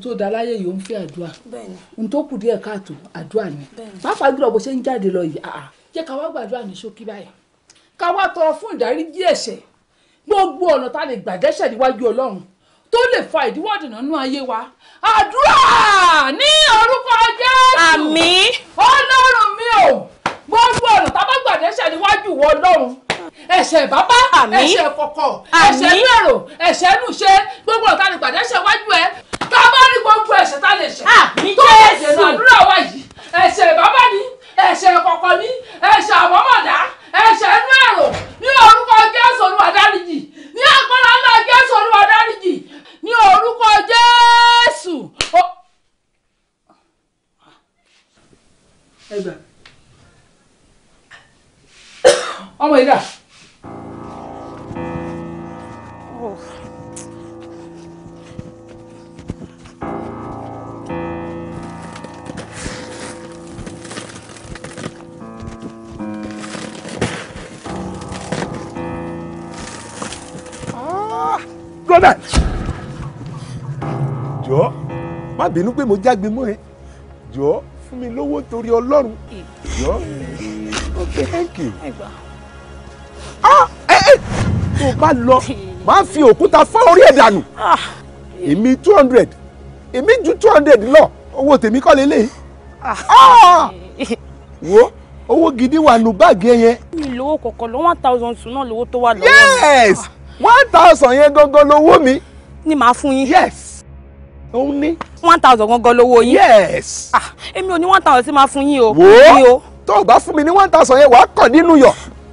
tó da láyé yìí ó ń fẹ́ àdúrà n tó kù díẹ̀ káàtó àdúrà ni pápá gbọ́dọ̀ bó ṣe ń jáde lọ yìí àà jẹ́ ká wá gbàdúrà ní ṣókí báyìí ká wá tọrọ fún ìdáríjì ẹ̀ṣẹ̀ gbogbo ọ̀nà tá a lè gbàdẹ́ṣẹ̀ níwájú ọlọ́run tó lè fa ìdíwọ́ ìdènà nínú ayé wa àdúrà ní orúkọ Jésù àmín ọlọ́run mi ò gbogbo ọ̀nà tá a bá gbàdẹ́ṣẹ̀ níwájú ọlọ́run ẹ̀ṣẹ̀ bàbá ẹ̀ṣẹ̀ kọ̀kọ̀ ẹ̀ṣẹ̀ mẹ́rò ẹ̀ṣẹ̀ nùṣe gbogbo ọ̀tá ni pàdé ẹ̀ṣẹ̀ wájú ẹ̀ tá a bá rí gbogbo ẹ̀ṣẹ̀ tá lè ṣe tó lè dènà àdúrà wa yìí ẹ̀ṣẹ̀ bàbá ni ẹ̀ṣẹ̀ kọ̀kọ̀ ni ẹ̀ṣẹ̀ àbọ̀mọ̀dá ẹ̀ṣẹ̀ mẹ́rò ní orúkọ Jésù Olúwa dáríjì ní agbára ńlá Jésù Olúwa dáríjì ní orúkọ Jésù. ẹ gbà ọmọ yìí dà. brother jọ má bínú pé mo jágbe mọ́ ẹ jọ fún mi lówó torí Ọlọ́run jọ thank you. Ah, tó o bá lọ máa fi òkúta fá orí ẹ̀ dànù ah. èmi two hundred èmi ju two hundred lọ owó tèmi kọ́ lélẹ́yìí ah. ah! wo owó gidi wà nù báàgì ẹ yẹn. mi lówó kọ̀kọ̀ lọ one thousand two náà lówó tó wà lọ́wọ́ mi. yes one thousand yẹn gangan lówó mi. ni màá fún yín. yes òun ni. one thousand gangan lówó yín. yes. Ah, èmi ò ní one thousand sí máa fún yín o. wo tó o bá fún mi ní one thousand yẹn wàá kàn nínú yọ.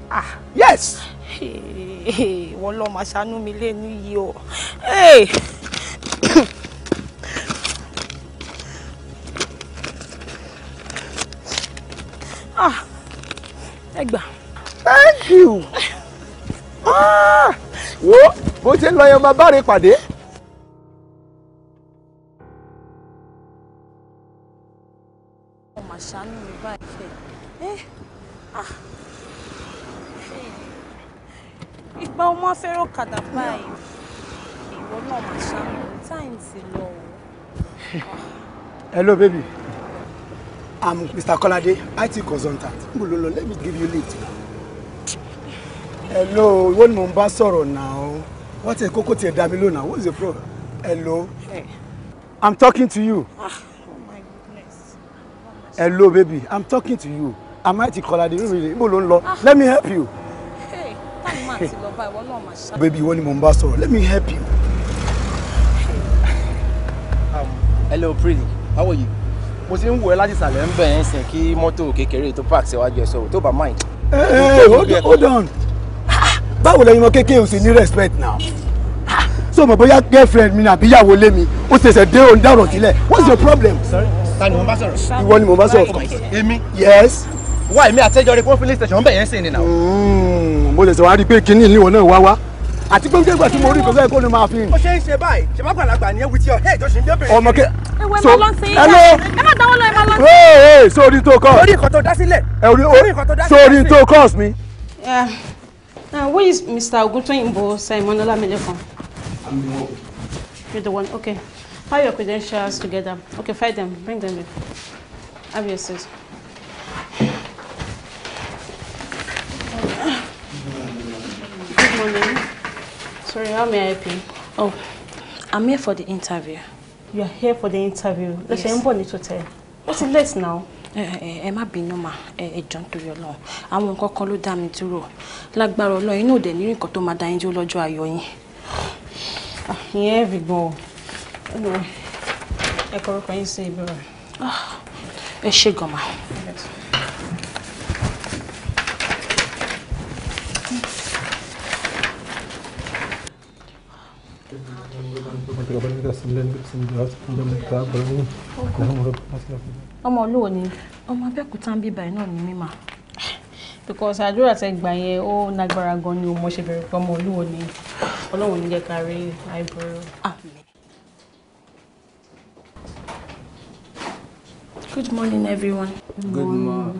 Ah. yes. ìwọ lọ máa ṣàánú mi lẹ́nu yìí o. Ah. ẹ gbà. thank you. Ah. wo bó ṣe ń lọ yẹn máa bá rè pàdé. ìgbà o máa fẹ́ràn ọ̀kadà báyìí ìwọ náà máa ṣàmì time ti lọ hello baby i'm mr kolade it consultant n bolo lọ let me give you lift hello ìwọ ni mo ń bá sọ̀rọ̀ náà wọ́n ti kókó tiẹ̀ dá mi lónà what's the problem hello hey. i'm talking to you. Ah. Oh hello, baby. I'm talking to you amáyẹ̀tì kọ́ládé call her. rè ibo ló let me help you. táyì baby ìwọ ni mo ń let me help you. Um, hello pretty how are you. mo ti ń wò ẹ́ láti ìsàlẹ̀ ń bẹ̀ ẹ́ sìn kí mọ́tò kékeré tó park síwájú ẹ̀ sọ̀rọ̀ tó bá mind. Eh, eh, hold on báwo lẹ́yìn ọmọ kékeré ò sì ní respect now so mo bóyá girlfriend mi nàbí ìyàwó lé mi ó ṣẹ̀ṣẹ̀ dé òun dárò sílẹ̀ what's your problem. sorry ta ni mo bá sọ̀rọ̀. ìwọ ni mo bá sọ̀rọ̀. èmi. yes wá èmi àtẹ́jọ́ rẹ kó police station bẹ̀yẹn sì ni nà. Hmm, mo lè sọ wá rí i pé kinní ìlú wọn náà wá wá àti pé nígbà tí mo rí ìgbésẹ̀ kó ni máa fi. ó ṣe ń ṣe báyìí ṣe má gbàlagbà ni with your head ó ṣe ń débèrè. ọmọ kẹ so hello ẹ má dáwọ́ lọ ẹ má lọ. ee sórí tó kọ́. sórí nǹkan tó dá sílẹ̀. sórí nǹkan tó dá sílẹ̀. sórí tó kọ́ mi. Uh, eh, eh, where is Mr. Oguntoyinbo Simon Olamilekun? I'm the one. You're the one, okay. File your credentials together. Okay, file them. Bring them in. Have your seat. morning. Sorry, how may I help you? Oh, I'm here for the interview. You are here for the interview. Let's yes. say to tell. What's it late now? ẹ má bínú mà ẹ jọ nítorí Ọlọ́run àwọn nǹkan kan ló dá mi dúró lágbára Ọlọ́run inú òde nínú nǹkan tó máa dá yín your lọ́jọ́ ayọ̀ yín. Ah, ìyẹn ẹ̀rì gan-an ẹ kọ́ orúkọ yín sí ìbéèrè. Ah, ẹ ṣe gan-an mà. ìrọ̀bẹ́ni rẹ̀ sílẹ̀ ní ìsinmi láti fún lẹ́nu ìta àgbẹ̀rẹ̀ ní ìlànà ọmọ olóò ni ọmọ abẹ́òkúta ń bí báyìí náà ní mímà because àdúrà tẹ gbà yẹn ó nágbára gan ni òun ṣe bẹ̀rẹ̀ pé ọmọ olóò ni ọlọ́run ní jẹ́ rí àìbọ̀rọ̀. Good morning, everyone. Good morning.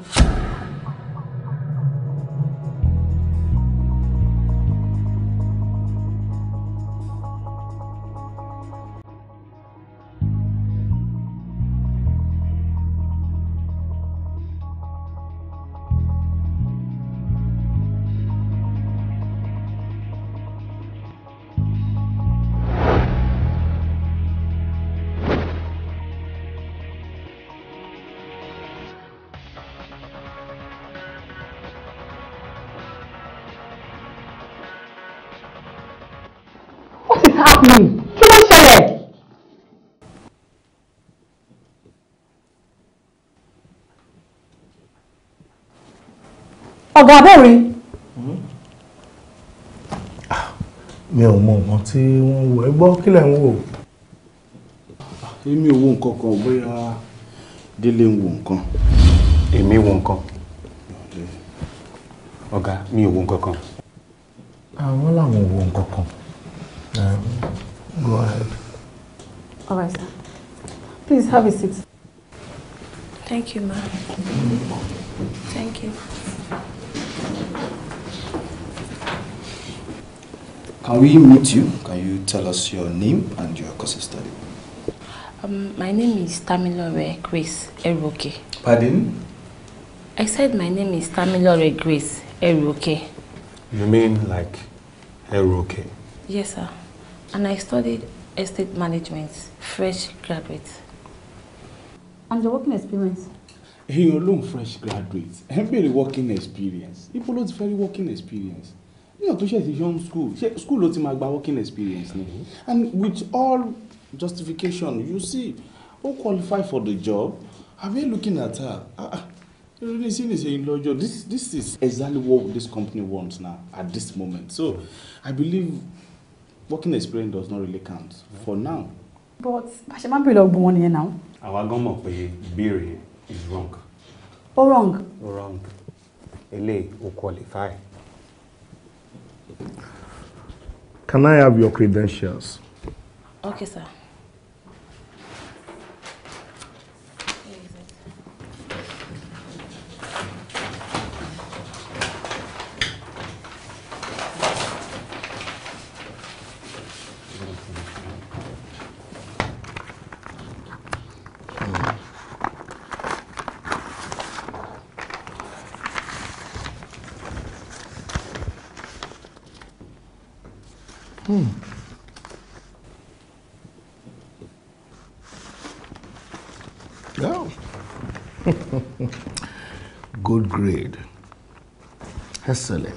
ọ̀gá àbóore. mi ò mọ nǹkan tí wọ́n wọ ẹ gbọ́ kí lẹ̀ ń wò. èmi ò wo nǹkan kan bóyá délé ń wo nǹkan. èmi wo nǹkan ọ̀gá mi ò wo nǹkan kan. àwọn làwọn wo nǹkan kan. Um, go ahead. all right sir please have a seat. thank you ma thank you. Can we meet you? Can you tell us your name and your course of study? Um, my name is Tamilore Grace Eruoke. Pardon? I said my name is Tamilore Grace Eruoke. You mean like Eruoke? Yes, sir. And I studied estate management, fresh graduate. And your working experience? Èèyàn ló ń fresh graduate. Ẹ working experience. Ibo ló ti working experience? níyàn tó ṣe ti young school ṣe school ló ti máa gba working experience ni and with all justification you see who qualify for the job are we looking at her ah really see this in lọ́jọ́ this this is exactly what this company wants now at this moment so i believe working experience does not really count for now. but àṣẹ máa ń bèrè ọgbọ́n wọn nìyẹn náà. àwa gan mọ̀ pé ìbéèrè is wrong. ó wrong. ó wrong eléyìí ò qualify. Can I have your credentials? Okay, sir. good grade. Excellent.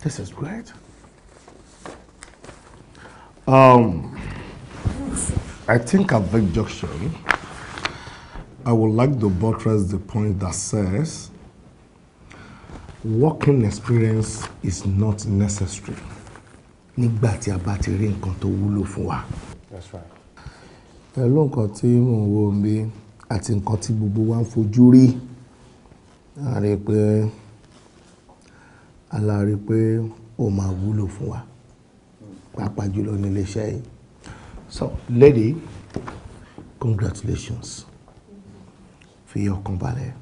This is great. Um, I think at that junction, I would like to buttress the point that says working experience is not necessary nígbà tí a bá ti rí nǹkan wa. That's right. pẹ̀lú nǹkan tí mò ń wo bíi àti nǹkan tí gbogbo wa ń fojú rí a rí i pé a la rí i pé ó máa wúlò fún wa pàápàá jùlọ ní iléeṣẹ́ yìí so lady congratulations fi ọkàn balẹ̀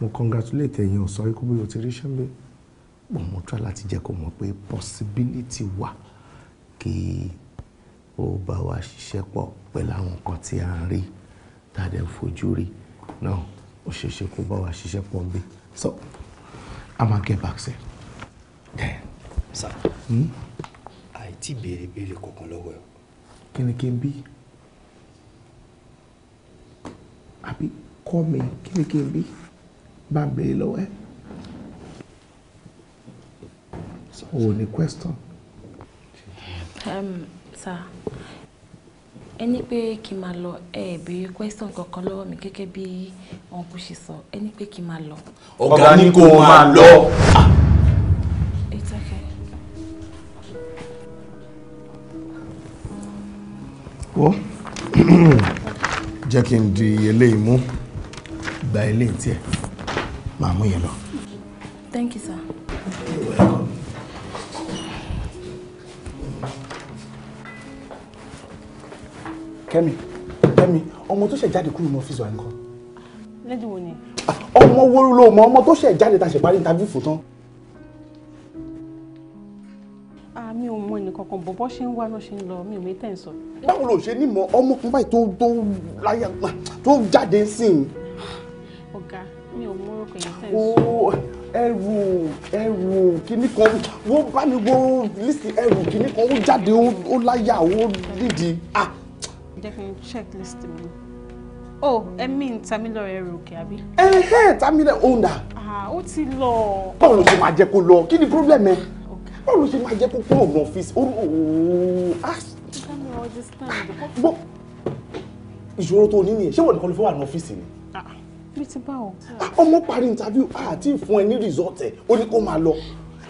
mo congratulate ẹ̀yin ọ̀sán ikú bí o ti rí ṣẹ́ńbẹ́ pọ̀ mo try láti jẹ́ kó mọ̀ pé possibility wà kí o bá wa ṣiṣẹ́ pọ̀ pẹ̀lú àwọn nǹkan tí a ń rí tá a dẹ̀ ń fojú rí náà ó ṣe ṣe kó bá wa ṣiṣẹ́ pọ̀ ń bí so a máa get back sir. then. sir hmm? àìtí béèrè béèrè kankan lọ́wọ́ ẹ̀. kí ni kí n bí àbí kọ́ mi kí ni kí n bí bá ń béèrè lọ́wọ́ ẹ̀. o ò ní question. Um, sir ẹ ní pé kí n máa lọ ẹ béèrè question kankan lọ́wọ́ mi gẹ́gẹ́ bí ọ̀nkú ṣe sọ ẹ pé kí n máa lọ. ọ̀gá ní kó máa lọ. wọ́n jẹ́ kí n di eléyìí mú gba eléyìí tiẹ̀ màá mú yẹn lọ. thank you sir. kẹ́mi kẹ́mi ọmọ tó ṣẹ̀ jáde kúrò ní ọ́fíìsì wa nǹkan. lẹ́dí wo ni. ọmọ wo ló mọ ọmọ tó ṣẹ̀ jáde tá a ṣe parí interview fún tán. mi ò mọ ẹnìkankan bọ̀ bọ́ ṣe ń wá lọ́ ṣe ń lọ mi ò mọ tẹ̀ ń sọ. báwo ló ṣe ní mọ ọmọkùnrin báyìí tó tó láyà tó jáde sí i. ọ̀gá mi ò mọ orúkọ yẹn tẹ̀ ń sọ. ẹrù ẹrù kìíní kan wọ́n bá mi wo lísì ẹrù kìíní kan ó jáde ó láyà ó nídìí jẹ́ kí n checklist mi. Oh, ẹ̀mí ń Tamilọ́rẹ̀ rò kí àbí. Ẹ̀hẹ́ Tamilọ́rẹ̀ òun dà. Ó ti lọ. Báwo ló ṣe máa jẹ́ kó lọ? Kí ni pírọ́blẹ̀mù ẹ? Báwo ló ṣe máa jẹ́ kó kúrò ní ọ́fíìsì? Ah. Gbọ́ ìṣòro tó ní nìyẹn, ṣé wọ́n nìkan ló fẹ́ wà ní ọ́fíìsì ni? Bí ah, ti bá ọ. Ah, ọmọ parí interview àti ìfún ẹ ní result ẹ̀, ó ní kó máa lọ.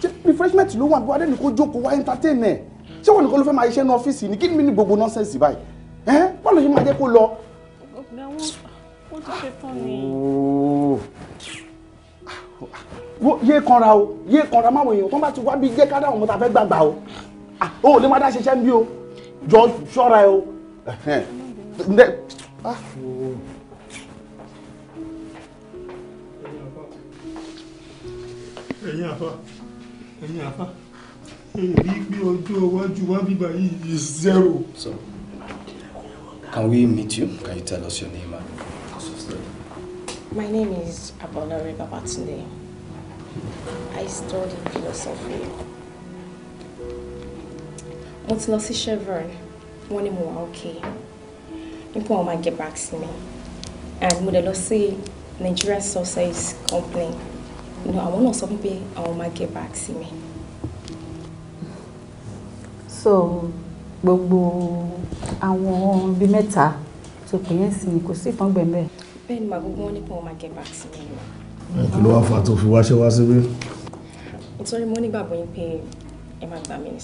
Ṣé refreshment ló wà bí wàá dẹ́nu kó jókòó wá entertain ẹ̀? Ṣé wọ́n nìkan ló fẹ́ máa iṣẹ́ ní ọ́fíìsì ni? Kí ni mi ní gbogbo nọ́sẹ̀nsì báyìí? ẹ́ wọ́n lọ ṣe máa jẹ́ kó lọ. ọ̀gá wọn ti ṣe tán ni. yé kanra o yé kanra máwọn èèyàn tó bá ti wá bí jẹ́ ká dáhùn mọ́ta fẹ́ gbàgbà o o ò lè má dá ṣiṣẹ́ ń bí o jọ ṣọ́ra ẹ o. ẹ̀yin àfa ẹ̀yin àfa èyí pé ọjọ́ iwájú wa bíbá yìí is zero. So. Can we meet you? Can you tell us your name and course of study? My name is Abolore Babatunde. I study philosophy. Mo ti lọ sí Chevron, wọ́n more. okay. Nípa wọn máa get back to me, And mo dẹ̀ lọ sí Nigerian Sausage Company. You know, want to sọ pé àwọn máa get back to me. So, gbogbo àwọn bíi mẹ́ta tó pè é sí kò sí ìfọ̀ngbẹ̀ mẹ́. bẹ́ẹ̀ ni màgbogbo wọn nípa wọn máa gẹ̀ back sí mi. kí ló wá fà tó fi wáṣẹ́ wá síbí. nítorí mo nígbàgbọ́ yín pé ẹ máa gbà mí ní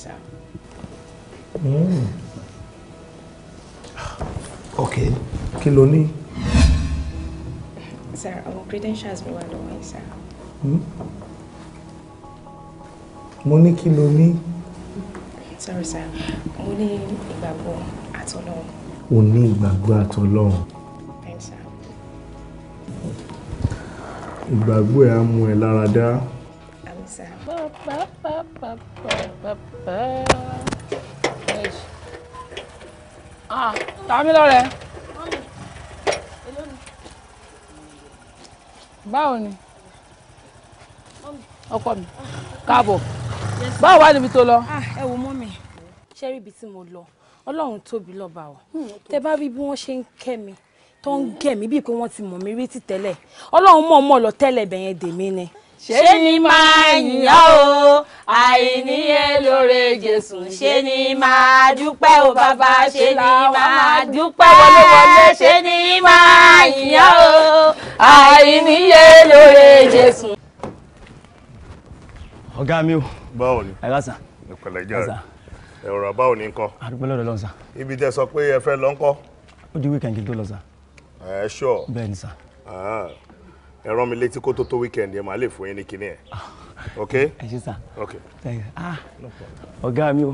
hmm. ok kí ló ní. sir àwọn credentials mi wà lọ́wọ́ yín sir. Hmm. mo ní kí ló ní sorry sir mo ní ìgbàgbọ́ àtọlọ́run. o ní ìgbàgbọ́ àtọlọ́run. ìgbàgbọ́ ẹ̀ á mú ẹ lára dá. Ah, tàmí lọ́rẹ̀. Báwo ni? Ọkọ mi, káàbọ̀ báwo wá níbi tó lọ. Ah, ẹ wo mọ́ mi ṣe rí ibi tí mo lọ ọlọ́run tóbi lọ́ba o hmm, tẹ bá rí bí wọ́n ṣe ń kẹ́ mi tó ń gẹ̀ mí bíi pé wọ́n ti mọ̀ mí rí ti tẹ́lẹ̀ ọlọ́run mọ̀ mọ̀ lọ tẹ́lẹ̀ bẹ̀yẹn dèmí ni. ṣé ni máa yìnyá o àìníye lóore jésù ṣé ni máa dúpẹ́ o bàbá ṣé ni máa dúpẹ́ ṣé ni máa yìnyá o àìníye lóore jésù ọ̀gá mi o. báwo ni ẹ̀ka sàn. ìpẹ̀lẹ̀ jẹ́ ẹ̀rọ báwo ni nǹkan. àdúgbò lọ́dọ̀ lọ́n sà. ibi tẹ sọ pé ẹ fẹ́ lọ ńkọ́. ó di wíkẹ̀ndì tó lọ sà. ẹ ṣọ. bẹ́ẹ̀ ni sà. Ah, ẹ rán mi létí kó tó tó wíkẹ̀ndì ẹ máa lè fún yín ní kinní ẹ. Ah. ok. ẹ ṣe sà. ok. Ah. ọ̀gá mi o.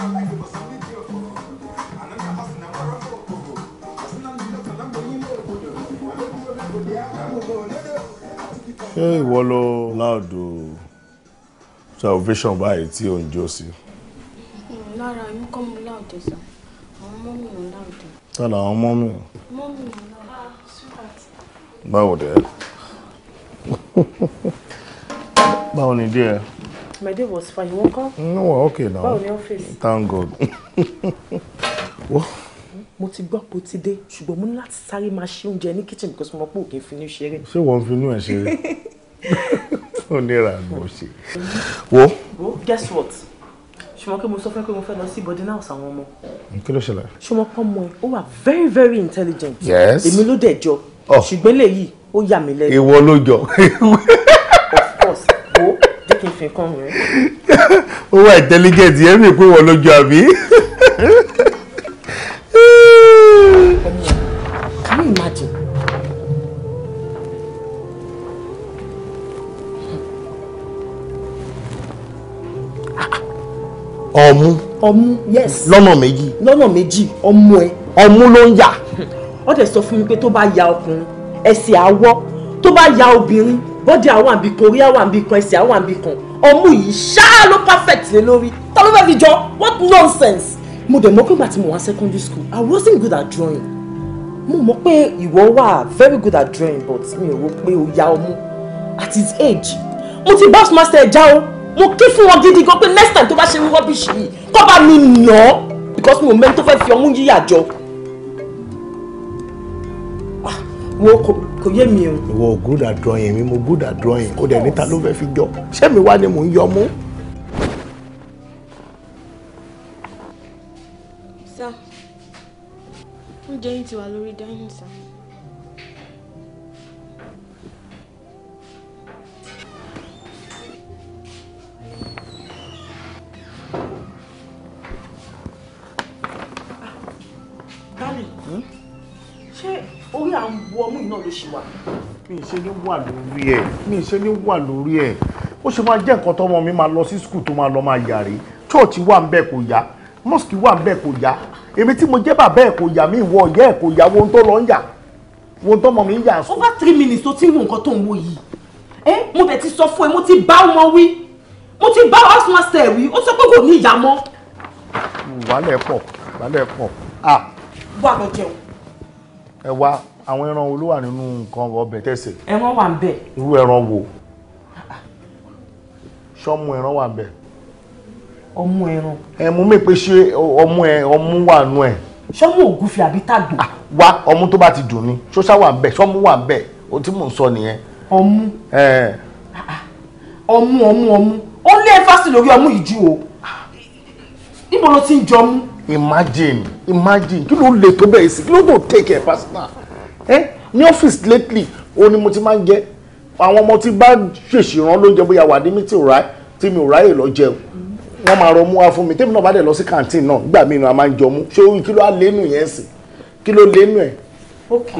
ṣé ìwọ ló láòdù salvation báyìí tí ò ń jó sí. lára yín kọ́ mi láòdù sọ àwọn mọ́mì ò láòdù. tọ́lá àwọn mọ́mì. mọ́mì ò láòdù. báwo dẹ̀ báwo ni díẹ̀. My day was fine. You woke up? No, mm, okay now. Báwo ni ọ́fíìsì? Thank God. Mo ti gbọ́ pé o ti dé ṣùgbọ́n mo ní láti sáré máa ṣe oúnjẹ ní kitchen because mo mọ̀ pé òkè finú ṣeré. Ṣé wọ́n finú ẹ̀ ṣeré? Ó nira ló ṣe. Mm-hmm. Wo. Wo guess what? Ṣùgbọ́n pé mo sọ fẹ́ pé mo fẹ́ lọ sí body now àwọn ọmọ. Kí ló ṣẹlẹ̀? Ṣùgbọ́n pọ́ mọ ẹ̀ ó wà very very intelligent. Yes. Èmi ló dẹ̀ jọ. Oh. Ṣùgbọ́n lèyí ó yà mí lẹ́nu. Ìwọ ló jọ. Of course. Wo kí n fi kàn rẹ. ó wà intelligent yẹn mi pé wọ́n lójú àbí. can you imagine. ọmú. ọmú yes. lọ́nà méjì. lọ́nà méjì ọmú ẹ. ọmú ló ń yà. wọ́n tẹ̀ sọ fún mi pé tó bá ya ọkùnrin ẹsẹ̀ àwọ̀ tó bá ya obìnrin bọ́dì àwọn àbí kan orí àwọn àbí kan ẹsẹ̀ àwọn àbí kan ọmú yìí ṣáá ló perfect lé lórí ta ló fẹ́ fi jọ what nonsense. mo dẹ̀ mọ̀ pé ìgbà mo wá secondary school I wasn't good at drawing mo mọ̀ pé ìwọ wà very good at drawing but mi ò rò pé o ya ọmú at his age mo ti boss master ẹ̀ já o mo ké fún wọn gidi gan pé next time tó bá ṣe wí rọ́bìṣì yìí kọ́ bá mi nà án because mi ò mẹ́ni tó fẹ́ fi ọmú yíyà jọ. Ah, wo kò kò yé mi o. ìwọ good at drawing mi mo good at drawing ó dẹ̀ níta ló fẹ́ fi jọ ṣé mi wá ni mò ń yọ mú. sá oúnjẹ yìí ti wà lórí dání sá. Ah, darling, hmm? orí à ń bu ọmú yìí náà ló ṣe wà. mi ì ṣe ní wà lórí ẹ mi ì ṣe ní wà lórí ẹ ó ṣe máa jẹ́ nǹkan tọ́mọ mi máa lọ sí skul tó máa lọ máa yàrí chọ́ọ̀chì wà ń bẹ́ẹ̀ kò yá mọ́sìkì wà ń bẹ́ẹ̀ kò yá èmi tí mo jẹ́ bàbá ẹ̀ kò yá mi ìwọ ọ̀yẹ́ ẹ̀ kò yá wo tó lọ ń yà wo ohun tọ́mọ mi ń yà. over three minutes tó ti ń wo nǹkan tó ń wo yìí ẹ mo bẹ̀ ti sọ fún ẹ mo ti bá wọn wí mo ti bá house master wí ó sọ pé kò ní ìyá mọ́. wàhálà ẹ̀ pọ̀ wàhálà ẹ̀ pọ̀ ah. wà lọ jẹun ẹ wá àwọn ẹran wo ló wà nínú nǹkan ọbẹ̀ tẹ̀sẹ̀. ẹran wà ń bẹ̀. irú ẹran wo ṣọ́mú ẹran wà ń bẹ̀. ọmú ẹran. ẹ mú mi pé ṣé ọmú ẹ ọmú wà nù ẹ. ṣọ́mú ògúnfẹ̀ àbí tàgbò. Ah, wá ọmú tó bá ti dùn ni ṣọ́ṣá wà ń bẹ̀ ṣọ́mú wà ń bẹ̀ o tí mò ń sọ nìyẹn. ọmú ọmú ọmú ọmú ó lé fásitì lórí ọmú ìjú o níbo ló ti ń jọmú imagine imagine kí ló lè tó bẹ́ẹ̀ sí kí ló tó take care, personal ẹ ní office lately o ni mo ti máa ń jẹ àwọn ọmọ tí bá ṣèṣìrán lóúnjẹ bóyá wà ní mi tí ò ráyè tí mi ò ráyè lọ jẹun wọ́n máa rọ mú fún mi tèmi náà bá dẹ̀ lọ sí canteen náà nígbà míì náà a máa ń jọ mú ṣé orí kí ló á lẹ́nu yẹn sí kí ló lẹ́nu ẹ̀. ok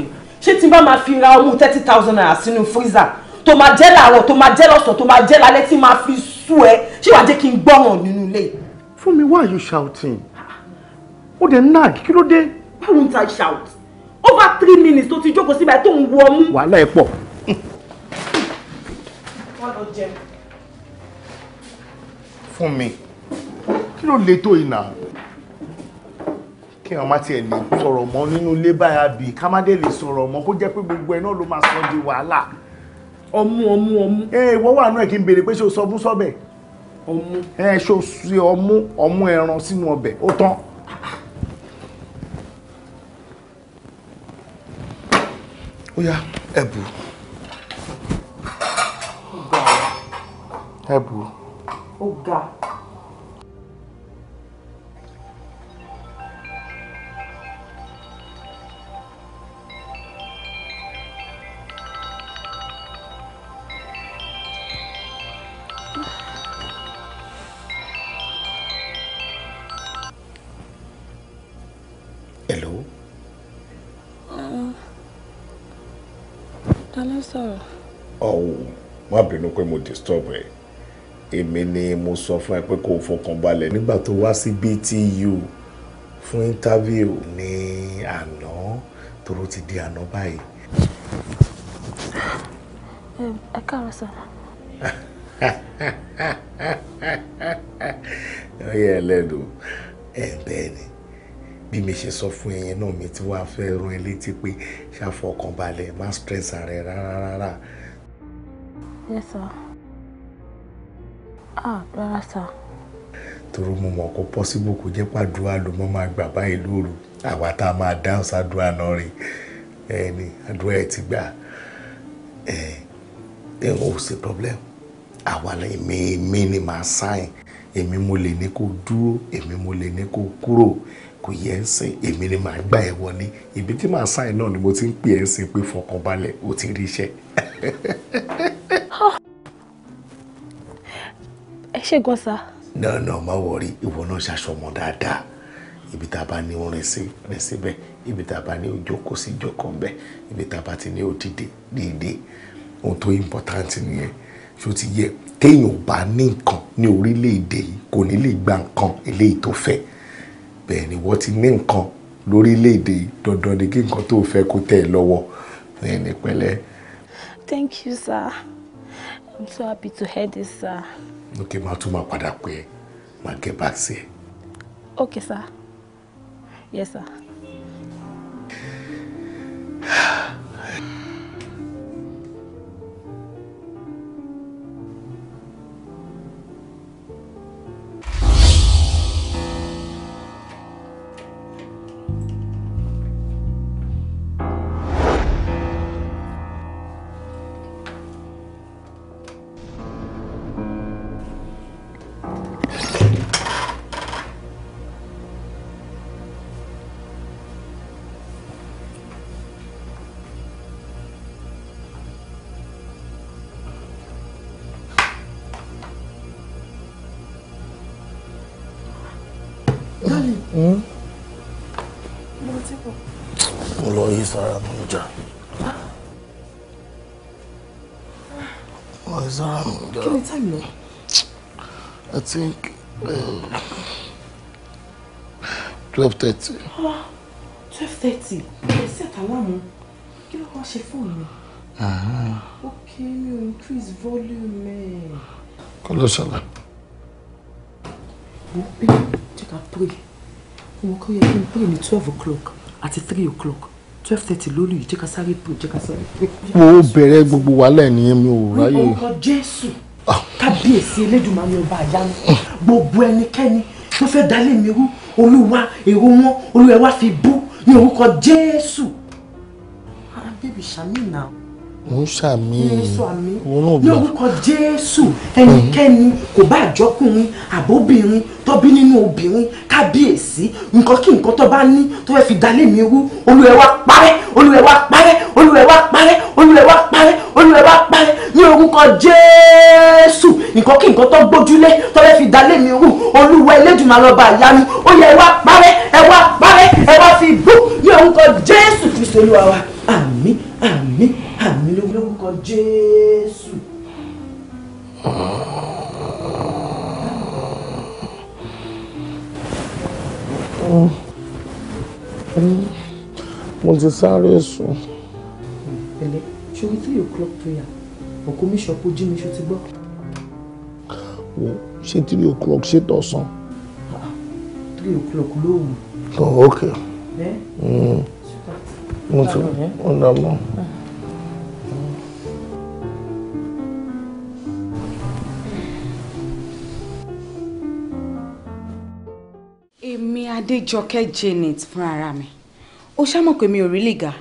ṣé tí n bá máa fi ra owó thirty thousand naira sínú freezer tó máa jẹ́ làárọ̀ tó máa jẹ́ lọ́sàn tó máa jẹ́ lálẹ́ tí máa fi sú ẹ ṣé wàá jẹ́ kí n gbọ́ràn nínú ilé. fún mi why are you shouting ó dẹ̀ ń nag kí ló dé. why won't I shout over three minutes tó ti jókòó síbẹ̀ tó ń wọ ọmú. wàhálà ẹ pọ̀. fún mi kí ló le tó ìnà kí ọmọ tiẹ̀ lè sọ̀rọ̀ mọ́ nínú ilé báyà bí ká má dé lè sọ̀rọ̀ mọ́ kó jẹ́ pé gbogbo ẹ̀ náà ló máa sọ di wàhálà. ọmú ọmú ọmú. ẹ ìwọ wà náà kí n béèrè pé ṣé o sọ fún sọ́bẹ̀. ọmú. ẹ ṣe o ṣe ọmú ọmú ẹran sínú ọbẹ̀ ó tán. ó yá ẹ bù ẹ bù. ó ga. ta ló sọ̀rọ̀. ọ̀hún má bínú pé mo disturb ẹ èmi ni mo sọ fún ẹ pé kó o fọkàn balẹ̀ nígbà tó wá sí BTU fún interview ní àná tóró ti di àná báyìí. ẹ káàárọ̀ sọ. ó yẹ ẹ lẹ́nu ẹ bẹ́ẹ̀ ni bí mi ṣe sọ fún ẹyin náà mi ti wá fẹ́ rán ẹ létí pé ṣàfọkànbalẹ̀ má stress ààrẹ rárá rárá. yes sir ah rárá sir. torí mo mọ̀ kó possible kó jẹ́ pàdúrà ló mọ́ máa gbà báyìí lóru àwa tá a máa dáhùn sádùúrà náà rè ẹni àdúrà ẹ ti gbà ẹ ẹ ò sí problem àwa èmi èmi ni màá sáyìn èmi mo lè ní kó dúró èmi mo lè ní kó kúrò kò yẹ ẹ́ sìn èmi ni màá gbà ẹ́ wọlé ibi tí màá sáì náà ni mo ti ń pè ẹ́ sìn pé fọkànbalẹ̀ ò ti rí iṣẹ́. ẹ ṣe gan sa. náà náà má wọrí ìwọ náà ṣàṣọmọ dáadáa ibi tá a bá ní orin sí rìn síbẹ̀ ibi tá a bá ní ojókòó sí jókòó bẹ́ẹ̀ ibi tá a bá ti ní òdìdè dìde ohun tó important nìyẹn ṣó ti yẹ téèyàn bá ní nǹkan ní orílẹ̀-èdè yìí kò ní lè gba nǹkan eléyìí tó fẹ́ bẹ́ẹ̀ ni wọ́n ti ní nǹkan lórílẹ̀‐èdè dandan ni kí nǹkan tó fẹ́ kó tẹ̀ lọ́wọ́ bẹ́ẹ̀ ni pẹ̀lẹ́. thank you sir i'm so happy to hear this sir. ok máa tún máa padà pé máa get back sí ẹ. ok sir yes sir. twelve thirty. twelve thirty ẹ set alarm kí ló wá ṣe fóònù mi. Okay, mi ò increase volume ẹ. kọ́ ló ṣẹlẹ̀. mo pè é jẹ́ pray mo kọ́ yẹ kí n pray ní twelve o'clock àti three o'clock twelve thirty lólu yìí jẹ́ ká sáré pray jẹ́ ká sáré pray. mo bẹ̀rẹ̀ gbogbo wàhálà ẹ̀ nìyẹn mi ò ráyè. orúkọ jésù ah. kábíyèsí elédùnmáyé ọba àyánu gbogbo ẹnikẹ́ni tó fẹ́ dalé mi rú olúwa èrò wọn olúwa wá fi bú ní orúkọ jésù. bébì sàmì náà. mo ń sàmì wọn náà bá. ní orúkọ jésù mm-hmm. ẹnikẹ́ni kò bá àjọkùnrin àbóbìnrin tọ́bí nínú obìnrin kábíyèsí nǹkan kí nǹkan tó bá ní tó fẹ́ fi dalé mi rú olúwa wá parẹ́ olúwa wá parẹ́ olúwa wá parẹ́ olúwa wá parẹ́ olúwa wá parẹ́ ní orúkọ jésù nǹkan kí nǹkan tó gbójúlé tó fẹ́ fi dalé mi rú olúwa elédùnmá lọ́ba ìyanu ó yẹ ẹ parẹ́ ẹ parẹ́ ẹ fi bú ní orúkọ jésù kristu olúwa wa àmín àmín àmín lórúkọ jésù. mo ti sáré sùn. pẹ̀lẹ́ o ti yóò clock prayer òkú mi ṣọpọ jí mi ṣo ti gbọ́. wo ṣé three o'clock ṣe tọ̀sán. three o'clock lóòrùn. oh ok. Hmm. mo ti mo dà mọ́. èmi adéjọkẹ́ janet fúnra mi ó ṣàmọ̀ pé mi ò rí lè ga.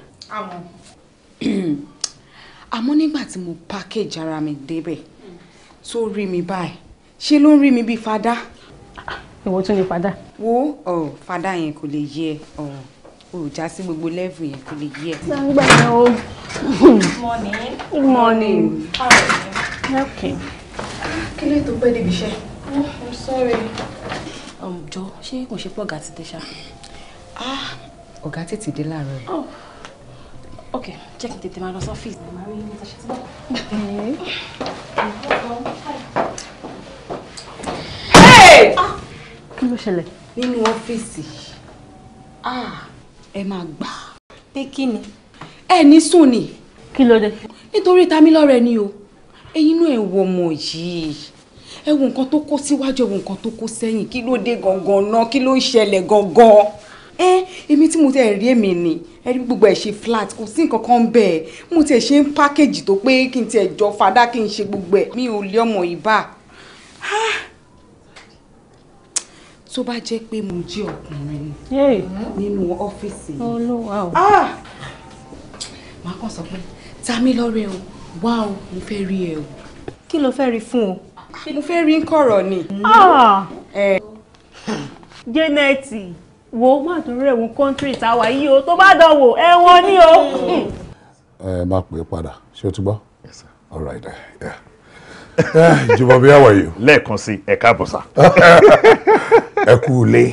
àmọ́ nígbà tí mo package ara mi débẹ̀ tó rí mi báyìí ṣe ló ń rí mi bíi fada. ìwọ tún lè fada. wo fada yẹn kò lè yẹ ọ ò já sí gbogbo lẹ́ẹ̀fù yẹn kò lè yẹ. gbàgbà o. good morning. good morning. how are you. okay. kí ló tó pẹ́ débi iṣẹ́. Oh, i'm sorry. Um, jọ ṣé kò ṣe pọ̀ ọ̀gá ti dé ṣá. Ah, ọ̀gá tètè dé láàárọ̀ yìí. Oh ok jẹ́ kí n tètè máa lọ sọ́fíìsì. kí ló ṣẹlẹ̀. nínú ọ́fíìsì ah, ẹ máa gbà pé kí ni ẹ ní sùn ni. kí ló dé. nítorí Tamilọ́rẹ̀ ni o ẹ̀yin náà ẹ wọ ọmọ yìí ẹ wo nǹkan tó kó síwájú ẹ wo nǹkan tó kó sẹ́yìn kí ló dé gangan náà kí ló ń ṣẹlẹ̀ gangan ẹ eh, èmi tí mo tẹ̀ rí èmi ni ẹ rí gbogbo ẹ̀ ṣe flat kò sí nǹkan kan bẹ́ẹ̀ mo tẹ̀ ṣe ń pákéjì tó pé kí n tiẹ̀ jọ fada kí n ṣe gbogbo ẹ̀ mi ò lé ọmọ ìbá ah! tó bá jẹ́ pé mo jẹ́ ọkùnrin nínú ọ́fíìsì yìí ah! màá kàn sọ pé Tamilọ́rẹ́ o wá o mo fẹ́ rí ẹ o. kí ló fẹ́ rí fún o. mo fẹ́ rí ń kọ̀rọ̀ ni. jẹ́nẹ́tì. Ah. Eh wo má torí ẹ̀wọ̀n kọ́ńtírì táwa yìí o tó bá dánwò ẹ̀wọ̀n ni o. ẹ máa pè é padà o ti gbọ́. all right yeah. jùmọ̀ bí àwọ̀ yìí. lẹ́ẹ̀kan sí ẹ káàbọ̀ sá. ẹ kú ilé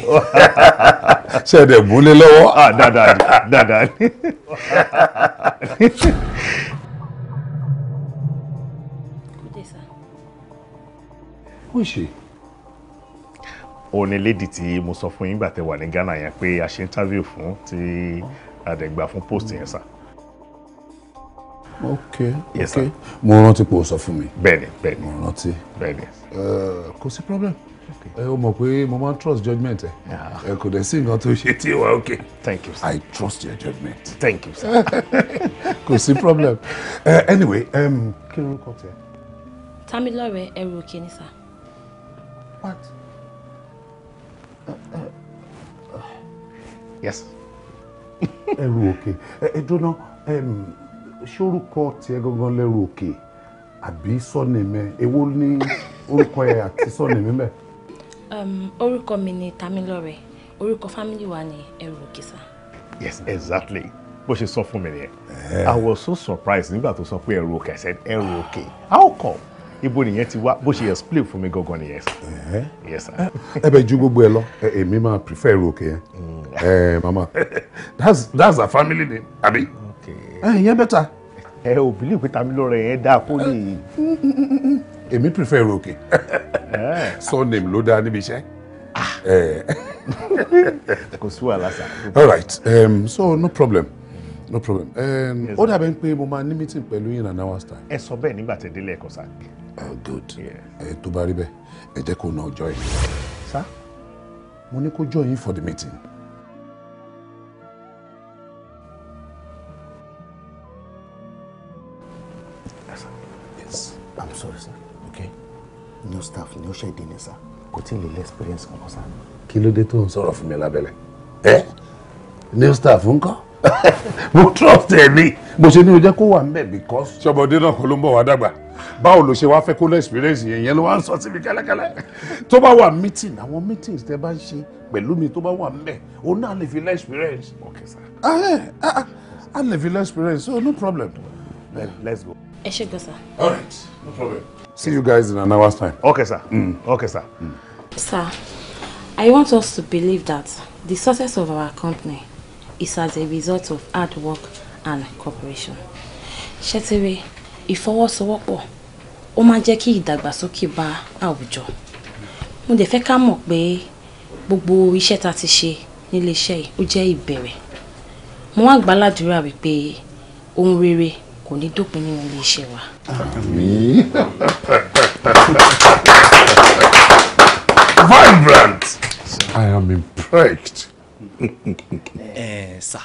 ṣe ẹ̀dẹ̀ múlé lọ́wọ́. Ah, dáadáa ni dáadáa ni. Who is she? òun ni lady tí mo sọ fún yín gbà tẹ wà ní Ghana yẹn pé a ṣe interview fún tí a dẹ̀ gbà fún post yẹn sà. ok yes, ok mo rántí pé o sọ fún mi. bẹ́ẹ̀ni bẹ́ẹ̀ni mo rántí. bẹ́ẹ̀ni. Eh, kò sí problem ẹ o mọ̀ pé mo máa ń trust judgement ẹ ah. ẹ kò dẹ̀ sí nǹkan tó ṣe tí ì wá ok. thank you sir. i trust your judgement. thank you sir. kò sí problem uh, anyway um, kí lorúkọ tẹ. Tamilore ẹrù òkè ni sà. what yes. ẹrù òkè ẹ dúró ṣé orúkọ tiẹ̀ gangan lẹ́rù òkè àbí sọ́nìmẹ́ èwo ni orúkọ ẹ àti sọ́nìmẹ́ mẹ́. orúkọ mi ni Tamilore orúkọ fámìlì wa ni ẹrù òkè sá. yes exactly bó ṣe sọ fún mi nìyẹn i was so surprised nígbà tó sọ pé ẹrù òkè i said ẹrù òkè how come ibo nìyẹn ti wá bó ṣe explain fún mi gangan nìyẹn. yes sir. ẹ bẹ ju gbogbo ẹ lọ èmi máa prefer irú òkè yẹn mama that's that's our family name abi ẹ yẹn bẹ́tà. ẹ ò believe pé tàmí lọ́rọ̀ yẹn dáa kó lè. èmi prefer irú òkè eh. surname ló dáa níbi iṣẹ́. Ah. kò sí wàhálà sá. all right um, so no problem no problem. Um, ó dàbẹ̀ pé mo máa ní meeting pẹ̀lú yín in an hour's time. ẹ sọ bẹ́ẹ̀ nígbà tẹ̀ délé ẹ̀kọ́ sáà good oh, ẹ eh, tó bá rí bẹ́ẹ̀ ẹ jẹ́ join. Sir, mo ní kó join for the meeting. yes i'm sorry sir okay No staff no ṣe sir. ní sá experience kankan sir. Kilo ló dé tó ń sọ̀rọ̀ fún mi eh? Eh? new staff unko. mo trust ẹ̀ ní mo ṣe ní o jẹ́ kó wà because. ṣọmọdé náà kò ló ń bọ̀ báwo ló ṣe wá fẹ́ kó lọ experience yẹn yẹn ló wá ń sọ síbi kẹ́lẹ́kẹ́lẹ́ tó bá wà meeting àwọn meetings tẹ bá ń ṣe pẹ̀lú mi tó bá wà ń bẹ̀ òun náà lè fi lọ experience. ok sir. ẹ ah, ẹ eh, ah, ah, a lè fi lọ experience so no problem then let's go. ẹ ṣe gbọ́ sir. all right no problem. see you guys in an hour's time. ok sir. Mm. ok sir. Mm. sir i want us to believe that the success of our company is as a result of hard work and cooperation. ṣètìrì ìfọwọ́sowọ́pọ̀ ó máa ń jẹ́ kí ìdàgbàsókè bá àwùjọ mo dẹ̀ fẹ́ ká mọ̀ pé gbogbo iṣẹ́ ta ti ṣe nílé iṣẹ́ yìí ó jẹ́ ìbẹ̀rẹ̀ mo wá gbàládùúrà wípé ohun rere kò ní dópin nínú ilé iṣẹ́ wa. vibrant i am impressed. ẹ eh, sà.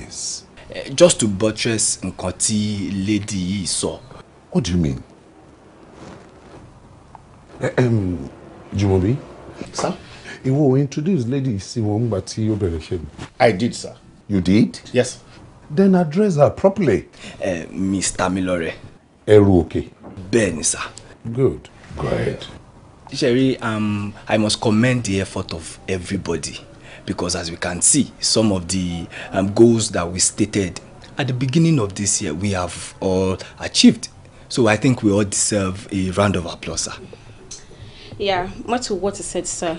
yes. Eh, just to buttress nǹkan tí lady yìí sọ. what do you mean? Um, Jumobi. sir. ìwọ o introduce lady sí wọn nígbà tí ó bẹ̀rẹ̀ iṣẹ́ mi. i did sir. you did? yes. then address her properly. Uh, mr milore. ẹrù òkè. bẹ́ẹ̀ ni sir. good. go ahead. Sherry, um, I must commend the effort of everybody because as we can see, some of the um, goals that we stated at the beginning of this year, we have all achieved. So I think we all deserve a round of applause, sir. Yeah, much of what you said, sir.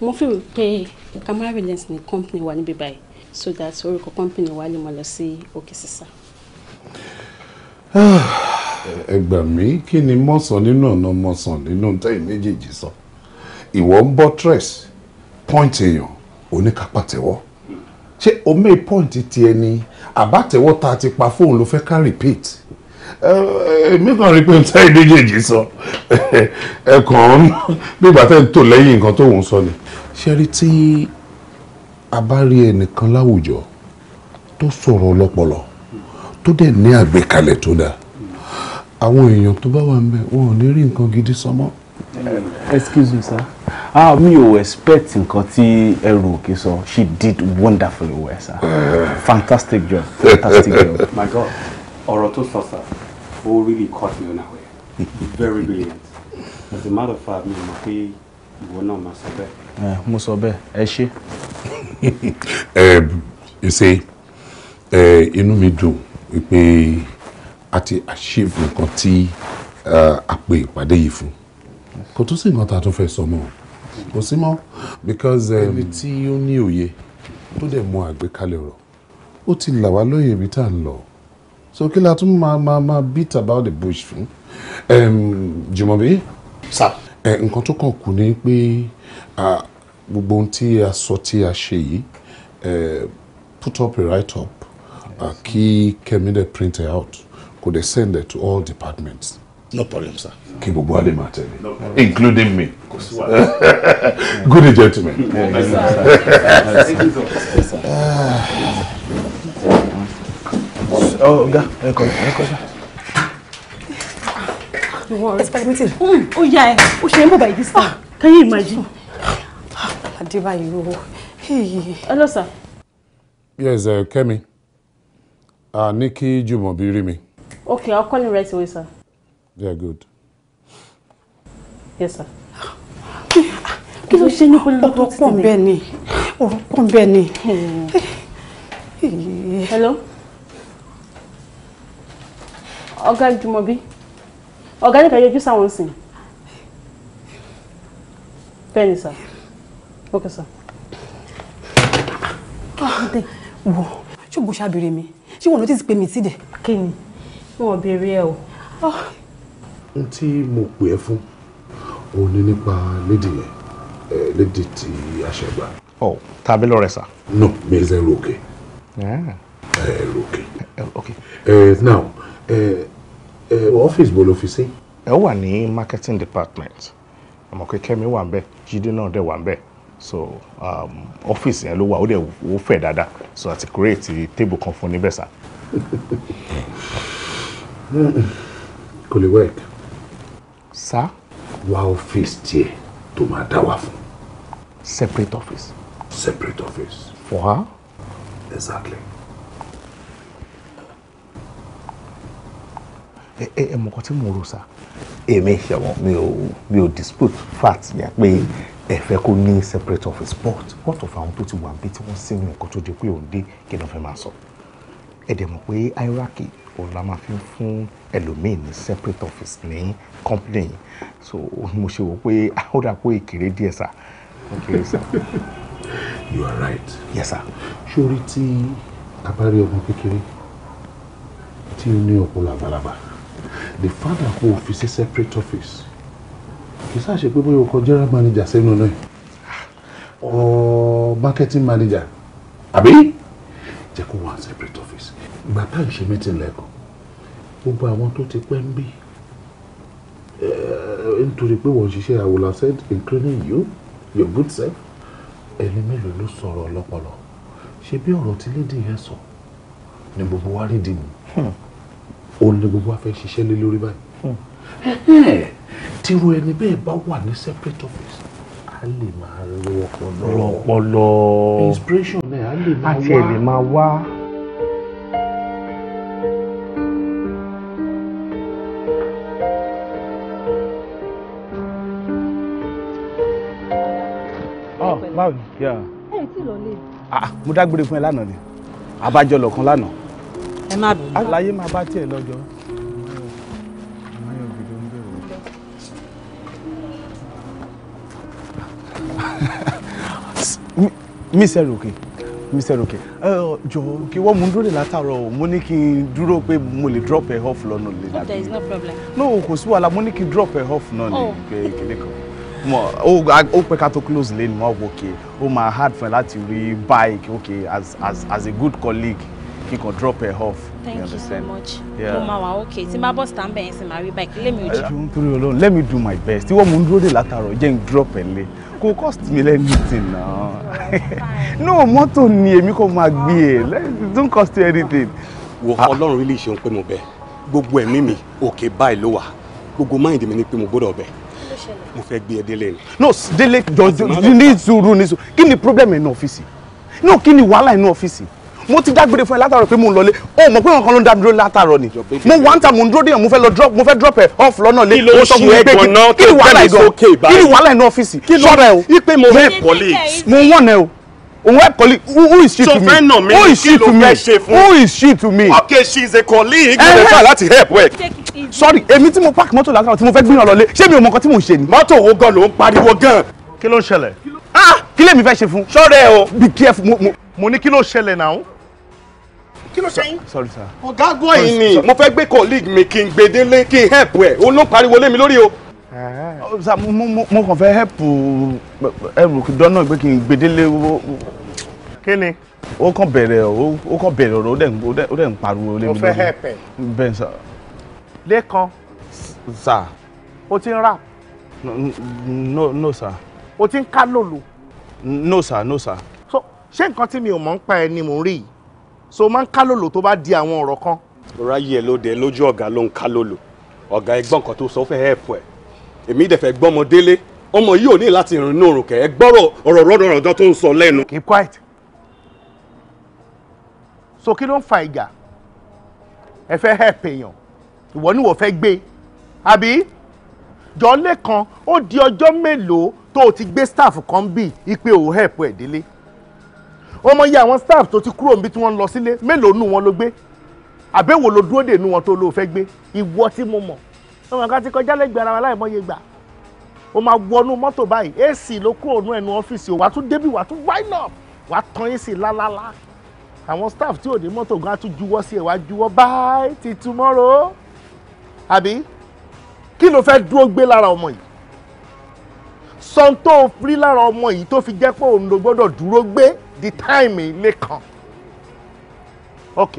Mo will pay pé ká in reliance company wa níbí by, so that orúkọ company wa lè mọ̀ lọ sí òkè sísá. Ẹ gbà mí kí ni mọ̀sán nínú ọ̀nà mọ̀sán nínú tẹ́yìn méjèèjì sọ. Ìwọ ń bọ́ tress point èèyàn oníkápàtẹ́wọ́ ṣé o mé point ti ẹni àbátẹ́wọ́ ta ti pa fóun ló fẹ́ ká repeat èmi kàn rí pé n tẹ́ ìdíjèjì sọ ẹ kàn án bí ìgbà tẹ́ lẹ́yìn nǹkan tó ń sọ ni. ṣé rí tí a bá rí ẹnìkan láwùjọ tó sọ̀rọ̀ ọlọ́pọlọ tó dẹ̀ ní àgbékalẹ̀ tó dáa àwọn èèyàn tó bá wà ń bẹ̀ wọn ò ní rí nǹkan gidi sọ mọ́. Eh, excuse me sir ah mi ò expect nǹkan tí ẹrù òkè sọ she did wonderfully well sir fantastic job fantastic job. my god ọ̀rọ̀ tó sọ sir ó really caught me unaware very brilliant as a matter of fact mi ò mọ̀ pé ìwọ náà máa sọ bẹ́ẹ̀. ẹ eh, mo sọ bẹ́ẹ̀ ẹ ṣé. Eh, you see uh, inú mi dùn wípé a ti achieve nǹkan tí a pè ìpàdé yìí fún kò tún sí nǹkan tá a tún fẹ́ sọ mọ́ kò sí mọ́ because um, ẹni tí ó ní òye tó dẹ̀ mọ àgbékalẹ̀ ọ̀rọ̀ ó ti là wá lóye ibi tá à lọ so kí la tún máa máa máa beat about the bush fún um, Jùmọ̀bí sà nǹkan tó kàn kù ni pé gbogbo ohun tí a sọ tí a ṣe yìí put up a write up kí Kẹ́mi dẹ̀ print it out kò dẹ̀ send it to all departments no problem sir. Keep gbogbo wa lè including me good day gentleman. Oh, ọ̀gá ẹ kọ́ ẹ kọ́ sá. expected. ó yá ẹ ó ṣe é mọ̀ báyìí sá. can you imagine. Ah, adébáyé o hello sir. yes uh, Kẹ́mi a ah, ní kí Jùmọ̀bí rí mi. okay I'll call you right away sir they are good. yes sir. kí ló ṣe ní pé lọ́tọ̀ pọ̀ mi bẹ́ẹ̀ ni ọ̀rọ̀ pọ̀ bẹ́ẹ̀ ni. hello ọ̀gá Jùmọ̀bí ọ̀gá ní ká yọjú sáwọn sìn bẹ́ẹ̀ ni sir okay sir. wò ṣé o bó ṣàbẹ̀rẹ̀ mi ṣé wọn ò ní títí pé mi dẹ̀. kí ni wọn ò ẹ o. Ah n tí mo pè ẹ́ fún òun ni nípa lady yẹn ẹ lady ti àṣẹgbà. ọ oh, tàbí lọ rẹ sà. no mẹsẹ̀ ròkè. Ah. ẹ ròkè. Eh, ok. ẹ now ẹ ẹ ọ́fíìsì bó ló fi sí. ẹ wà ní marketing department àmọ́ pé Kẹ́mi wà ń bẹ̀ Jídé náà dẹ̀ wà ń so um, ọ́fíìsì yẹn ló wà ó dẹ̀ ó fẹ̀ dáadáa so àti create table kan fún níbẹ̀ sà. kò lè work sá. wá ọ́fíìsì tiẹ̀ to máa dá wa fún. separate office. separate office. for her. exactly. ẹ ẹ ẹ mọ̀kàn tí mo rò sá. èmi ṣẹ̀wọ̀n mi ò mi ò dispute fact yẹn pé ẹ fẹ́ kó ní separate office but what of àwọn tó ti wà bí tí wọ́n sínú nǹkan tó di pé òun dé kí ló fẹ́ máa sọ. ẹ dẹ̀ mọ̀ pé hierarchy òun la máa fi ní separate office ní company yìí so mo ṣe wò pé ah, ó dà pé ìkéré díẹ̀ sà ìkéré sà. you are right. yes sir. sórí ti kapari bá rí ọmọ kékeré tí ó ní ọpọlọ the father kò fi sí separate office kì í sáà ṣe pé bóyá o kọ general manager sẹ́nu náà ah. or marketing manager àbí ìgbà tá à ń ṣe mítìn lẹ́kọ̀ọ́ gbogbo àwọn tó ti pẹ́ ń bí eh, nítorí pé wọ́n ṣiṣẹ́ àwòlá said including you your good self ẹni mélòó ló sọ̀rọ̀ ọlọ́pọlọ ṣe bí ọ̀rọ̀ tí lédi yẹn sọ ni gbogbo wa rí dìmú òun ni hmm. gbogbo wa fẹ́ ṣiṣẹ́ lé lórí báyìí hmm. tírú ẹni bẹ́ẹ̀ bá wà ní separate office a lè máa rọ ọpọlọ inspiration náà a lè máa wá. ẹ ti lọ lé. Ah, ah, mo dágbére fún ẹ lánàá ni abájọ lọ̀kan lánàá. ẹ má bẹ̀rù. àlàyé máa bá tiẹ̀ lọ́jọ́. Mr. Roke Mr. Roke jọ̀ọ́ kí wọ́n mú un dúró látàárọ̀ mo ní kí n dúró pé mo lè drop ẹ off lọ́nà lè dàbí. there is no problem. no kò sí wàhálà mo ní kí n drop ẹ off náà ní oh. kékeré kan mo ó pẹ́ close lane mo wò okay ó hard for láti rí bike okay as as as a good colleague kí n drop her off. thank you, you so much mo máa wà okay tí n bá stand bẹ́ẹ̀ sí màá rí bike lẹ́mi ò jẹ́. ẹ̀sùn torí olóhùn let me do my best tí wọ́n mú dúró dé látàárọ̀ jẹ́ n drop ẹ̀ lé kò cost me anything náà no mọ́tò ni èmi kò máa gbé e don't cost you anything. wo ah. ọlọ́run rí lè ṣeun pé mo bẹ gbogbo ẹ̀mí mi òkè báyìí ló wà gbogbo máìndì mi ni pé mo gbọ́dọ̀ bẹ̀ mo fẹ́ gbé ẹ délé no délé You need sùúrù ní sùúrù kí ni problem ẹ̀ ní ọ́fíìsì no kí ni wàhálà ẹ̀ ní ọ́fíìsì mo ti dágbére fún ẹ látàrọ pé mo ń lọlé o mọ̀ pé nǹkan ló ń dá mi dúró látàrọ ni mo wá ń ta mo ń dúró déyàn mo fẹ́ lọ drop mo fẹ́ drop ẹ off lọ́nà lé o sọ fún mi pé kí ni wàhálà ẹ̀ ní ọ́fíìsì ṣọ́ra ẹ o. ipe mo fẹ́ mo wọ̀n ẹ o òun colleague who, is she to me who is she to me who is she to me. okay she is a colleague. ẹ ẹ láti help well. sorry èmi tí mo park mọ́tò látàrà tí mo fẹ́ gbìyànjú lọlé ṣé mi ò mọ nǹkan tí mò ń ṣe ni. mọ́tò wo gan ló ń pariwo gan. kí ló ń ṣẹlẹ̀. ah kí lèmi fẹ́ ṣe fún. sọ́ọ̀rẹ́ o. be careful mo mo. mo ní kí ló ṣẹlẹ̀ náà kí ló sẹ́yìn. sorry sir. ọ̀gá gọ́ yìí ni mo fẹ́ gbé colleague mi kí n gbedele kí n help ẹ̀ o ló ń pariwo lé mi lórí o sa mo kàn fẹ́ help ẹrù eh, dọ́nà pé kí n gbedele owó. kí ni. ó kàn bẹ̀rẹ̀ ó kàn bẹ̀rẹ̀ ọ̀rọ̀ ó dẹ̀ ń pariwo lé mi lórí. mo fẹ́ help ẹ̀. bẹ́ẹ̀ sà. lẹ́kan. sà. o ti ń rap. no no sà. o ti ń ká lòlò. no sà no sà. so ṣé nǹkan tí mi ò mọ̀ ń pa ẹ ni mò ń rí yìí so máa ń ká lòlò tó bá di àwọn ọ̀rọ̀ kan. ráyè lóde lójú ọ̀gá ló ń ká lòlò ọ̀gá ẹgbọ́n kan tó sọ fẹ́ help ẹ̀ èmi dẹ̀ fẹ́ gbọ́mọ délé ọmọ yìí ò ní láti rìn inú òrùkẹ́ ẹ gbọ́rọ̀ ọ̀rọ̀ rọ́dọ̀rọ̀dọ̀ tó ń sọ lẹ́nu. keep quiet so kí ló ń fa ìjà ẹ fẹ́ help èèyàn ìwọ ni wò fẹ́ gbé àbí jọ lẹ́kan ó di ọjọ́ mélòó tó o ti gbé staff kan bì í pé o help ẹ̀ délé ọmọ yìí àwọn staff tó ti kúrò níbi tí wọ́n ń lọ sílé mélòó nù wọn ló gbé àbẹ̀wò ló dúró dè nù wọn tó ló fẹ́ gbé ìwọ tí mo mọ̀ ọmọ kan ti kọjá lẹ́gbẹ̀ẹ́ ara wa láìmọye gbà o máa wọnú mọ́tò báyìí AC ló kú òun ẹnu ọ́fíìsì o wàá tún débi wàá tún wind up wàá tan AC lálálá àwọn staff tí ò ní mọ́tò gan á tún juwọ́ sí ẹ̀ wàá juwọ́ bye till tomorrow àbí kí ló fẹ́ dúró gbé lára ọmọ yìí sọ́n tó rí lára ọmọ yìí tó fi jẹ́ pé òun ló gbọ́dọ̀ dúró gbé the time ilé kan ok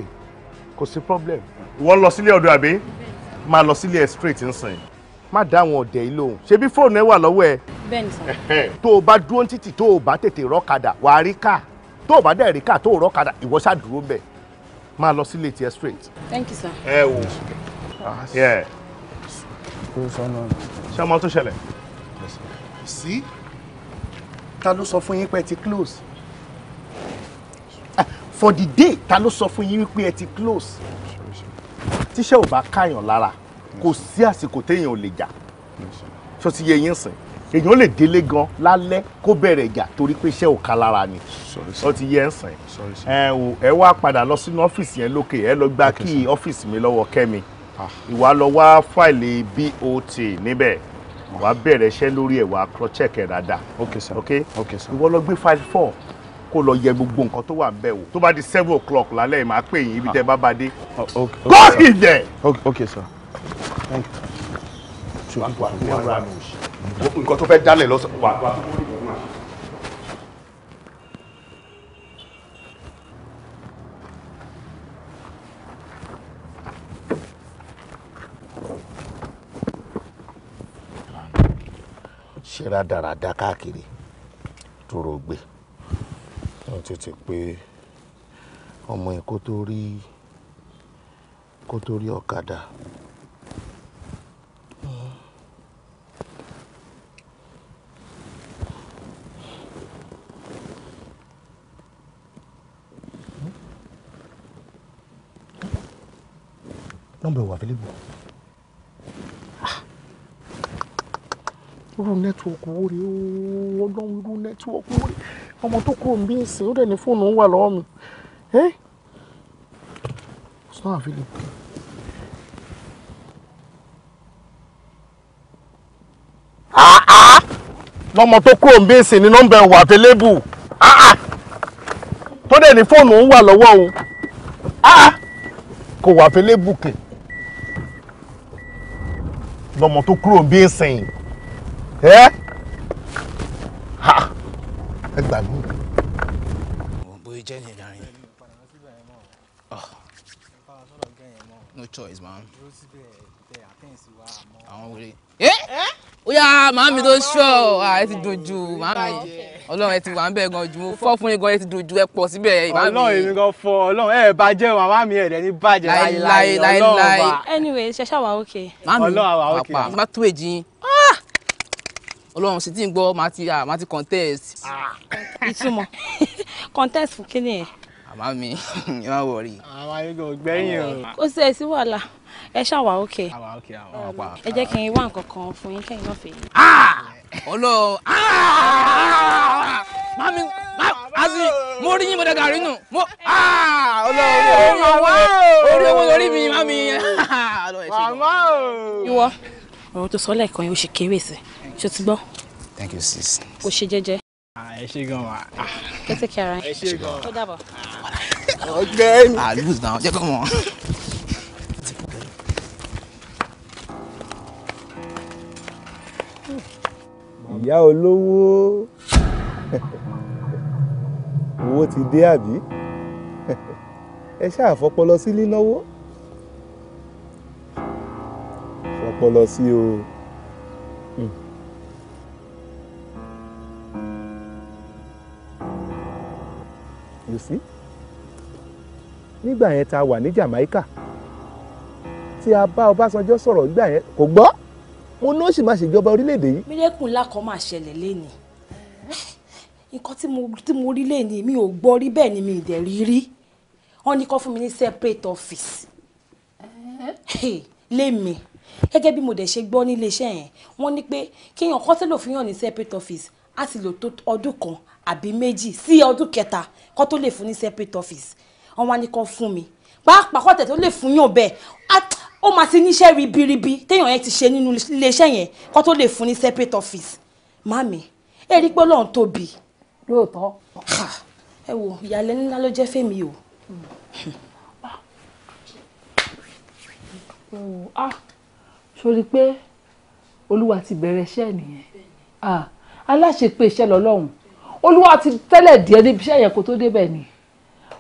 kò sí problem. wọ́n lọ sílé ọ̀dọ̀ àbí máa lọ sílé ẹ straight nsìn má dá àwọn ọ̀dẹ̀ yìí lóhùn ṣebí fóònù ẹ wà lọ́wọ́ ẹ. bẹ́ẹ̀ni sọ. tó o bá dúró títì tó o bá tètè rọ́kadà wà á rí ká tó o bá dẹ̀ rí ká tó o rọ́kadà ìwọ ṣáà dúró bẹ̀ máa lọ sílé tiẹ̀ straight. thank you sir. ẹ wò ó ṣé ọmọ tó ṣẹlẹ̀. sí ta ló sọ fún yín pé ẹ ti close ah, for the day ta ló sọ fún yín pé ẹ ti close tíṣẹ́ ò bá káyàn lára kò sí àsìkò téèyàn ò lè jà ṣó ti yẹ yín sìn èèyàn lè délé gan lálẹ́ kó bẹ̀rẹ̀ ìjà torí pé iṣẹ́ ò ká lára ni ó ti yẹ ń sìn ẹ wò ẹ wá padà lọ sínú ọ́fíìsì yẹn lókè ẹ lọ gba kí ọ́fíìsì mi lọ́wọ́ kẹ́mi ah. ìwà lọ wá fáìlì BOT níbẹ̀ wàá bẹ̀rẹ̀ iṣẹ́ lórí ẹ̀ wàá cross check ẹ̀ dáadáa ok ìwọ lọ gbé file four kó lọ yẹ gbogbo nǹkan tó wà bẹ́ẹ̀ wò tó bá di seven o'clock lálẹ́ ìmọ̀ àpè yín ibi tẹ́ bá bá dé. go oh, oh, in ok sir thank you. nǹkan tó fẹ́ dálẹ̀ lọ́sọ̀ọ́. ṣe rádaràda káàkiri tó rògbé n tètè pé ọmọ ẹ̀ kó tó rí kó tó rí ọ̀kadà. nọ́mbà ìwà available. Ah. irú nẹ́tíwọ̀kì wo rèé o ọlọ́run irú nẹ́tíwọ̀kì wo rèé ọmọ tó kú òǹbí ẹ̀sìn ó dẹ̀ ní fóònù ń wà lọ́wọ́ mi ẹ́ it's not available. lọ́mọ tó kú òǹbí ẹ̀sìn ni nọ́mbà ẹ̀wà available tó dẹ̀ ní fóònù ń wà lọ́wọ́ òun kò wà available kẹ̀ lọ́mọ tó kú òǹbí ẹ̀sìn ẹ́ ha ẹ gbàgbọ́. òun bóyá ah. no choice man. Eh? wèrè. ó yá Don't show. I have to do màámi ah, ọlọ́run ẹ ti have ń bẹ̀ gan ju fọ́ fún yín gan ẹ ti dojú ẹ pọ̀ síbẹ̀ màámi. ọlọ́run èmi gan fọ ọlọ́run ẹ bàjẹ́ wọn màámi ẹ̀ rẹ̀ ní bàjẹ́ láyé láyé ọlọ́run wa. anyway Shasha, wa ok. màámi ọlọ́run wa ok. màá tó ọlọ́run sì ti ń gbọ́ máa ti máa ti contest. Ah. ìtumọ̀ contest fún kí nìyẹn. àmá mi ẹ má wọrí. àwọn ayégo gbẹ́yìn o. kó sí ẹ sí wàhálà ẹ ṣàwà òkè. àwà òkè àwọn ọ̀pá. ẹ jẹ́ kí n wá nǹkan kan fún yín kẹ́yìn náà fèyí. Ah! ọlọ́run ah! mami asi mo rí yín mo dàgbà rí nù mo ọlọ́run orí owó lórí mi mami. màmá o. ìwọ ọ̀rọ̀ tó sọ lẹ́ẹ̀kan yóò ṣe kéré sí i ṣe ti gbọ́. thank you sis. kò ṣe jẹ́jẹ́. Ah, ẹ ṣe gan wa. kẹ́tẹ́ kí ara yín. ẹ ṣe gan wa. ó dàbọ̀. ọgbẹ́ni. Ah. ah lose now jẹ́ kọ́ wọn. ìyá olówó owó ti dé àbí ẹ ṣáà fọpọlọ sí línáwó fọpọlọ sí o. you see nígbà yẹn tá a wà ní Jamaica tí a bá Ọbásanjọ́ sọ̀rọ̀ nígbà yẹn kò gbọ́ mo ní ó sì máa ṣèjọba orílẹ̀-èdè yìí. mílẹ̀kùn ńlá kan máa ṣẹlẹ̀ lẹ́nìí nǹkan tí mo rí lẹ́nìí mi ò gbọ́ rí bẹ́ẹ̀ ni mi ì dẹ̀ rí rí wọ́n ní kó fún mi ní separate office lémi gẹ́gẹ́ bí mo dẹ̀ ṣe gbọ́ nílé yẹn wọ́n ní pé kéèyàn kọ́tẹ́lò fi hàn ní separate office á sì lò tó ọdún kan àbí méjì sí ọdún kẹta kó tó lè fún ní separate office wọn wá ní kó fún mi pàápàá kọ́tẹ̀ tó lè fún yàn bẹ́ẹ̀ ó máa ti níṣẹ́ ribiribi téèyàn yẹn ti ṣe nínú iléeṣẹ́ yẹn kó tó lè fún ní separate office mami ẹ rí i pé ọlọ́run tóbi. lóòótọ́. ẹ wo ìyàlẹ́nu ńlá ló jẹ́ fèmí o. Ah, ah, sori pé olúwa ti bẹ̀rẹ̀ iṣẹ́ nìyẹn ah, aláṣepé iṣẹ́ lọ́lọ́run olúwa ti tẹ́lẹ̀ díẹ̀ níbi iṣẹ́ yẹn kó tó débẹ̀ ni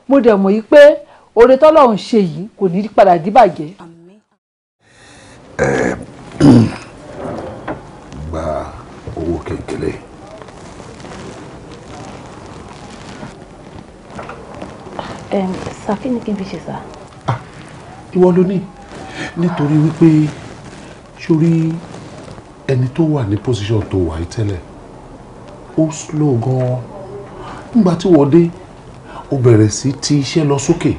mo dẹ̀ mọ̀ yí pé oore tọ́lọ́run ṣe yìí kò ní padà díbàjẹ́. ẹ gba owó kékeré. sàkí ni kí n fi ṣe sá. Ah, ìwọ ló ní nítorí wípé sórí ẹni tó wà ní pòsíṣàn tó wà yìí tẹ́lẹ̀ ó slow gan-an nígbà tí wọ́n dé ó bẹ̀rẹ̀ sí ti iṣẹ́ lọ sókè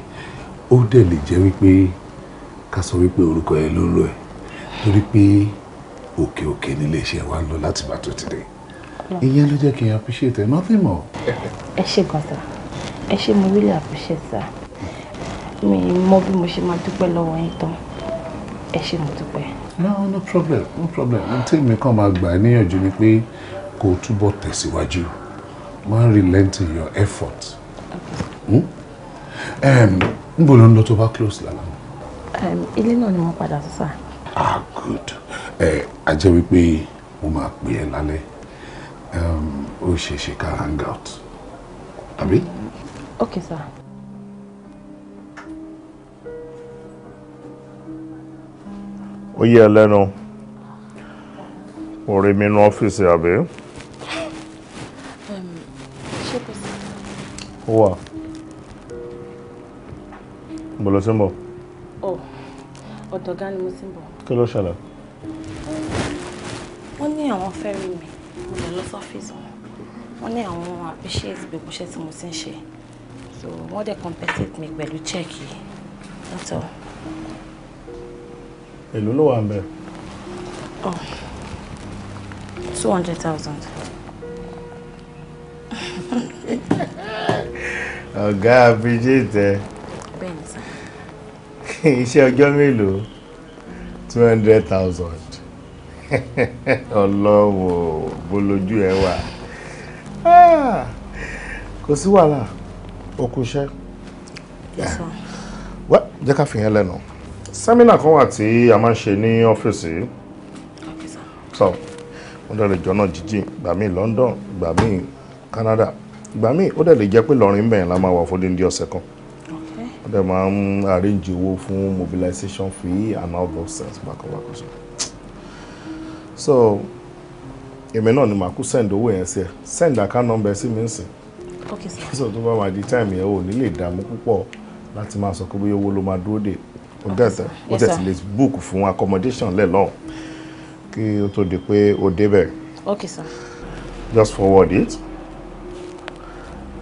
ó dẹ̀ lè jẹ́ wípé ká sọ wípé orúkọ yẹn ló ń lọ ẹ̀ torí pé òkè òkè nílé iṣẹ́ wa ń lọ láti bá tó ti dé ìyẹn ló jẹ́ kí n appreciate ẹ̀ nothing more. ẹ ṣe gan sa ẹ ṣe mo really appreciate sa mi mọ bí mo ṣe máa dúpẹ́ lọ́wọ́ yín tán ẹ ṣe mo dúpẹ́. no no problem no problem n tí mi kàn máa gbà níyànjú ni pé kó o túbọ̀ tẹ̀síwájú má relent in your effort. Hmm? níbo ló ń lọ tó bá close lálá. ilé náà ni mo padà sí sà. ah good ẹ a jẹ́ wípé mo máa pè ẹ́ lálẹ́ ó ṣe ṣe ká hang out àbí. okay sir. ó yẹ ẹ lẹ́nu orí mi ní ọ́fíìsì àbí. ó wà bó ló ti ń bọ̀. ọ oh, ọ̀dọ̀ ọ̀gá ni mo ti ń kí ló ṣẹlẹ̀. wọ́n ní àwọn fẹ́ rí mi mo lè lọ sọ́fíìsì wọn wọ́n ní àwọn appreciate gbogbo tí mo ti ń ṣe so wọ́n dẹ̀ compensate mi pẹ̀lú chẹ́ẹ̀kì that's all. èló ló wà ń bẹ̀. ọ oh, two hundred thousand. ọ̀gá abidjate iṣẹ́ ọjọ́ mélòó two hundred thousand ọlọ́wọ́ bolójú ẹ wà ah, kò sí wàhálà o kú iṣẹ́ eh, wá jẹ́ ká fìyẹn lẹ́nu sẹ́mínà kan wà tí a máa ń ṣe ní ọ́fíìsì so wọ́n dẹ̀ lè jọ náà jíjìn gbà mí London gbà mí Canada ìgbà míì ó dẹ̀ lè jẹ́ pé lọ́rin bẹ́ẹ̀ la máa wà fún díndín ọ̀sẹ̀ kan ó dẹ̀ máa ń arrange owó fún mobilization fee and all those things bákanbákan so so èmi náà ni màá kú send owó yẹn sí ẹ send account number sí mi nsìn so tó bá máa di time yẹn ò ní lè dààmú púpọ̀ láti máa sọ pé bóyá owó ló máa dúró dè ó tẹ̀sẹ̀ ó tẹ̀sẹ̀ lè book fún accommodation lẹ́lọ́ọ̀ kí ó tó di pé ó débẹ̀. sir. just forward it.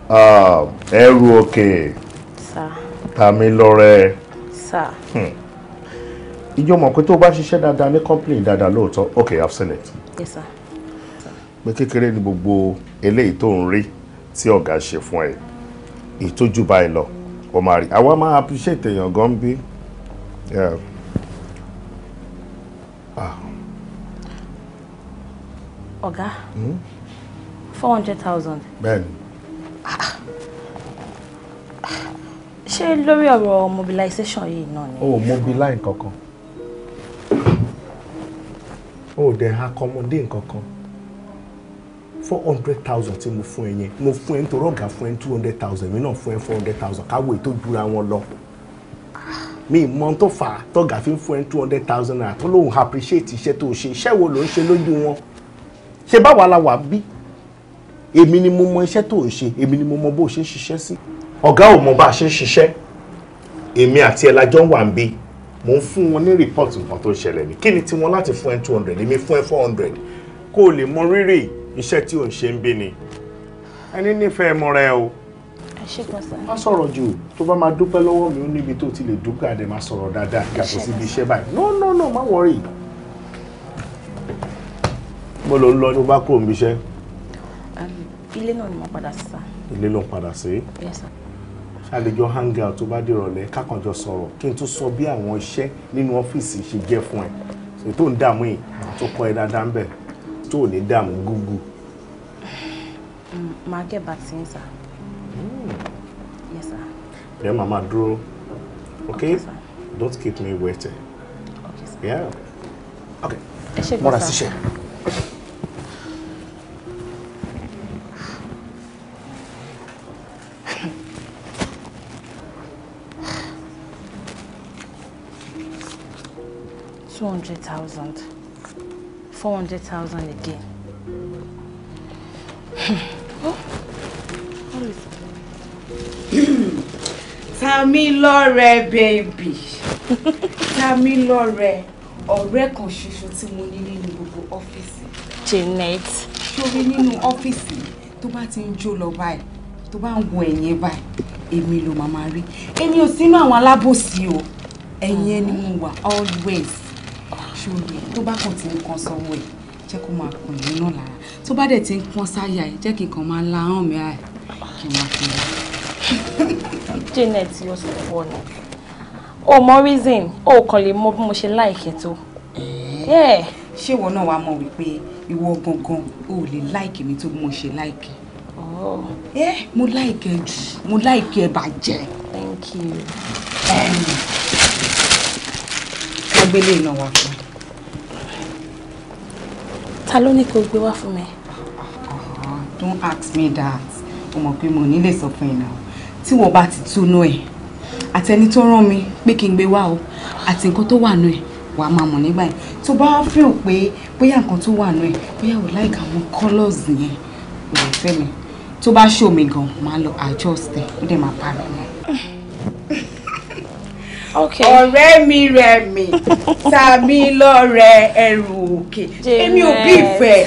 Ah, ẹrù òkè Tàmílọ́rẹ́ hmm. ìjọ mọ̀ pé tó bá ṣiṣẹ́ dáadáa ní company dáadáa lóòótọ́ ok I've seen it. Yes sir. pé kékeré ni gbogbo eléyìí tó ń rí tí ọ̀gá ṣe fún ẹ ìtójú báyìí lọ ó máa rí àwa máa appreciate èèyàn gan bí. Ah. ọ̀gá hmm? four hundred thousand. bẹ́ẹ̀ni ṣé lórí ọ̀rọ̀ mobilization yìí náà ni. o ò mobilize kankan o ò dẹ̀ accommodate kankan four hundred thousand tí mo fún ẹ yẹn mo fún ẹ nítorí ọ̀gá fún ẹ two hundred thousand mi náà fún ẹ four hundred thousand káwọ èyí tó jura wọn lọ mi mọ tó fà á tọ́gà fi ń fún ẹ two hundred thousand naira tó lóun appreciate iṣẹ́ tó ṣe iṣẹ́ wo ló ń ṣe lójú wọn ṣe báwa la wà bí èmi ni mo mọ iṣẹ́ tó ń ṣe èmi ni mo mọ bó ṣe ń ṣiṣẹ́ sí. ọ̀gá ò mọ bá a ṣe ń ṣiṣẹ́ èmi àti ẹ̀ lájọ́ wà ń bí mo ń fún wọn ní report nǹkan tó ṣẹlẹ̀ ní kí ni tiwọn láti fún ẹ two hundred èmi fún ẹ four hundred kó o lè mọ rírì iṣẹ́ tí ò ń ṣe ń bí ni ẹni nífẹ̀ẹ́ mọ rẹ o. ẹ ṣe kan sá. má sọ̀rọ̀ jù tó bá máa dúpẹ́ lọ́wọ́ mi ó níbi tó ti lè dúpẹ́ àdé máa sọ̀rọ̀ ilé náà ni mo padà sí sá. ilé ló ń padà sí. yes sir. ṣàlejò hang out tó bá dìrọ̀lẹ́ kákanjọ sọ̀rọ̀ kí n tún sọ bí àwọn iṣẹ́ nínú ọ́fíìsì ṣe jẹ́ fún ẹ ṣe tó ń dààmú yìí tó kọ́ ẹ dáadáa ń bẹ̀ tó ní dààmú gúgú. máa gẹ̀ bá ti sà. yes sir. then mama dúró okay, don't keep me waiting. okay yeah. okay. ẹ ṣe gbọ́dọ̀ mọ́ra síṣẹ́. 400,000. 400,000 again. Tamilore baby. Tamilore ọ̀rẹ́ kan ṣoṣo tí mo ní nínú gbogbo ọ́fíìsì. Janet. Ṣorí nínú ọ́fíìsì tó bá ti ń jó lọ báyìí tó bá ń wo ẹ̀yìn báyìí èmi ló máa rí. Èmi ò sínú àwọn alábòsí o. Ẹ̀yìn ẹni mo wà always ṣòro tó bá kàn ti ń kan sanwó ẹ̀ jẹ́ kó máa kùn yín náà lára tó bá dẹ̀ ti ń pọ́n sáyà ẹ̀ jẹ́ kí n kàn máa la hàn mí àì kí n máa fi lọ. Janet yóò sọ fún ọ̀nà o mọ reason o kàn lè mọ bí mo ṣe láìkẹ́ tó. Eh? ṣé ìwọ náà wàá mọ̀ wípé ìwọ gangan o ò lè láìkẹ́ mi tó bí mo ṣe láìkẹ́. Oh. Eh, mo láìkẹ́ jù mo láìkẹ́ bàjẹ́. thank you. agbélé náà wà fún mi. Taloniko ló ní kó mi. don't ask me that o mọ̀ pé mo ní lè sọ fún ẹ náà tí wọ́n bá ti túnú ẹ̀ àtẹni tó rán mi pé kí n gbé wá o àti nǹkan wa wà nù ẹ̀ wàá máa mọ̀ nígbà yẹn tó bá feel pé bóyá nǹkan tó wà nù ẹ̀ bóyá o like àwọn colours yẹn o lè mi tó bá show me gan máa lọ adjust ẹ̀ ó dẹ̀ máa pa mi mọ́ ọ̀rẹ́ mi rẹ̀ mi ta mi lọ́rẹ ẹrù òkè èmi ò bí ìfẹ́.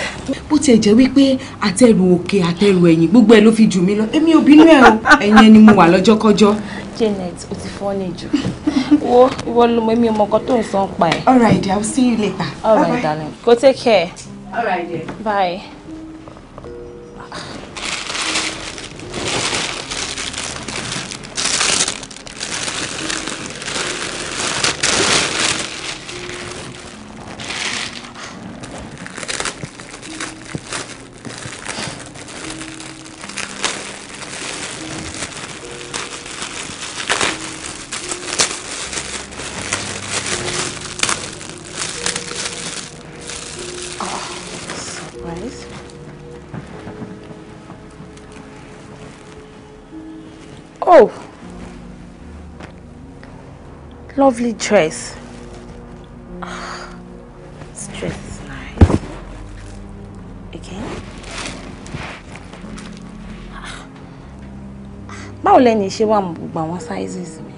bó tiẹ̀ jẹ́ wípé àtẹrù òkè àtẹrù ẹ̀yìn gbogbo ẹ̀ ló fi jù mí lọ èmi ò bínú ẹ̀ o ẹ̀yìn ẹni mo wà lọ́jọ́kọ́jọ́. Janet o ti fọ́ ní jù wo ìwọ ló mọ èmi ò mọ tó ń san pa ẹ̀. all right i will see you later. all right darling go take care. all right dear. bye. Oh, lovely dress. Ah, this dress is nice. Again. Ah, báwo lẹ́ni ṣe wà mọ̀ gbogbo àwọn sizes me.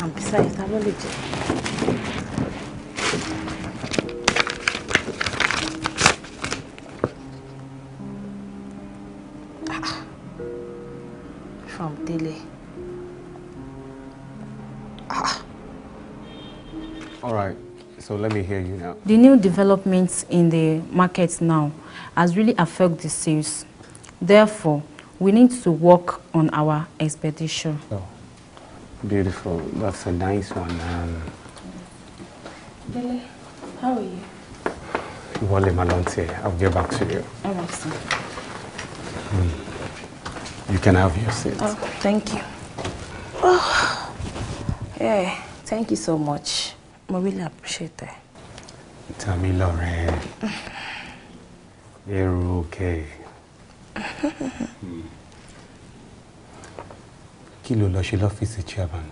And besides, ta ló lè jẹ́? let me hear you now. The new developments in the market now has really affected the sales. Therefore, we need to work on our expectation. Oh, beautiful. That's a nice one. Um, Dele, how are you? Wale Malonte, I'll get back to you. All right, sir. Mm. You can have your seat. Oh, thank you. Oh, yeah, thank you so much. mo really appreciate ẹ. tàmí lọ́rẹ́ èrò òkè kí ló lọ ṣe lọ́fíìsì chairman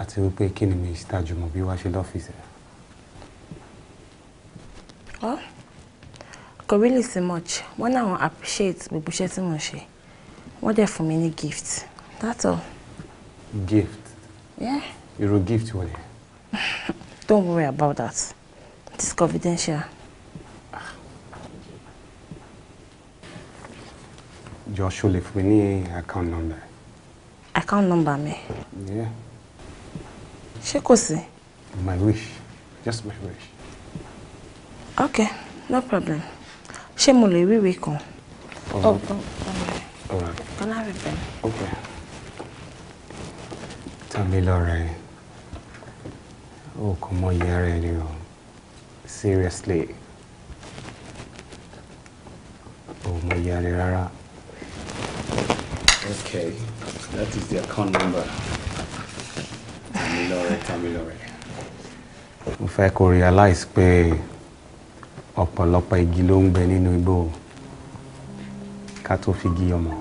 àti wípé kí ni mr Jumobi wá ṣe lọ́fíìsì rẹ̀. kò really say much. Wọ́n náà wọ́n appreciate gbogbo iṣẹ́ tí mo ṣe. Wọ́n dẹ̀ fún mi ní gift. That's all. Gift? Yeah. You will give to me. Don't worry about that. It's confidential. Joshua lè fún mi ní account number. Account number me. Yeah. Ṣé My wish. Just my wish. Okay, no problem. Ṣé mo lè rí ìwé kan? Oh, oh, oh, oh. All right. Can I read Okay. Tell me, Lorraine. Oh come on, iye ara ẹni seriously Oh my iye rara. okay that is the account number Tamilore Tamilore. If I kó realize pé ọ̀pọ̀lọpọ̀ igi ló ń gbẹ nínú igbó ká tó fi gí ọmọ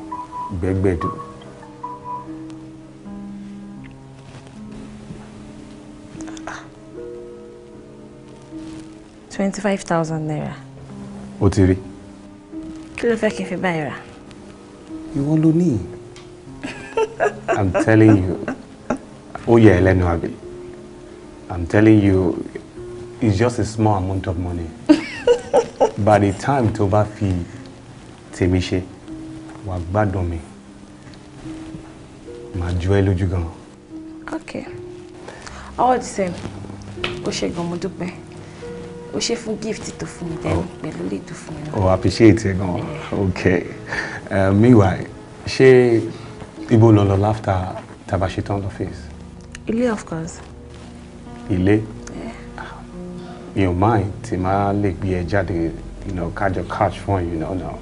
twenty five thousand naira. o ti rí. kí ló fẹ́ kí n i'm telling you ó yẹ ẹ lẹ́nu àbí i'm telling you it's just a small amount of money by the time tó bá fi tèmi ṣe wàá gbádùn mi màá ju ẹ lójú okay all the same ó ṣe gan mo dúpẹ́ o ṣe fún gift tó fún mi dání oh. pẹ̀lú lè tó fún mi náà. oh appreciate ẹ gan okay uh, meanwhile ṣé ibo lọ lọ láfta tabaṣetán lọfíìsì. ilé of course. ilé ah, in your mind ti máa lè gbé ẹ jáde you know kájọ catch fún you know now.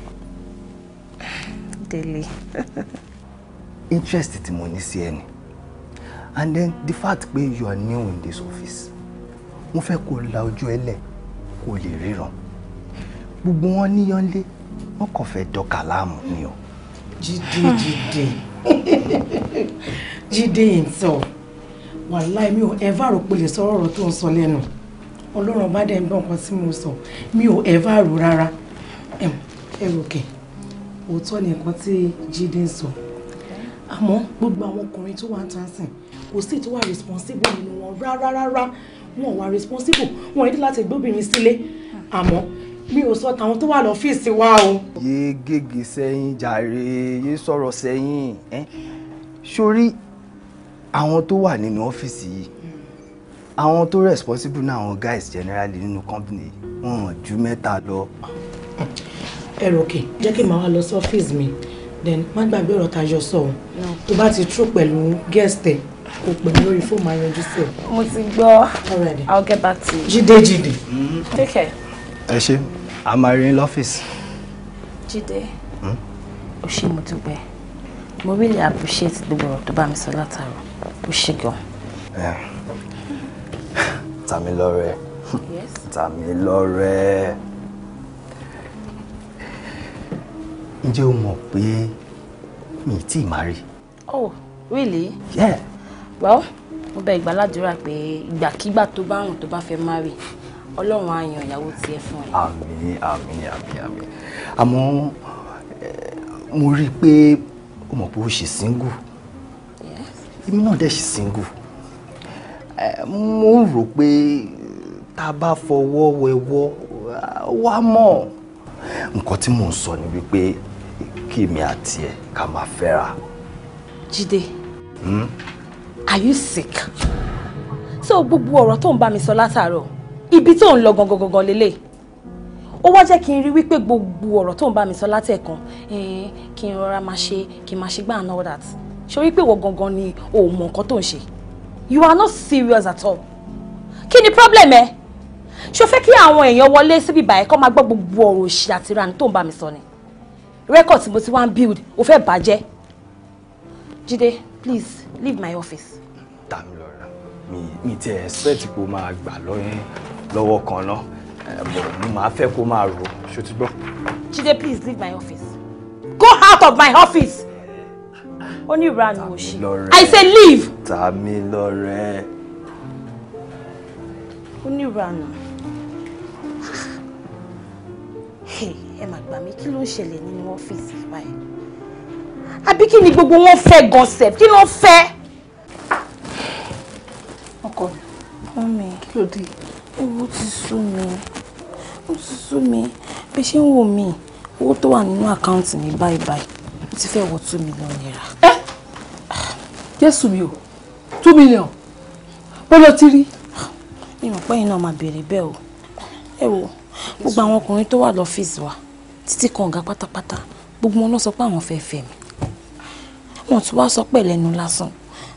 délé. interest tí mo ní sí ẹ ni and then the fact pé you are new in this office mo fẹ́ kó la ojú ẹ lẹ̀ kó lè ríran gbogbo wọn níyanlé wọn kàn fẹ́ dọkà láàmú ni o. jíde jíde jíde himself wàláì mi ò ẹ̀fà rò pé lè sọ ọ̀rọ̀ tó ń sọ lẹ́nu ọlọ́run bá dẹ̀ ń bọ̀ nǹkan tí mo sọ mi ò ẹ̀fà rò rárá ẹ̀rù kẹ̀ òótọ́ ni nǹkan tí jíde ń sọ àmọ́ gbogbo àwọn ọkùnrin tó wà ń tàn sìn kò sí tó wà responsible nínú wọn rárá rárá wọn wà responsible wọn ìdí láti gbóbìnrin sílé àmọ́ mi ò sọ tàwọn tó wà lọ́fíìsì wa o. yé gègé sẹ́yìn jàre yé sọ̀rọ̀ sẹ́yìn sórí àwọn tó wà nínú ọ́fíìsì yìí àwọn tó responsible náà àwọn guys generally nínú company wọn ju mẹ́ta lọ. ẹ̀rọ òkè jẹ́ kí màá wá lọ sí ọ́fíìsì mi then má gbàgbé ọ̀rọ̀ tá a jọ sọ o tó bá ti tró pẹ̀lú guest ẹ̀ kò pè mí lórí fóònù máa yanjú sí ẹ. mo ti gbọ́ i'll get back to you. jíde jíde. Mm-hmm. take care. ẹ ṣe a máa rí yín lọ́fíìsì. jíde hmm? o ṣé mo dúpẹ́ mo really appreciate gbogbo ọ̀rọ̀ tó bá mi sọ látàrọ o ṣé gan. Tàmílọ́rẹ́ Tàmílọ́rẹ́ ǹjẹ́ o mọ̀ pé mi ì tí ì máa rí. oh really. yeah well mo bẹ ìgbà ládùúrà pé ìgbàkígbà tó bá rùn tó bá fẹ́ má rè ọlọ́run á yan ìyàwó tiẹ̀ fún ẹ. àmín àmín àmín àmín àmọ́ eh, mo rí i pé o mọ̀ pé o ṣì single èmi náà dẹ̀ ṣì single eh, mo rò pé tá a bá fọwọ́ wẹwọ́ wá mọ̀ nǹkan tí mò ń sọ ni wípé kí èmi àti ẹ ká máa fẹ́ra. Jídé. Hmm? are you sick? so gbogbo ọ̀rọ̀ tó ń bá mi sọ látàárọ̀ ibi tó ń lọ gangan gangan lélẹ̀ ó wá jẹ́ kí n rí wípé gbogbo ọ̀rọ̀ tó ń bá mi sọ látẹ̀kan eh, kí n rọra máa ṣe kí n máa ṣe gbà and all that ṣé wípé wọ gangan ni o ò mọ nǹkan tó ń ṣe you are not serious at all kí ni problem ẹ ṣo fẹ́ kí àwọn èèyàn wọlé síbi ìbàyẹ̀ kọ́ máa gbọ́ gbogbo ọ̀rọ̀ òṣì àti ìranù tó ń bá mi sọ ni rẹ́kọ̀tì mo ti wá ń build ó fẹ́ bàjẹ́ jíde please leave my office. Damilora mi Me, ti expect kó máa gbà lọ́yìn lọ́wọ́ kan náà but mo máa fẹ́ kó máa rò ṣó ti gbọ́. Jide please leave my office go out of my office Only oníranu òṣì I say leave. Damilore. oníranu ẹ má gbà mí kí ló ń ṣẹlẹ̀ nínú ọ́fíìsì báyìí àbí kí ni gbogbo wọn fẹ́ gan sẹ̀ kí ló fẹ́. ọkọ mi kí ló dé. owó ti sú mi ó ti sú mi bí ṣe ń wò mí owó tó wà nínú àkáǹtì mi báyìí báyìí ó ti fẹ́ wọ two million naira. ẹ jésù mi o two million bọ́lá ti rí. ìmọ̀ pẹ́yìn náà máa béèrè bẹ́ẹ̀ o ẹ wo gbogbo àwọn ọkùnrin tó wà lọ́fíìsì wa títí kànga pátápátá gbogbo wọn lọ sọ pé àwọn fẹ́ fẹ́ mi wọ́n tún wá sọ pẹ̀lẹ́ nu lásán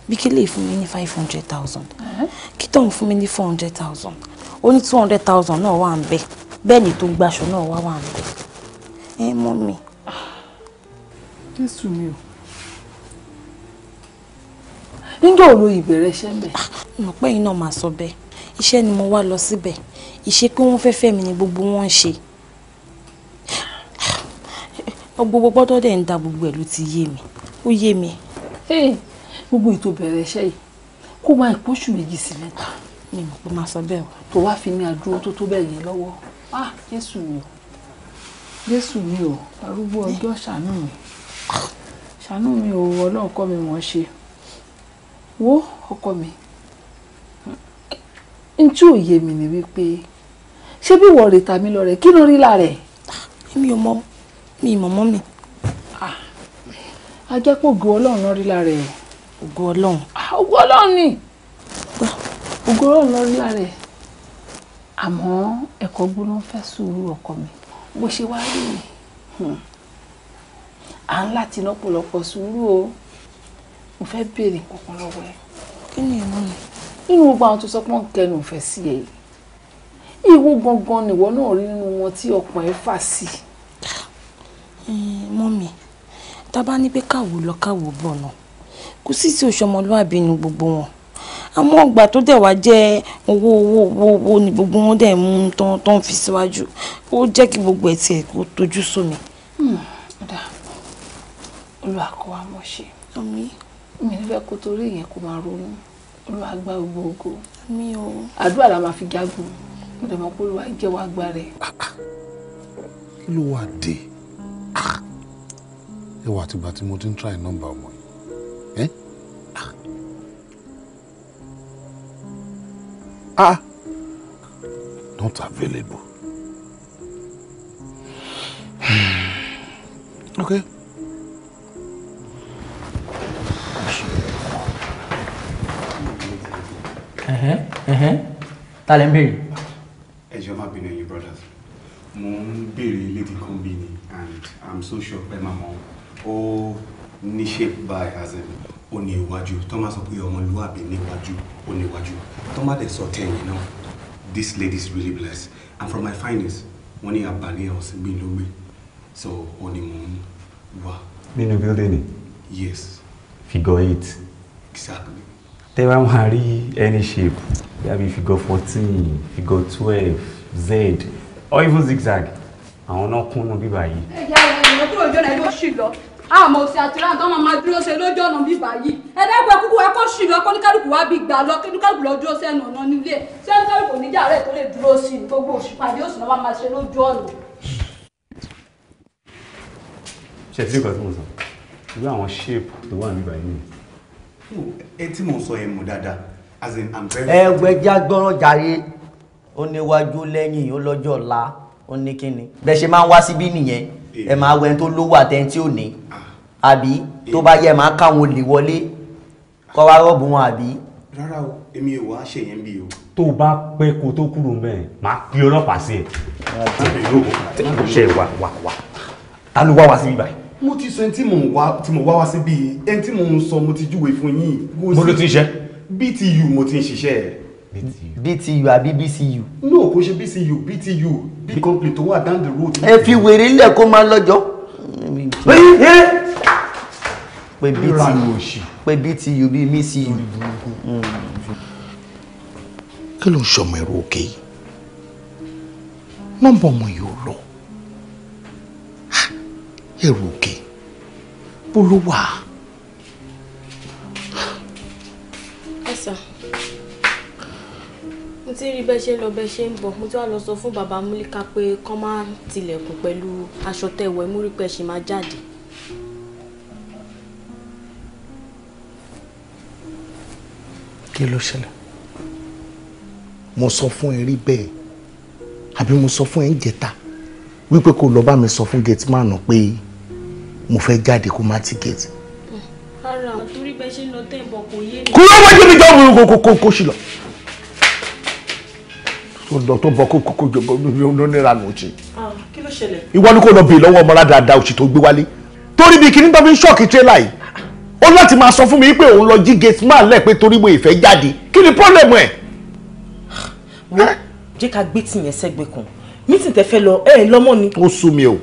bí kí lè fún mi ní five hundred thousand uh-huh. kí tóun fún mi ní four hundred thousand ó ní two hundred thousand náà wà ń bẹ bẹ́ẹ̀ ni tó gbaṣọ náà wá wà ń bẹ ẹ mọ́ mi. jésù mi ò níjọ́ òru ìbẹ̀rẹ̀ iṣẹ́ ń bẹ̀. Ah, mo pẹ́ yín náà máa sọ bẹ́ẹ̀ iṣẹ́ ni mo wá lọ síbẹ̀ ìṣe pé wọ́n fẹ́ẹ́ mi ni gbogbo wọn ń ṣe ah, gbogbo gbọ́dọ̀ dẹ̀ ń da gbogbo ẹ̀ ló ti yé mi ó yé mi. gbogbo ètò bẹ̀rẹ̀ iṣẹ́ yìí kó wá ìpóṣù méjì sí mẹ́ta. mi mọ̀ pé máa sọ bẹ́ẹ̀ o. tó wá fi ní adúró tó tó bẹ́ẹ̀ yẹn lọ́wọ́ ah jésù mi o jésù mi o arúgbó ọjọ́ ṣàánú mi ṣàánú mi o ọlọ́run kọ́ mi wọ́n ṣe wo ọkọ mi n tí ò yé mi ni wípé ṣé bí wọ́n rè tàmí lọ rẹ̀ kí ló rí lára ẹ̀. Ah, mi ò mọ mi ì mọ̀ mọ́ mi a jẹ́ pé ògo ọlọ́run náà rí lára ẹ̀. ògo ọlọ́run. ògo ọlọ́run ni ògo ọlọ́run náà rí lára ẹ̀. àmọ́ ẹ̀kọ́ gbóná fẹ́ sùúrù ọkọ mi bó ṣe wá rí i hmm. à ń láti ná pọ̀lọpọ̀ sùúrù o mo fẹ́ béèrè kankan lọ́wọ́ ẹ. kí ni ìmọ̀ mi. nínú gbogbo àwọn tó sọ pé wọ́n kẹnu ìfẹ́ sí ẹ yìí ìwo gangan nìwọ náà rí nínú wọn tí ọkàn ẹ fà sí. mọ́mì. Mm, tá a bá ní pé káwo lọ káwo bọ̀ náà kò sí sí oṣù ọmọlúwàbí ni gbogbo wọn àmọ́ ọgbà tó dẹ̀ wá jẹ́ owó owó owó owó ni gbogbo wọn dẹ̀ mú tán tán fi síwájú ó jẹ́ kí gbogbo ẹ̀ tiẹ̀ kó tojú sómi. Hmm, ọ̀dà olúwa kó wa mọ̀ ṣe mi nífẹ̀ẹ́ kó torí ìyẹn kó máa ronú olúwa gba gbogbo ogo àdúrà la máa fi jagun mo dẹ̀ mọ̀ pé olúwa jẹ́ wàá gbá rẹ̀. Ah, ah. kí ló wà dé? Ah ẹ wà àtìgbà tí mo ti ń try nọ́mbà ọmọ yìí ẹ ah, ah. not available okay. ẹ̀hẹ́n ẹ̀hẹ́n ta lẹ ń béèrè. ẹ jọ̀ọ́ má bínú ẹ̀yin brothers mo ń béèrè lady kan bí ni and i'm so sure pé màmá wọn ó ní shape by as in ó ní iwájú tó máa sọ pé ọmọlúwàbí níwájú ó ní iwájú tó máa dẹ̀ sọ tẹ̀yìn náà this lady is really blessed and from my findings wọ́n ní àbálẹ̀ ọ̀sìn bíi ló gbé so ó ní mò ń wá. nínú building ni. yes. figure eight. exactly. tẹ́ bá máa rí any shape yàbí figure fourteen figure twelve z or even zigzag àwọn náà kúnnú bíbá yìí. ẹ jẹ́ ẹ lọ kúrò ìjọ rẹ̀ ló ṣì lọ àmọ́ òsì àtúrà nǹkan máa máa dúró ṣe lójú ọ̀nà bíbá yìí ẹ̀ẹ́dẹ́gbẹ́ kúkú ẹ̀kọ́ ṣì lọ kóníkálùkù wá bí gbà lọ kóníkálùkù lọ dúró sẹ́nu ọ̀nà nílé sẹ́ńtẹ́rì kò níjà rẹ̀ tó lè dúró sí i gbogbo òṣùpàdé òsì náà máa ṣe lójú ọ̀nà. ṣe ti rí tí mo sọ irú àwọn ṣéèpù tó wà níbà yìí ẹ tí mo sọ yẹn mú dáadáa as in i'm very. ẹgbẹ́jà gbọ́ràn ó ní kíni bẹ́ẹ̀ ṣe máa ń wá síbí nìyẹn ẹ máa wẹ tó lówó àtẹni tí ò ní ah. àbí tó bá yẹ máa káwọn olè wọlé kọ́ wá rọ́ọ̀bù wọn àbí. rárá o èmi ò wá ṣe yẹn bí o. tó o bá pẹ́ kó tó kúrò mẹ́ẹ̀ máa pe ọlọ́pàá sí ẹ. ṣe wà wà wà ta ló wá wá síbí báyìí mo ti sọ ẹni tí mò ń wá tí mò wá wá sí ẹni tí mò ń sọ mo ti júwe fún yín. mo ló ti ń ṣe. bíi ti yù mo ti ń ṣiṣẹ́ ẹ̀ btu àbí bcu. no kò ṣe bcu btu b company tó wà down the road. ẹ fi wèrè lẹ kó máa lọ́jọ́. pé btu pé btu bí mcu. Hmm. kí ló ń ṣọmọ ẹrú òkè yìí nọ́mbà ọmọ yìí ò lọ ẹrù òkè bó ló wà á. ti rí bẹ́ẹ̀ ṣe ń lọ bẹ́ẹ̀ ṣe ń bọ̀ mo ti wá lọ sọ fún bàbá múlíkà pé kán má tilẹ̀kùn pẹ̀lú aṣọ tẹ̀wẹ̀ múrí pẹ́ ṣe máa jáde. kí ló ṣẹlẹ̀ mo sọ fún ẹ rí bẹ́ẹ̀ àbí mo sọ fún ẹ ń jẹta wípé kó lọ bá mi sọ fún gate man pé mo fẹ́ jáde kó má ti gate. rárá torí bẹ́ẹ̀ ṣe ń lọ tẹ̀ bọ̀ kò yé mi. kúrò wájú mi jọ́ òun kò kò sí lọ tó lọ tó bọ kó kókó jọgbọ ló nira nù ọtí. Ah, kí ló ṣẹlẹ̀. ìwọ ni kò lọ bèè lọ́wọ́ ọmọlá dáadáa òsì tó gbé wálé torí bí kíní tó fi ń ṣọ́ọ̀kì tírélà yìí ó láti máa sọ fún mi pé òun lọ jí gate man lẹ́ẹ̀pẹ́ torí mo ìfẹ́ jáde kí ni pọ́blẹ̀mù ẹ̀. wo jẹ́ ká gbé tìyẹn sẹ́gbẹ̀ẹ́ kan mítìn tẹ fẹ́ lọ ẹ ẹ lọ́mọ ni. ó sú mi o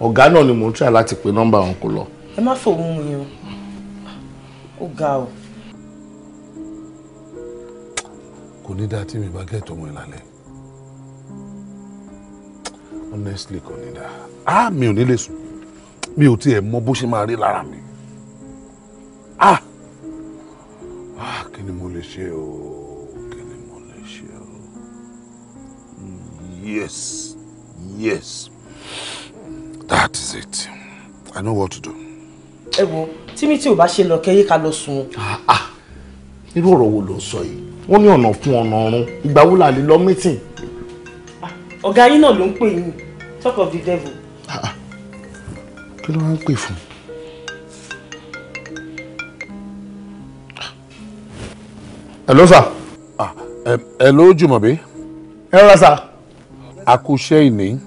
ọ̀gá náà ni mò ń tíra láti pe nọ́mbà wọn kò lọ. ẹ má fòun mu yẹn o ó ga o. kò ní dáa tí mi bá gẹ̀ẹ́tọ̀ wọn ìlàlẹ́ honestly kò ní ah mi ò ní lè sùn mi ò tiẹ̀ mọ bó ṣe máa rí lára mi ah ah kí ni mo lè ṣe o kí ni mo lè ṣe o hmm, yes yes that is it i know what to do. ẹ wo tí mi tí ò bá ṣe lọ kẹ́ yé ká lọ sùn. irú ọ̀rọ̀ wo ló sọ yìí wọ́n ní ọ̀nà fún ọ̀nà ọ̀run ìgbà wo la lè lọ mítìn ọ̀gá yín náà ló ń pè yín talk of the devil. Ah, ah. kí ló wá ń pè fún. hello sir. Ah, eh, hello Jùmọ̀bí. ẹ rọra sir. a kú iṣẹ́ ìní.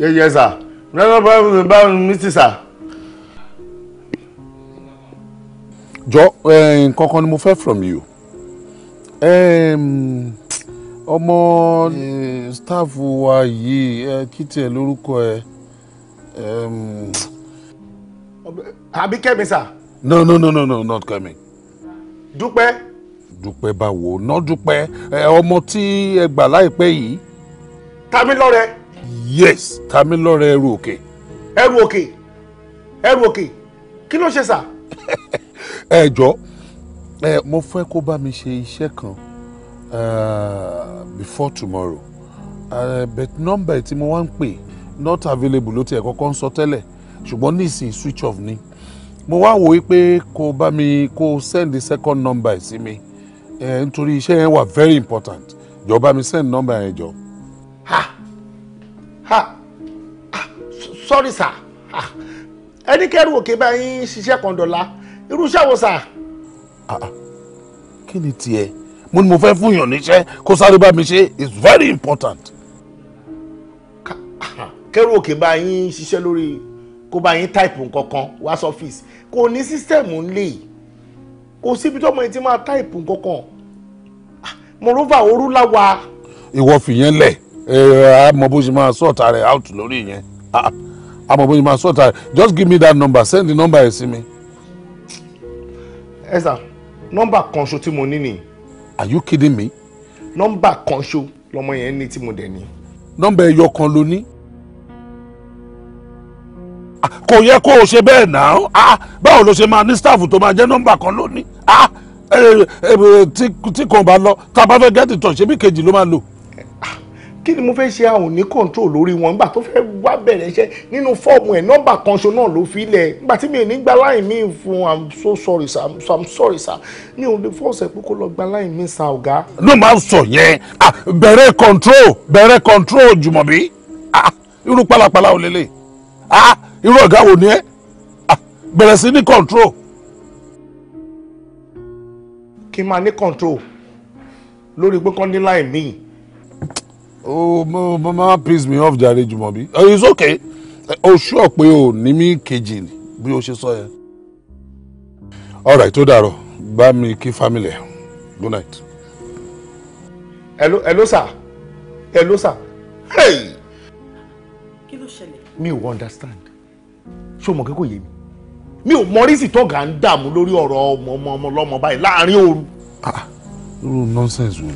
yẹ́yẹ́ sir. rẹ́rọ̀ bá mi bá mi ti sir. jọ eh, nǹkan kan ni mo fẹ́ from you. Um, ọmọ eh, staff wa yìí ẹ kí tiẹ̀ lórúkọ ẹ. àbí kẹ́mi sà. no no no no no not kẹ́mi. dúpẹ́. dúpẹ́ báwo ná dúpẹ́ ọmọ tí ẹ gbà láìpẹ́ yìí. Tamilọ́rẹ́. yes Tamilọ́rẹ́ ẹrù òkè. ẹrù òkè ẹrù òkè kí ló ṣe sà. ẹ jọ ẹ mo fẹ́ kó bá mi ṣe iṣẹ́ kan. Uh, before tomorrow uh, but number tí mo wá ń pè not available ló tiẹ̀ kọ́kọ́ ń sọ tẹ́lẹ̀ ṣùgbọ́n nísìnyí switch off ni mo wa wò ó pé kó mi ko send the second number sí mi nítorí iṣẹ́ yẹn wà very important jọ̀ọ́ ba mi send number yẹn jọ̀ọ́. ha ha ah, sorry sir ha ẹni kẹrù òkè bá yín ṣiṣẹ́ kan dọ̀la irúṣẹ́ wo sir. Ah, ah. kí ni tiẹ̀ mo ní mo fẹ́ fún yàn níṣẹ́ kó sáré bá mi ṣe is very important. kẹ́rù òkè bá yín ṣiṣẹ́ lórí kó bá yín táìpù nǹkan kan wá sọ́fíìsì kò ní sísítẹ̀mù ńlẹ̀ kò síbi tọ́mọ yìí ti máa táìpù nǹkan kan ah, moreover ooru láwa. ìwọ fìyẹn lẹ ẹ mọ bó ṣe máa sọ̀tà rẹ̀ out lórí yẹn àmọ́ ah, ah, bó ṣe máa sọ̀tà rẹ̀ just give me that number send the number yẹn sí mi. ẹ sà nọ́mbà kan ṣo tí mo ní nìyí are you kidding me. nọ́mbà kan ṣo lọmọ yẹn ní tí mo dẹ̀ ní. nọ́mbà ẹyọ kan ló ní. Ah, kò yẹ kó o ṣe bẹ́ẹ̀ náà ah, báwo ló ṣe máa ní staff tó máa jẹ́ nọ́mbà kan ló ní ah, eh, eh, tí kan bá lọ tá a bá fẹ́ gẹ́tì tán ṣebí kejì ló máa lò kí ni mo fẹ́ ṣe àwọn ní control lórí wọn nígbà tó fẹ́ wá bẹ̀rẹ̀ iṣẹ́ nínú fọ́ọ̀mù ẹ̀ nọ́mbà kan ṣo náà ló fi lẹ̀ nígbà tí mi ò ní gba láì mí fún i'm so sorry sir so i'm sorry sir ní òde fọ́ọ̀sẹ̀ pé kó lọ gba láì mí sa ọ̀gá. ló máa ń sọ yẹn bẹ̀rẹ̀ control bẹ̀rẹ̀ control jùmọ̀bí irú pálapàla ò lélẹ̀ irú ọ̀gá wo ni ẹ bẹ̀rẹ̀ sí ní control. kí n máa ní control lórí pé kán ní láì míì Oh, mo mo ma piss me off jàre Jùmọ̀bí oh it's okay o sure pé o ní mi kejì ni bí o ṣe sọ yẹn all right tó dàrọ̀ bá mi kí family good night. hello hello sir hello sir hey. kí ló ṣẹlẹ̀. mi ò understand ṣé o mọ̀ kẹ́kọ̀ọ́ yé mi mi ò mọ rísì tọ́gà ń dààmú lórí ọ̀rọ̀ ọmọ ọmọ ọmọ ọlọ́mọ báyìí láàrin òru. ah irú nonsense wo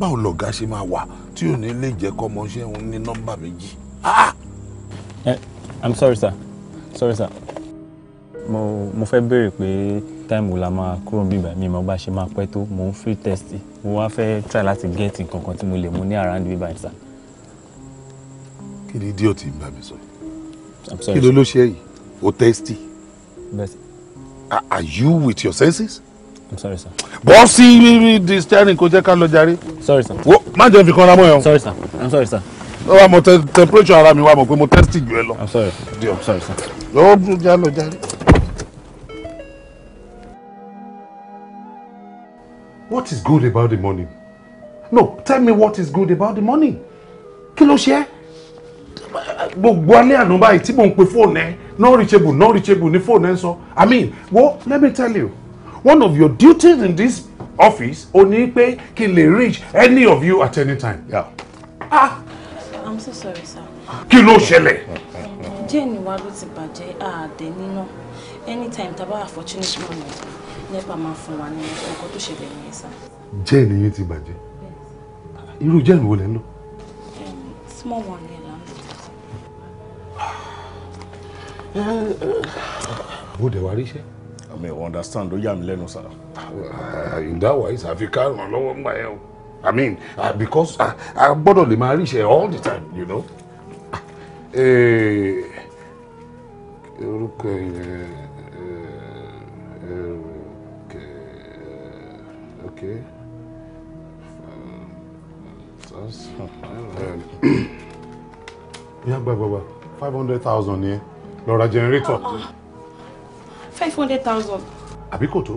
báwo lọ̀gá ṣe máa wà tí ò ní lè jẹ́ kọ́mọṣẹ́ òun ní nọ́mbà méjì. Ah! Eh, i'm sorry sir sorry sir mo mo fẹ́ béèrè pé táìmù la máa kúrò bíbá mi mo bá ṣe máa pẹ́ tó mo ń free test mo wá fẹ́ try láti get nǹkan kan tí mo lè mú ní around bíbá yìí sir. kí ni idiot ń bá mi sọ yìí kí ló ló ṣe yìí o testy. are you with your senses. I'm sorry, sir. Bọ́ọ̀sì di steering kò jẹ́ ká lọ jàre. Sorry, sir. Wo má jẹun fi kan ra mọ́ ẹ̀ o. Sorry, sir. I'm sorry, sir. Ó wà mo temperature ara mi wà mọ̀ pé mo test jù ẹ lọ. I'm sorry, sir. I'm sorry, sir. Lọ́wọ́ bí ó já lọ jàre. What is good about the money? No, tell me what is good about the money. Kí ló ṣe é? Gbogbo alẹ́ àná báyìí tí mò ń pe fóònù ẹ non-reachable non-reachable ni fóònù ẹ ń sọ. I mean, wo well, let me tell you one of your duties in this office o ní pé kí reach any of you at any time. Yeah. ah. i'm so sorry sir. kí ló ṣẹlẹ̀. jane wa ló ti bàjẹ́ àdé níná anytime tá a fortunate moment nepa máa fún wa ní ọkọ tó ṣẹlẹ̀ yẹn sá. jane yín ti bàjẹ́ irú jane wo lẹ ń lò. small one yẹn là ń lò. ó dẹ̀ wá ríṣẹ́ mi ò understand ó yà mí lẹ́nu sá. in that way àfi ká ràn lọ́wọ́ ńgbà yẹn o i mean uh, because I uh, I lè the rí all the time you know. Eh, orúkọ yẹn eh, eh, okay. ìyá gbàgbàgbà five hundred thousand here, lọ ra generator. Uh -uh five hundred thousand. àbí kò tó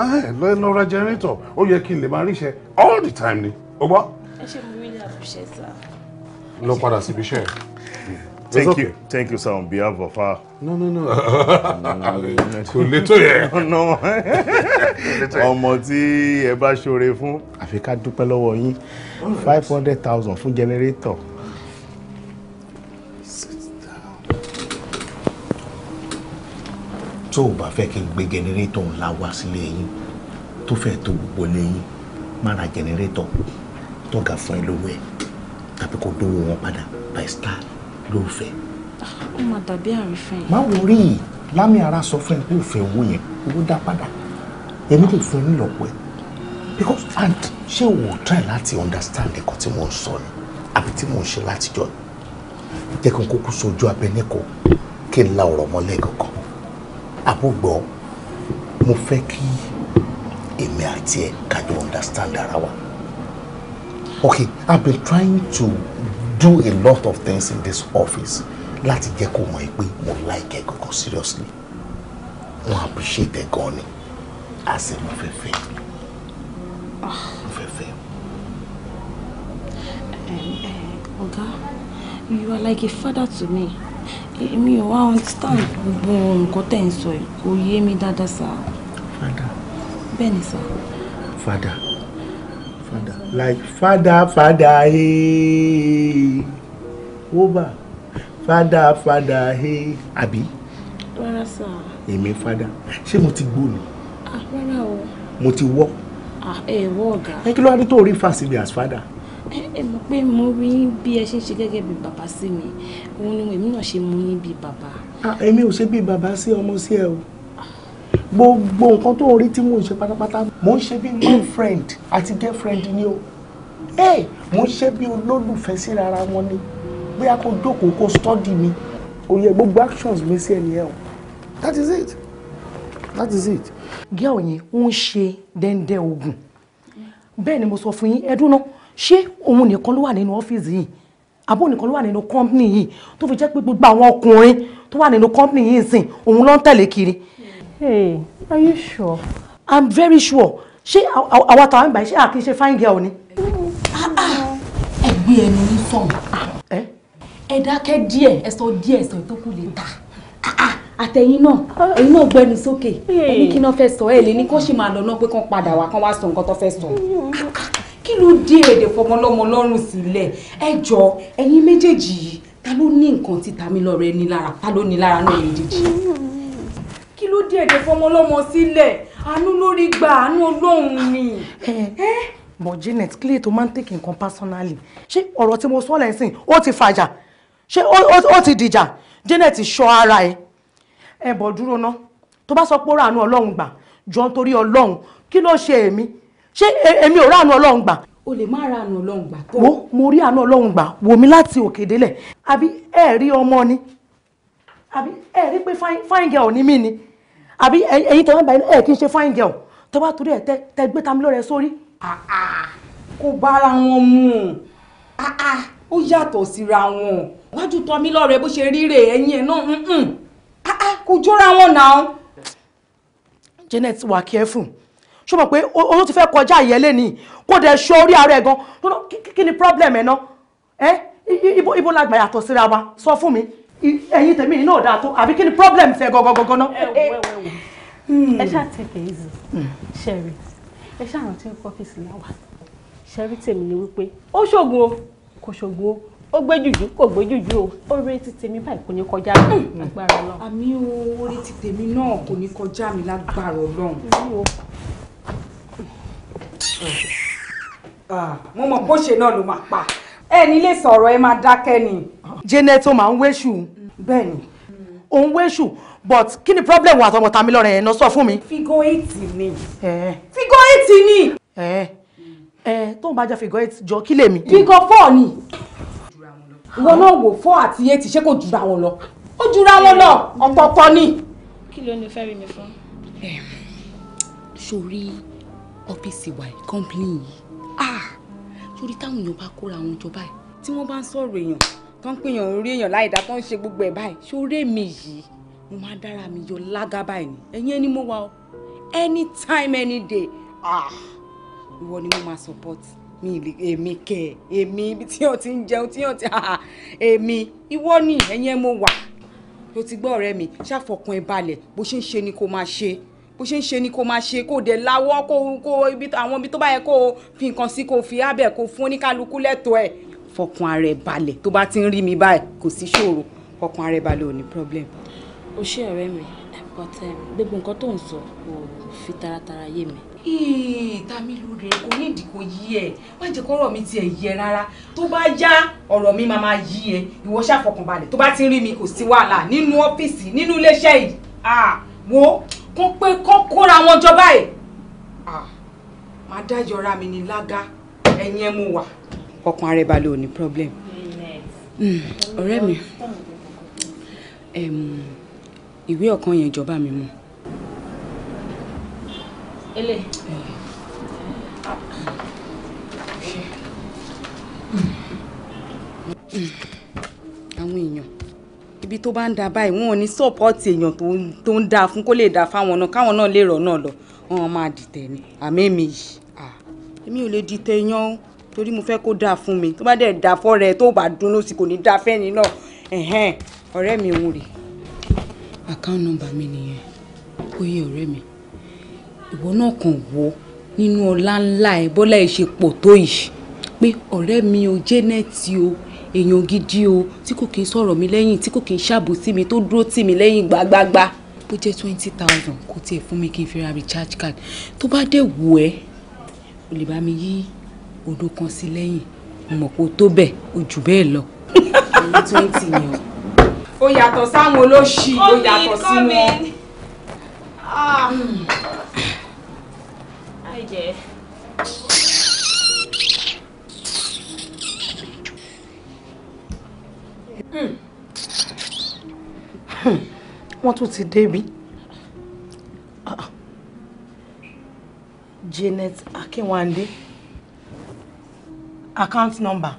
ah, lọ lọ ra generator ó yẹ kí n lè máa ríṣẹ́ all the time ni o gbọ́. ẹ ṣe mú mi ní àbúṣe sá. lọ padà síbi iṣẹ́ Thank you. Thank you, sir, on behalf of her. No, no, no. Kò lè tó yẹ. Ọmọ tí ẹ bá ṣoore fún. Àfi ká dúpẹ́ lọ́wọ́ yín. Five hundred thousand fún jẹnẹrétọ̀. tó o bá fẹ́ kí n gbé jẹnẹrétọ̀ ńlá wá sílé yín tó fẹ́ tó gbogbo lé yín má ra jẹnẹrétọ̀ tọ́gà fún ẹ lówó ẹ tàbí kó dówó wọn padà by star ló fẹ́. ó mà dàbí àrífín. má wo rí i lámì ara sọ fún ẹ pé òfin owó yẹn owó dá padà èmi kò fún ẹ nílọ́pọ̀ ẹ because and ṣé o ò try láti understand ẹ̀kọ́ tí mo ń sọ ni àbí tí mo ń ṣe látijọ́ jẹ́ kí n kúkú sojú abẹ́nẹ́kọ̀ọ́ kí n la ọ̀rọ̀ mọ́lẹ́ kankan àbúgbọ́ mo fẹ́ kí èmi àti ẹ̀ kájọ understand ara wa okay I've been trying to do a lot of things in this office láti jẹ́ kó mọ̀ pé mo like ẹ̀ kankan seriously wọ́n appreciate ẹ̀ gan ni àṣẹ mo fẹ́ fẹ́ mo fẹ́ fẹ́. ọ̀gá you are like a father to me èmi ò wá understand gbogbo nǹkan tẹ̀ ń sọ yìí kò yé mi dáadáa sá. fada. bẹ́ẹ̀ ni sá. fada fada like fada fada hey over fada fada hey Abi. rárá sá. èmi fada ṣé mo ti gbó ni. Ah, rárá o. mo ti wọ́. Ah, ẹ wọ́ ọ̀gá. ẹ kí ló wá ní tó rí fásitì as fada ẹ mọ̀ pé mo rí bí ẹ ṣe ń ṣe gẹ́gẹ́ bí bàbá sí mi òun ni èmi náà ṣe mú ní bí bàbá. èmi ò ṣe bí bàbá sí ọmọ sí ẹ o gbogbo nǹkan tó ń rí tí mò ń ṣe pátápátá mò ń ṣe bí my friend àti girlfriend ni o mò ń ṣe bí olólùfẹ́ síra ara wọn ni bóyá kó jókòó kó study mi òye gbogbo actions mi sí ẹni ẹ o that is it that is it. gíà òyìn ń ṣe dẹ́ndẹ́ ogun bẹ́ẹ̀ ni mo sọ fún yín ẹdún náà ṣé òun nìkan ló wà nínú ọ́fíìsì yìí àbó nìkan ló wà nínú kọ́ńpìnì yìí tó fi jẹ́ pé gbogbo àwọn ọkùnrin tó wà nínú kọ́ńpìnì yìí sìn òun ló ń tẹ̀lé kiri. hey are you sure. i'm very sure ṣé àwa táwọn ìgbà ṣé àkínṣe fine girl ni. ẹgbẹ́ ẹni ní sọ̀rọ̀ ẹ dákẹ́ díẹ̀ ẹ sọ díẹ̀ sọ ìtókù lè ta ah, ah, àtẹ̀yìn náà èyí náà gbẹnu sókè ẹni kí náà fẹ́ sọ ẹ lè ní kó sì máa lọ náà pé kán padà wá kán wá sọ nǹkan tó fẹ́ sọ. Ah, kí ló dé èdè fọmọlọ́mọ lọ́rùn sílẹ̀ ẹ jọ ẹ̀yin méjèèjì yìí ta ló ní nǹkan tí Tàmílọ́rẹ́ ní lára ta ló ní lára náà méjèèjì kí ló dé èdè fọmọlọ́mọ sílẹ̀ àánú lórí gba àánú Ọlọ́run ni but Janet clear to man take nǹkan personally ṣé ọ̀rọ̀ tí mo sọ lẹ́sìn ó ti fàjà ṣé ó ti dìjà Janet ṣọ́ ara ẹ̀ ẹ̀ bọ̀ dúró ná tó bá sọ pé ó rà àánú Ọlọ́run gbà jọ nítorí Ọlọ́run kí ló ṣe èmi ṣé e, èmi ò ránu ọlọ́run gbà. o lè má ránu ọlọ́run gbà tó. wo mo rí àánú ọlọ́run gbà wò mí láti òkè délẹ̀ àbí ẹ rí ọmọ ni àbí ẹ rí pé fine girl ni mí ni àbí ẹyin tẹ wọn bá ẹ kí n ṣe fine girl tẹ bá torí ẹ tẹ gbé tami lọ́rẹ̀ sórí. kò bára wọn mu ó yàtọ̀ síra wọn wájú tọ́mí lọ́rẹ̀ bó ṣe ríre ẹ̀yìn ẹ̀ náà kò jọra wọn náà. Janet wà careful ṣó mọ̀ pé o ti fẹ́ kọjá ìyẹlé ni kó dẹ̀ ṣọ́ orí ara ẹ̀ gan kí ni problem ẹ̀ náà ẹ́ ibo ibo la gbà yàtọ̀ síra wa sọ fún mi ẹ̀yin tèmi náà dáa tó àbí kí ni problem fẹ́ gangan náà. ẹ ṣáà tẹ̀kẹ̀ ìzù ṣẹ̀rì ẹ ṣáà rántí wípé ọ́fíìsì la wà ṣẹ̀rì tèmi ni wípé ó ṣògùn o kò ṣògùn o ó gbé jùjú kò gbé jùjú o orí ti tèmi báyìí kò ní kọjá mi hmm. lágbára Ọlọ́run. àmì orí ti tèmi náà kò ní kọjá mi lágbára Ọlọ́run. Ah, mo mọ̀ bó ṣe náà ló máa pa ẹ nílé sọ̀rọ̀ ẹ máa dákẹ́ ni. Janet ó máa ń wéṣù. bẹ́ẹ̀ni. òun wéṣù but kí ni problem wà tọmọ tàmí lọrẹ yẹn náà sọ fún mi. figo eight ni. figo eight ni. tóun bá jẹ́ figo eight jọ kí lèmi. figo four ni. ìwọ náà wò four àti eight ṣé kò jura wọn lọ ó jura wọn lọ ọ̀tọ̀ọ̀tọ̀ ni. kí ló ń lo fẹ́ mi fún. sórí ọ́fíìsì wa yìí kọ́ńpìlì yìí ah torí táwọn èèyàn bá kóra àwọn jọ báyìí tí wọ́n bá ń sọ̀rọ̀ èèyàn tó ń pèèyàn orí èèyàn láìda tó ń ṣe gbogbo ẹ̀ báyìí ṣoré mi yìí mo máa dára mi yọ lága báyìí ni ẹ̀yin ẹni mo wà o anytime any day ah ìwọ ni mo máa support mi ìlè èmi kẹ èmi ibi tí yàn ti ń jẹun tí yàn ti ah èmi ìwọ ni ẹ̀yin ẹ mo wà ló ti gbọ́ ọ̀rẹ́ mi ṣàfọkàn ẹ balẹ̀ bó ṣe ń ṣe ni kò máa ṣe bó ṣe ń ṣe ni kò máa ṣe kò dẹ̀ láwọ́ kò kò ibi àwọn ibi tó bá yẹ kó fi nǹkan sí kò fi abẹ kò fún oníkálukú lẹ́tọ̀ọ́ ẹ̀ fọkàn ara ẹ̀ balẹ̀ tó bá ti ń rí mi báyìí kò sí ṣòro fọkàn ara ẹ̀ balẹ̀ ò ní problem. o ṣé ọ̀rẹ́ mi but eh, gbogbo nǹkan tó ń sọ kò fi taratara yé mi. tàmí lóore kò ní ìdìkò yí ẹ má jẹ́ kọ́rọ̀ mi tiẹ̀ yẹ rárá tó bá yá ọ̀rọ̀ mi máa máa yí ẹ ìwọ ṣàfọkànbalẹ̀ tó bá ti ń rí mi kò sí wàhálà nínú ọ́fíìsì nínú iléeṣẹ́ yìí ah, wo kó pé kó kóra wọn jọ báyìí ah, máa dájọra mi ní lága ẹ̀yìn ẹ̀ mo wà. ọkàn ara ẹ balẹ̀ ò ní problem. Mm, ọ̀rẹ́ mi ìwé ọ̀kan yẹn ìjọba mi mu. ele. Mm. Mm. àwọn èèyàn ibi tó bá ń da báyìí wọn ò ní sọ́pọ́ọ̀tì èèyàn tó ń da fún kó lè da fáwọn náà káwọn náà lè rọ̀ náà lọ wọn máa dìtẹ̀ ni àmọ́ èmi yìí èmi ò lè dìtẹ̀ yan o torí mo fẹ́ kó dáa fún mi tó bá dẹ̀ dáa fọ́rẹ́ tó bá dunnú sí kò ní dáa fẹ́ni náà ẹ̀hẹ́n ọ̀rẹ́ mi òun rè account number mi nìyẹn ó yẹ ọ̀rẹ́ mi ìwọ náà kàn wò nínú ọlá ẹ bọ́lá ẹ ṣe pọ̀ tó yìí pé ọ̀rẹ́ mi ò jẹ́nẹ́tì o èèyàn gidi o tí kò kí n sọ̀rọ̀ mi lẹ́yìn tí kò kí n ṣàbòsí mi tó dúró tì mí lẹ́yìn gbàgbàgbà bó jẹ́ twenty thousand kò tiẹ̀ fún mi kí n fi ra recharge card tó bá dẹ̀ wù ẹ́ o lè bá mi yí odò kan sí lẹ́yìn mo mọ̀ pé o tó bẹ̀ o jù bẹ́ẹ̀ lọ twenty ni o. ó yàtọ̀ sáwọn olóṣì ó yàtọ̀ sí wọn. àìjẹ́. Hmm. Hmm. wọ́n tún ti débi ah, ah. Janet Akínwándé account number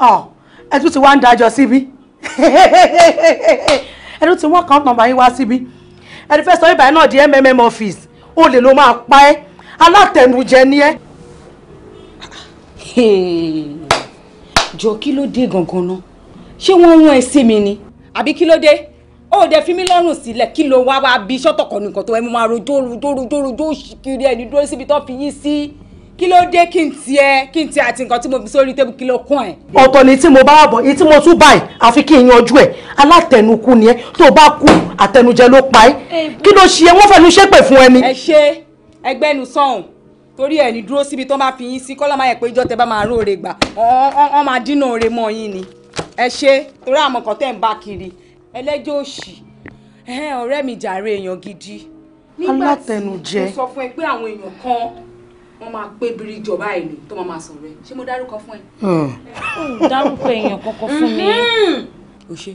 oh, ẹ tún ti wá ń dájọ́ síbí ẹ tún ti wọ́n account number yín wá síbí ẹni fẹ́ sọ ibà náà di mmm office ó lè ló máa pa ẹ́ alátẹnujẹ ni ẹ́. jọ kí ló dé gangan náà ṣé wọ́n rán ẹ sí mi ni àbí kí ló dé ó dẹ fi mí lọ́rùn sílẹ̀ kí ló wá wá bí sọ́tọ̀ kan nìkan tó ẹ mú máa rojó rojó rojó rojó kiri ẹni dúró síbi tó fi yín sí kí ló dé kí n tiẹ kí n tiẹ àti nǹkan tí mo fi sórí tébù kí ló kún ẹ. ọ̀tọ̀ ni tí mo bá bọ̀ èyí tí mo tún báyìí àfi kí n yanjú ẹ̀ alátẹnukú ni ẹ tó bá kú àtẹnujẹ ló pa ẹ́ kí ló ṣe wọ́n fẹ́nu ṣépè fún ẹni. ẹ ṣe ẹgbẹ́nu sọ̀hún torí ẹ̀ ní dúró síbi tó máa fi yín sí kọ́lá máa yẹ pé ìjọ tẹ bá máa róore gbà ọ́n máa dínà oore mọ́ yín ni ẹ ṣe torí àmọ́ kan tẹ́ ń bá kiri ẹlẹ́jọ́ òṣì ọ̀rẹ́ mi jàre èèyàn gidi nígbà tí mo sọ fún ẹ pé àwọn èèyàn kan wọ́n máa pé bíríjọ báyìí ni tó máa sọ̀rọ̀ ẹ ṣé mo dárúkọ fún ẹ. Hmm. dárúkọ èèyàn kankan fún mi. o hmm. ṣe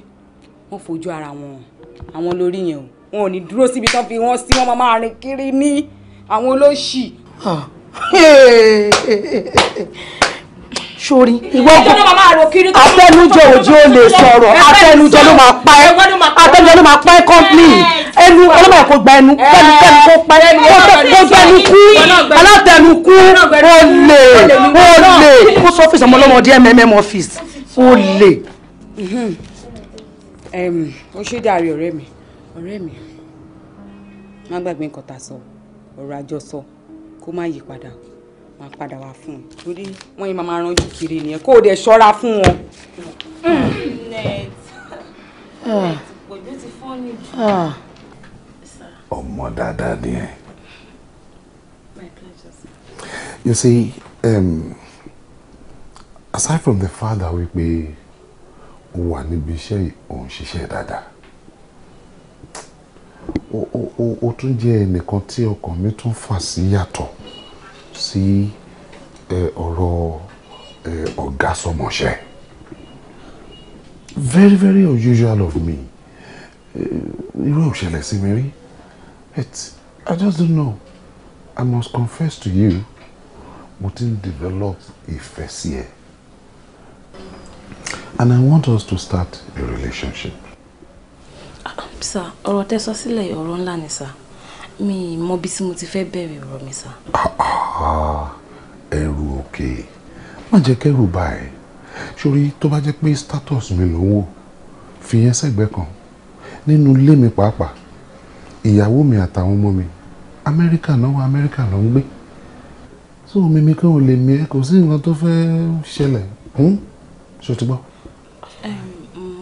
wọn fojú ara wọn àwọn lórí yẹn o wọn ò ní dúró síbi tán fi wọn sí wọn máa rìn kiri ní àwọn olóṣì. Ah. sórí ìwọ kò abẹnujẹ òjì ò lè sọ̀rọ̀ abẹnujẹ ló máa pa ẹ abẹnujẹ ló máa pa ẹ kọ́ńpìlì ẹnu ọlọ́mọ ẹ̀kọ́ gba ẹnu kẹ́nu kẹ́nu kó pa ẹ kó gbẹnu kú alátẹnu kú olè olè kó sọ ọ́fíìsì ọmọ ọlọ́mọdé mmm ọ́fíìsì olè. ó ṣe dàrí ọ̀rẹ́ mi ọ̀rẹ́ mi má gbàgbé nǹkan tá a sọ ọ̀rọ̀ àjọsọ kó má yí padà o máa padà wá fún un torí wọ́n yìí máa máa ránjú kiri nìyẹn kó o dẹ̀ ṣọ́ra fún wọn. Ah. ọmọ dáadáa ni ẹ. You see, um, aside from the father, that wípé o wà níbi iṣẹ́ òun ṣiṣẹ́ dáadáa o o o tún jẹ́ ẹnìkan tí ọkàn mi tún fà sí yàtọ̀ sí ọ̀rọ̀ ọ̀gá sọmọṣẹ́ very very unusual of me irú ò ṣẹlẹ̀ sí mi rí but I just don't know I must confess to you mo ti ń develop ìfẹ́ sí ẹ and I want us to start a relationship. sir ọ̀rọ̀ tẹ́ sọ sílẹ̀ ọ̀rọ̀ ńlá ni sir mi mọ bí tí mo ti fẹ́ bẹ̀rẹ̀ ọ̀rọ̀ mi sà. Ah, ah, ẹrù òkè má jẹ́ kẹ́rù bà ẹ́ sórí tó bá jẹ́ pé status mi ló ń wò fi yẹn sẹ́gbẹ́ kan nínú ilé mi pàápàá ìyàwó mi àtàwọn ọmọ mi amẹ́ríkà náà wà amẹ́ríkà ló ń gbé tó omi mi kan ò lè mi ẹ kò sí nǹkan tó fẹ́ ṣẹlẹ̀ hm? ṣó ti gbọ́.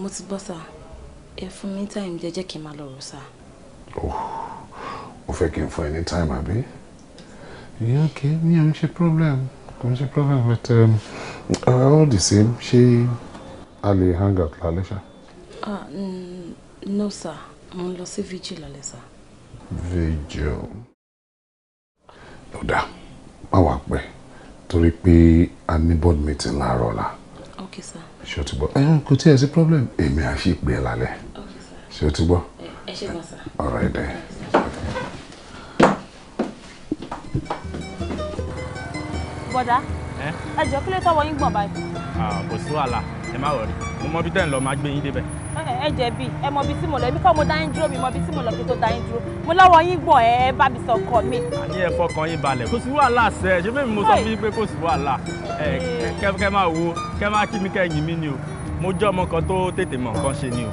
mo ti gbọ́ sà ẹ fún mi time jẹ́jẹ́ kí n máa lọ rò sà o fẹ́ kí n fún ẹ ní time àbí ìyẹn kì í ní àwọn problem kò ń problem but um, uh, all the same ṣé a hang out lálẹ́ ṣá. ah mm, no sir mo ń lọ sí vigil lálẹ́ sir. vigil lọ́dà má wàá pẹ́ torí pé a ní board meeting láàárọ̀ la. ok sir. ṣé o ti gbọ́ ẹ eh, kò tí ẹ sí problem èmi àṣìpẹ́ lálẹ́. ok sir. ṣé o ti gbọ́. Eh, ẹ ṣe gbọ́ sir. all right then. bọ́dá ẹ jọ kílẹ̀ tọwọ́ yín gbọ̀n báyìí. kò sí wàhálà ẹ má wọrí mo mọ bí tẹ́ ń lọ máa gbé yín débẹ̀. ẹ jẹ̀bi ẹ mọ bí tí mo lọ ibi kọ́ mo dá yín dúró mi mọ bí tí mo lọ kí tó dá yín dúró mo lọ́wọ́ yín gbọ̀n ẹ ẹ bá mi sọ ọkọ mi. àní ẹ fọkàn yín balẹ̀ kò sí wàhálà sẹ́ ẹ ṣé bẹ́ẹ̀ mo sọ fún yín pé kò sí wàhálà ẹ kẹ́ máa wo kẹ́ máa kí mi kẹ́ yìn mí ni o mo jẹ́ ọmọ kan tó tètè mọ̀ nǹkan ṣe ni o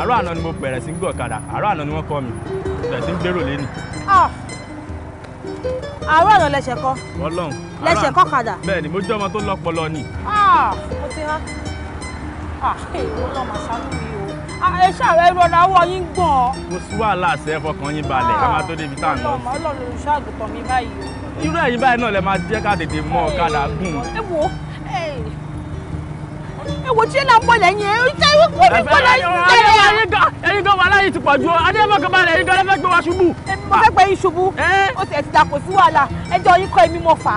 àárọ̀ àná ni mo bẹ̀rẹ̀ sí gbọ̀kadà àárọ̀ àná ni wọ́n kọ́ mi bẹ̀rẹ̀ sí gbèrò lẹ́nu àárọ̀ ọ̀nà lẹ̀ṣẹ̀ kọ́. ọlọ́run lẹ̀ṣẹ̀ kọ́ kàdà. bẹ́ẹ̀ ni mo jẹ́ ọmọ tó lọ́pọlọ ni. mo ti há ìwọ náà máa ṣàánú mi o ẹ ṣàrẹ irọ́ náà wọ yín gbọ̀n. mo sí wàhálà àṣẹ fọkàn yín balẹ̀ ká máa tó débi tá à ń lọ. ọlọ́run ọlọ́run olùṣọ́ irú ẹ̀yin báyìí náà lè máa jẹ́ ká tètè mọ ọ̀kadà gùn. ẹ wo ẹ̀wọ̀ tí ẹ̀nà bọ̀ lẹ́yìn ẹ̀ ṣe é kó ní kó lẹ́yìn tẹ̀lé. ẹ̀yin gan wàhálà yìí ti pọ̀ ju adéyẹ̀mọ̀ kan balẹ̀ ẹ̀yin gan lẹ́fẹ̀ẹ́ wa ṣubú. mo fẹ́ pé ìṣubú ó ti ẹ̀sìn dàpọ̀ sí wàhálà ẹjọ́ yín kọ́ èmi mo fà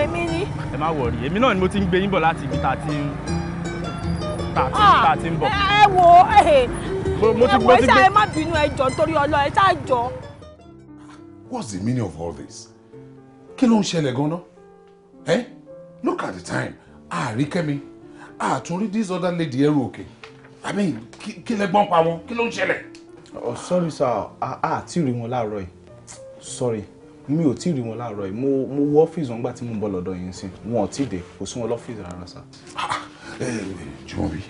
èmi ni. ẹ má wọrí èmi náà ni mo ti ń gbé yín bọ̀ láti ibi tá a ti ń ah, bọ̀. ẹ wo eh, eh. mo ti gbé. ẹ ṣáà ẹ má bínú ẹjọ́ nítorí Ọlọ́run ẹ ṣáà jọ. What's the meaning of all this? kí ló ń ṣẹlẹ̀ gan-an? ẹ eh? look at the time àárí kẹ́mi Ah, àtúnrí this other lady ẹrù òkè i mean kí lẹ gbọ́n pa wọn kí ló ń ṣẹlẹ̀. oh sorry sir a ti rí wọn láàárọ̀ yìí sorry mi ò tí ì rí wọn láàárọ̀ yìí mo mo wọ ọ́fíìsì wọn gbà tí mo bọ̀ lọ́dọ̀ yín sí wọn ò tí ì dé kò sí wọn lọ́fíìsì rárá sá. Ah, ah. jùmọ̀bí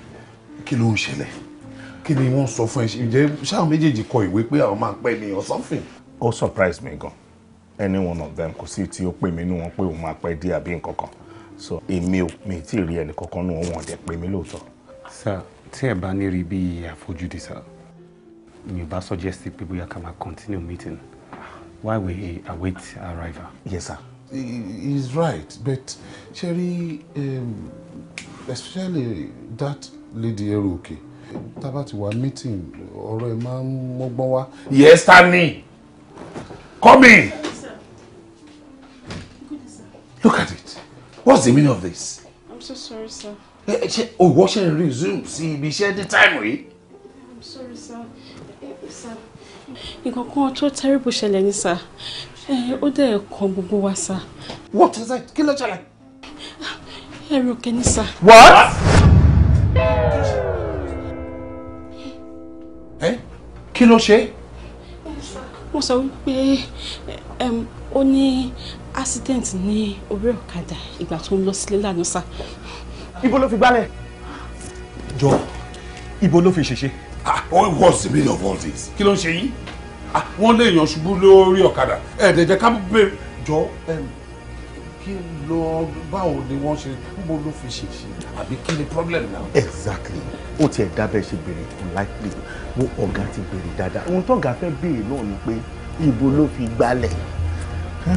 kí ló ń ṣẹlẹ̀ kí ni wọ́n sọ fún ẹ ǹjẹ́ ṣáà méjèèjì kọ ìwé pé àwọn máa pẹ́ ni or something. ó surprise me gan any one of them kò sí tí ó pè mí inú wọn pé òun máa pẹ́ dé àbí nǹkan kan so èmi ò mi ì tí ì rí ẹnì kankan nù wọn ọ̀dẹ̀ pé mi lóòótọ́. sir tí ẹ bá ní rí bí àfojúdi sir mi ò bá suggest pé bóyá ká máa continue meeting Why we await arrival. yes sir he is right but Sherry um, especially that lady Eruoke tábà ti wà meeting ọ̀rọ̀ ẹ̀ máa ń mọ́gbọ́n wá. yes tani come in. Look at it what's the meaning of this. i'm so sorry sir. ẹ ṣe òwò ṣe resume See, ibi iṣẹ́ the time, we. i'm sorry sir. Eh, sir nǹkan kan tó terrible ṣẹlẹ̀ ní sir eh, ó dẹ̀ kàn wa sir. what is that kí ló ṣẹlẹ̀. Eh, ẹrù kẹ́ni sir. what. ẹ kí ló ṣe. wọ́n sọ wípé ó ní accident ní orí ọ̀kadà ìgbà tó ń lọ sílé lánàá sá. ibo ló fi gbálẹ̀. jọ ibo ló fi ṣèṣe. ah what's the meaning of all this. kí ló ń ṣe yín ah, wọ́n léèyàn ṣubú lórí ọ̀kadà ẹ̀ẹ́dẹ̀jẹ̀ ká bẹ̀rẹ̀ jọ kí lọ báwo ni wọ́n ṣe níbo ló fi ṣe ṣe àbí kí ni problem náà. exactly ó tiẹ̀ dábẹ́ ṣe béèrè politely wọ́n ọ̀gá ti béèrè dáadáa ohun tó ọ̀gá fẹ́ béèrè náà ni pé ibo ló fi gbálẹ̀. Huh?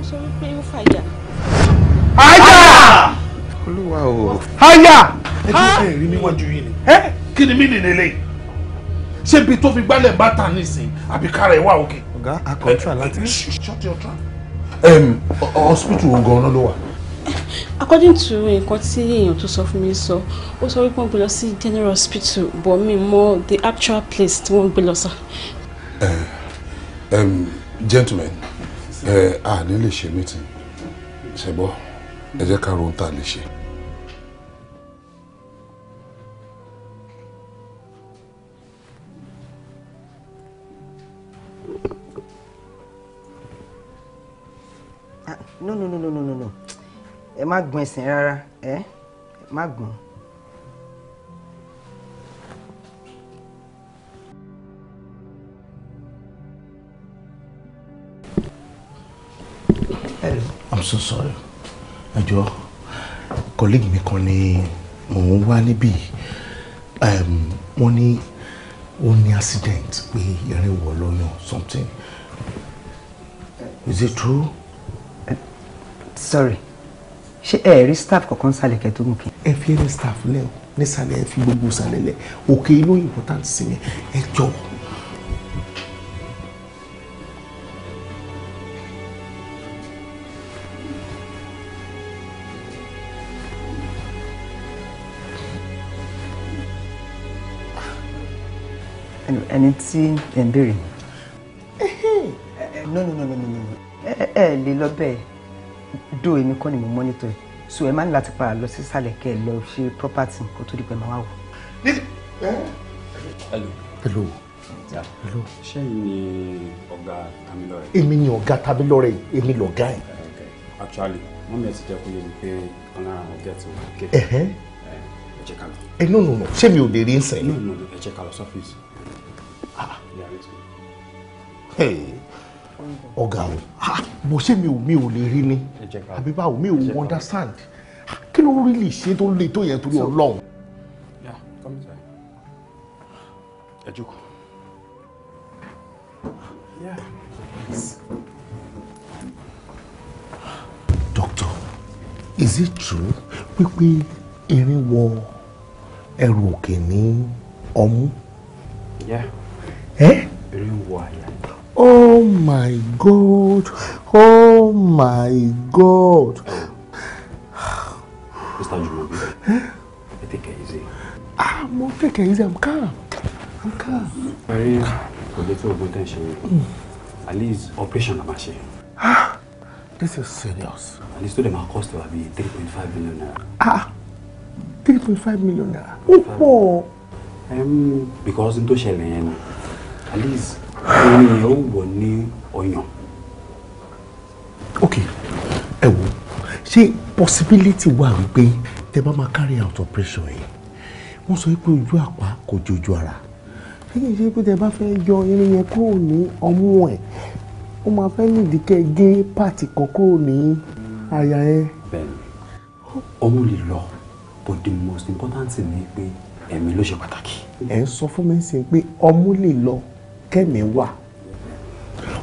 ló sọ wípé ó fàjà. àyà. olúwa o. àyà. ẹ ti fẹ́ rí níwájú yìí ni. ẹ kí ni mí nì nílé ṣé ibi tó fi gbálẹ̀ bá ta nísìn àbí kára ẹ̀ wá òkè. ọ̀gá a kọ̀ǹtà láti. ṣọ́ọ̀tì ọ̀tún. hospital gan-an ló wà. according to nǹkan tí èèyàn tó sọ fún mi sọ ó sọ wípé wọ́n gbé lọ sí general hospital but mi mọ the actual place tí wọ́n gbé lọ sọ. gentlemen ẹ à ní lè ṣe meeting ṣẹbọ ẹ jẹ́ ká rohun tá a lè ṣe. Ah, no no no no no no ẹ má gbọ̀n ẹ̀sìn rárá ẹ má gbọ̀n. Hello. I'm so sorry. Ẹ colleague mi kan ni mò ń wá níbí. Wọ́n ni ó ní accident pé irin wọ̀ lọ́yàn something. Is it true? Uh, sorry. Ṣé ẹ rí staff kankan sálẹ̀ kẹ́ tó gòkè? Ẹ fi ẹ rí staff lẹ́wọ̀ nísàlẹ̀ ẹ fi gbogbo sàlẹ̀ lẹ̀. Òkè ló important sí mi. Ẹ jọ̀ọ́. ẹni tí ẹ̀ ń béèrè. no no no no no ẹ ẹ lè lọ bẹ́ẹ̀ dó èmi kọ́ ni mo mọ́nítọ̀ ẹ̀ so ẹ máa ní láti padà lọ sí ìsàlẹ̀ kẹ́ ẹ lọ ṣe property kó tó di pé màá wà wò. hello. hello. hello. ṣé ni ọ̀gá Tamilore. èmi ni ọ̀gá Tamilore èmi lọ̀gá ẹ̀. Eh, actually wọ́n mi ẹ̀ ti jẹ́ kó yé mi pé ọ̀nà àwọn gẹ̀ẹ́tì wà kéde. Eh, ẹ ẹ jẹ́ ká lọ. ẹ nù nù nù ṣé mi ò lè rí ń sẹ́yìn. nù nù ẹ jẹ́ ká lọ sọ́fíìsì ọ̀gá o ah, mo ṣe mi ò mi ò lè rí ni àbí báwo mi ò understand ah, kí ló rí lè ṣe tó lè tó yẹn torí ọlọ́run. ẹ jókòó. doctor is it true pípé irin wọ ẹrù òkè ní ọmú. Yeah ẹ. Eh? oh my god oh my god. mr jumobi ẹ tẹkẹ yìí sí. ah mo tẹkẹ yìí sí i'm calm i'm calm. parí kò lè tó ogun tẹ́ ń ṣe at least operation la máa ah this is serious. at least tó dẹ̀ máa cost will be three point five million naira. ah three point five million naira ó pọ̀. Um, because into tó at least ènìyàn ó wọ̀ ní ọyàn. ok ẹ wo ṣé possibility wà wípé tẹ bá máa carry out operation yìí wọ́n sọ pé ojú àpá kò jojú ara ṣéyìn ṣe pé tẹ bá fẹ́ yọ irin yẹn kúrò ní ọmú ẹ̀ ó máa fẹ́ nídìí kẹ́ gé pàtì kan kúrò ní àyà ẹ̀. bẹ́ẹ̀ni òun lè lọ but the most important thing ni pé ẹ̀mí ló ṣe pàtàkì. ẹ ń sọ fún mi sí pé ọmú lè lọ kẹ́mi wà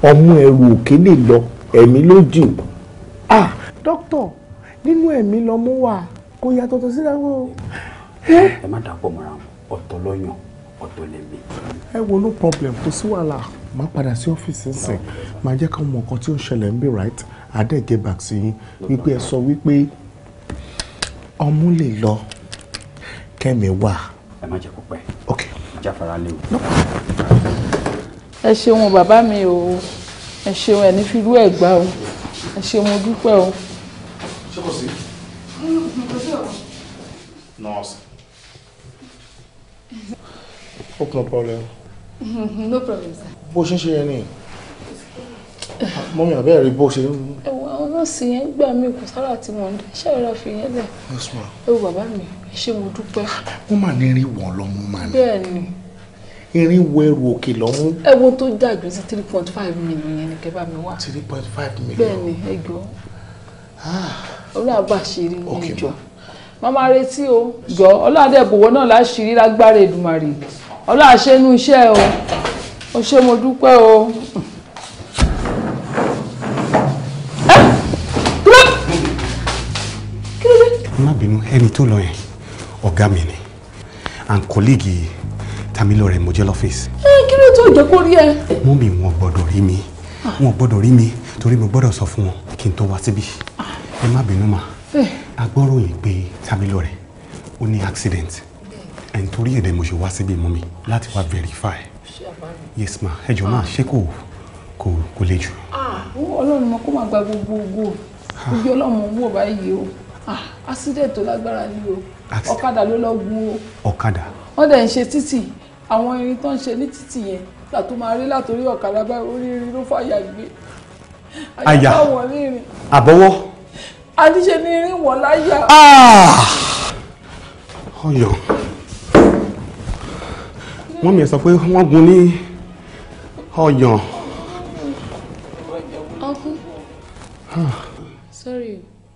ọmọ ẹrù òkè lè lọ ẹ̀mí ló jìn ah dókítà nínú ẹ̀mí lọmọ wà kò yàtọ̀ tó síra wọn o. ẹ má dàpọ̀ mọ́ra ọ̀tọ̀ lọ́yàn ọ̀tọ̀ lẹ́mí. ẹ wo no problem kò sí wàhálà máa padà sí ọ́fíìsì nsìn máa jẹ́ ká mọ nǹkan tí ó ń ṣẹlẹ̀ ń bí right àdẹ́gẹ́ back sí yín wípé ẹ sọ wípé ọmú lè lọ kẹ́mi wà. ẹ má jẹ́ kó pẹ́. ok. ìjáfara lé o ẹ ṣeun bàbá mi o ẹ ṣeun ẹ ní fi irú ẹ̀ o ẹ ṣeun mo dúpẹ́ o. ṣé kò sí. nọ́ọ̀sì. open up problem. no problem sir. bó ṣe ń ṣe yẹn ni mọ́mí àbẹ́ rí bó ṣe ń. ẹ̀wọ̀n àwọn nọ́ọ̀sì yẹn gbà mí kò sára tí mò ń dá ṣé ìrora fi yẹn lẹ̀. ẹ wo bàbá mi ṣé mo dúpẹ́. wọ́n mà ní rí wọ́n lọ́mú mà ní. bẹ́ẹ̀ ni irin wo ẹrù òkè lọ́mú. ẹ̀wọ̀n tó dàgbé sí three point five million yẹn ni kẹ́ bá mi wá. three point five million. bẹ́ẹ̀ni ẹ jọ olùbàṣírí ní ìjọ màmá retí o jọ ọlọ́dẹ̀bùwọ́ náà láṣìírí lágbára Èdùmàrè ọlọ́àṣẹ́nu iṣẹ́ o ó ṣe mo dúpẹ́ o. má bínú ẹni tó lọ yẹn ọ̀gá mi ni and colleague yìí Tàmílò rẹ̀ mo jẹ́ lọ́fíìsì. ẹ kí ló tó jẹ́ kó rí ẹ. mú mi wọn gbọ́dọ̀ rí mi wọn gbọ́dọ̀ rí mi torí mo gbọ́dọ̀ sọ fún wọn kí n tó wá síbí ẹ má bínú mà a pé Tàmílò rẹ̀ ó ní accident ẹ̀ ń torí èdè mo ṣe wá síbí mú mi láti wá verify yes ma ẹ jọ máa ṣé kò kò kò le jù. ọlọ́run mọ kó máa gba gbogbo ògo ah. ojú ọlọ́run wò báyìí o accident tó lágbára ni o ọ̀kadà ló lọ́ọ́ gun o. ọ̀kadà. wọ́n dẹ̀ ń ṣe títì àwọn irin tó ń ṣe ní títì yẹn tàtó máa rí látòrí ọ̀kadà bá oríire ló fàyà gbé àyà àbọ̀wọ́ àníṣe ní irin wọ̀ láyà. ọyọ wọn mi sọ pé wọn gún ní ọyàn. uncle ah. sorry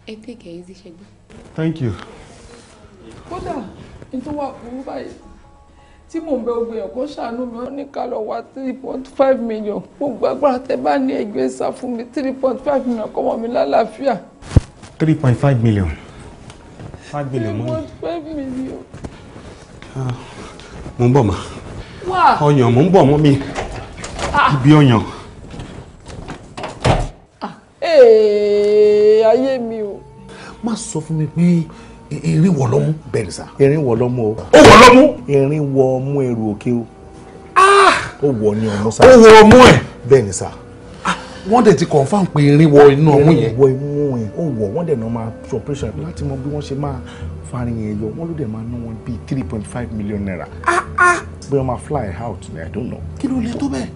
ẹ take it easy ṣẹgbọn. thank you. kódà n tó wà burú báyìí tí mò ń bẹ ogun èèyàn kó ṣàánú mi wọ́n ní ká lọ wá three point five million gbogbo agbára tẹ bá ní ẹgbẹ́ sá fún mi three point five million kọ́mọ mi lálàáfíà. three point five million five million mọ́ mi. three point five million. Ah, mo ń bọ̀ ma ọyàn mo ń bọ̀ mọ́ mi ah. ibi ọyàn. Ah, eh, ayé mi o. má sọ fún mi pé irin wọ lọ́mú. bẹ́ẹ̀ ni sà. irin wọ lọ́mú o. ó wọ lọ́mú. irin wọ ọmú ẹrù òkè o. Ah! ó wọ ní ọmú sá. ó wọ ọmú ẹ̀. bẹ́ẹ̀ ni ah! wọ́n dẹ̀ ti confam pé irin wọ inú ọmú yẹn. irin wọ inú ẹ̀ ó wọ wọ́n dẹ̀ náà máa ṣe operation láti mọ bí wọ́n ṣe máa farin yẹn yọ wọ́n ló dẹ̀ máa ná wọn bíi three point five million naira. Ah! bí wọ́n máa fly out ni i don't know. kí ló lè tó bẹ́ẹ̀.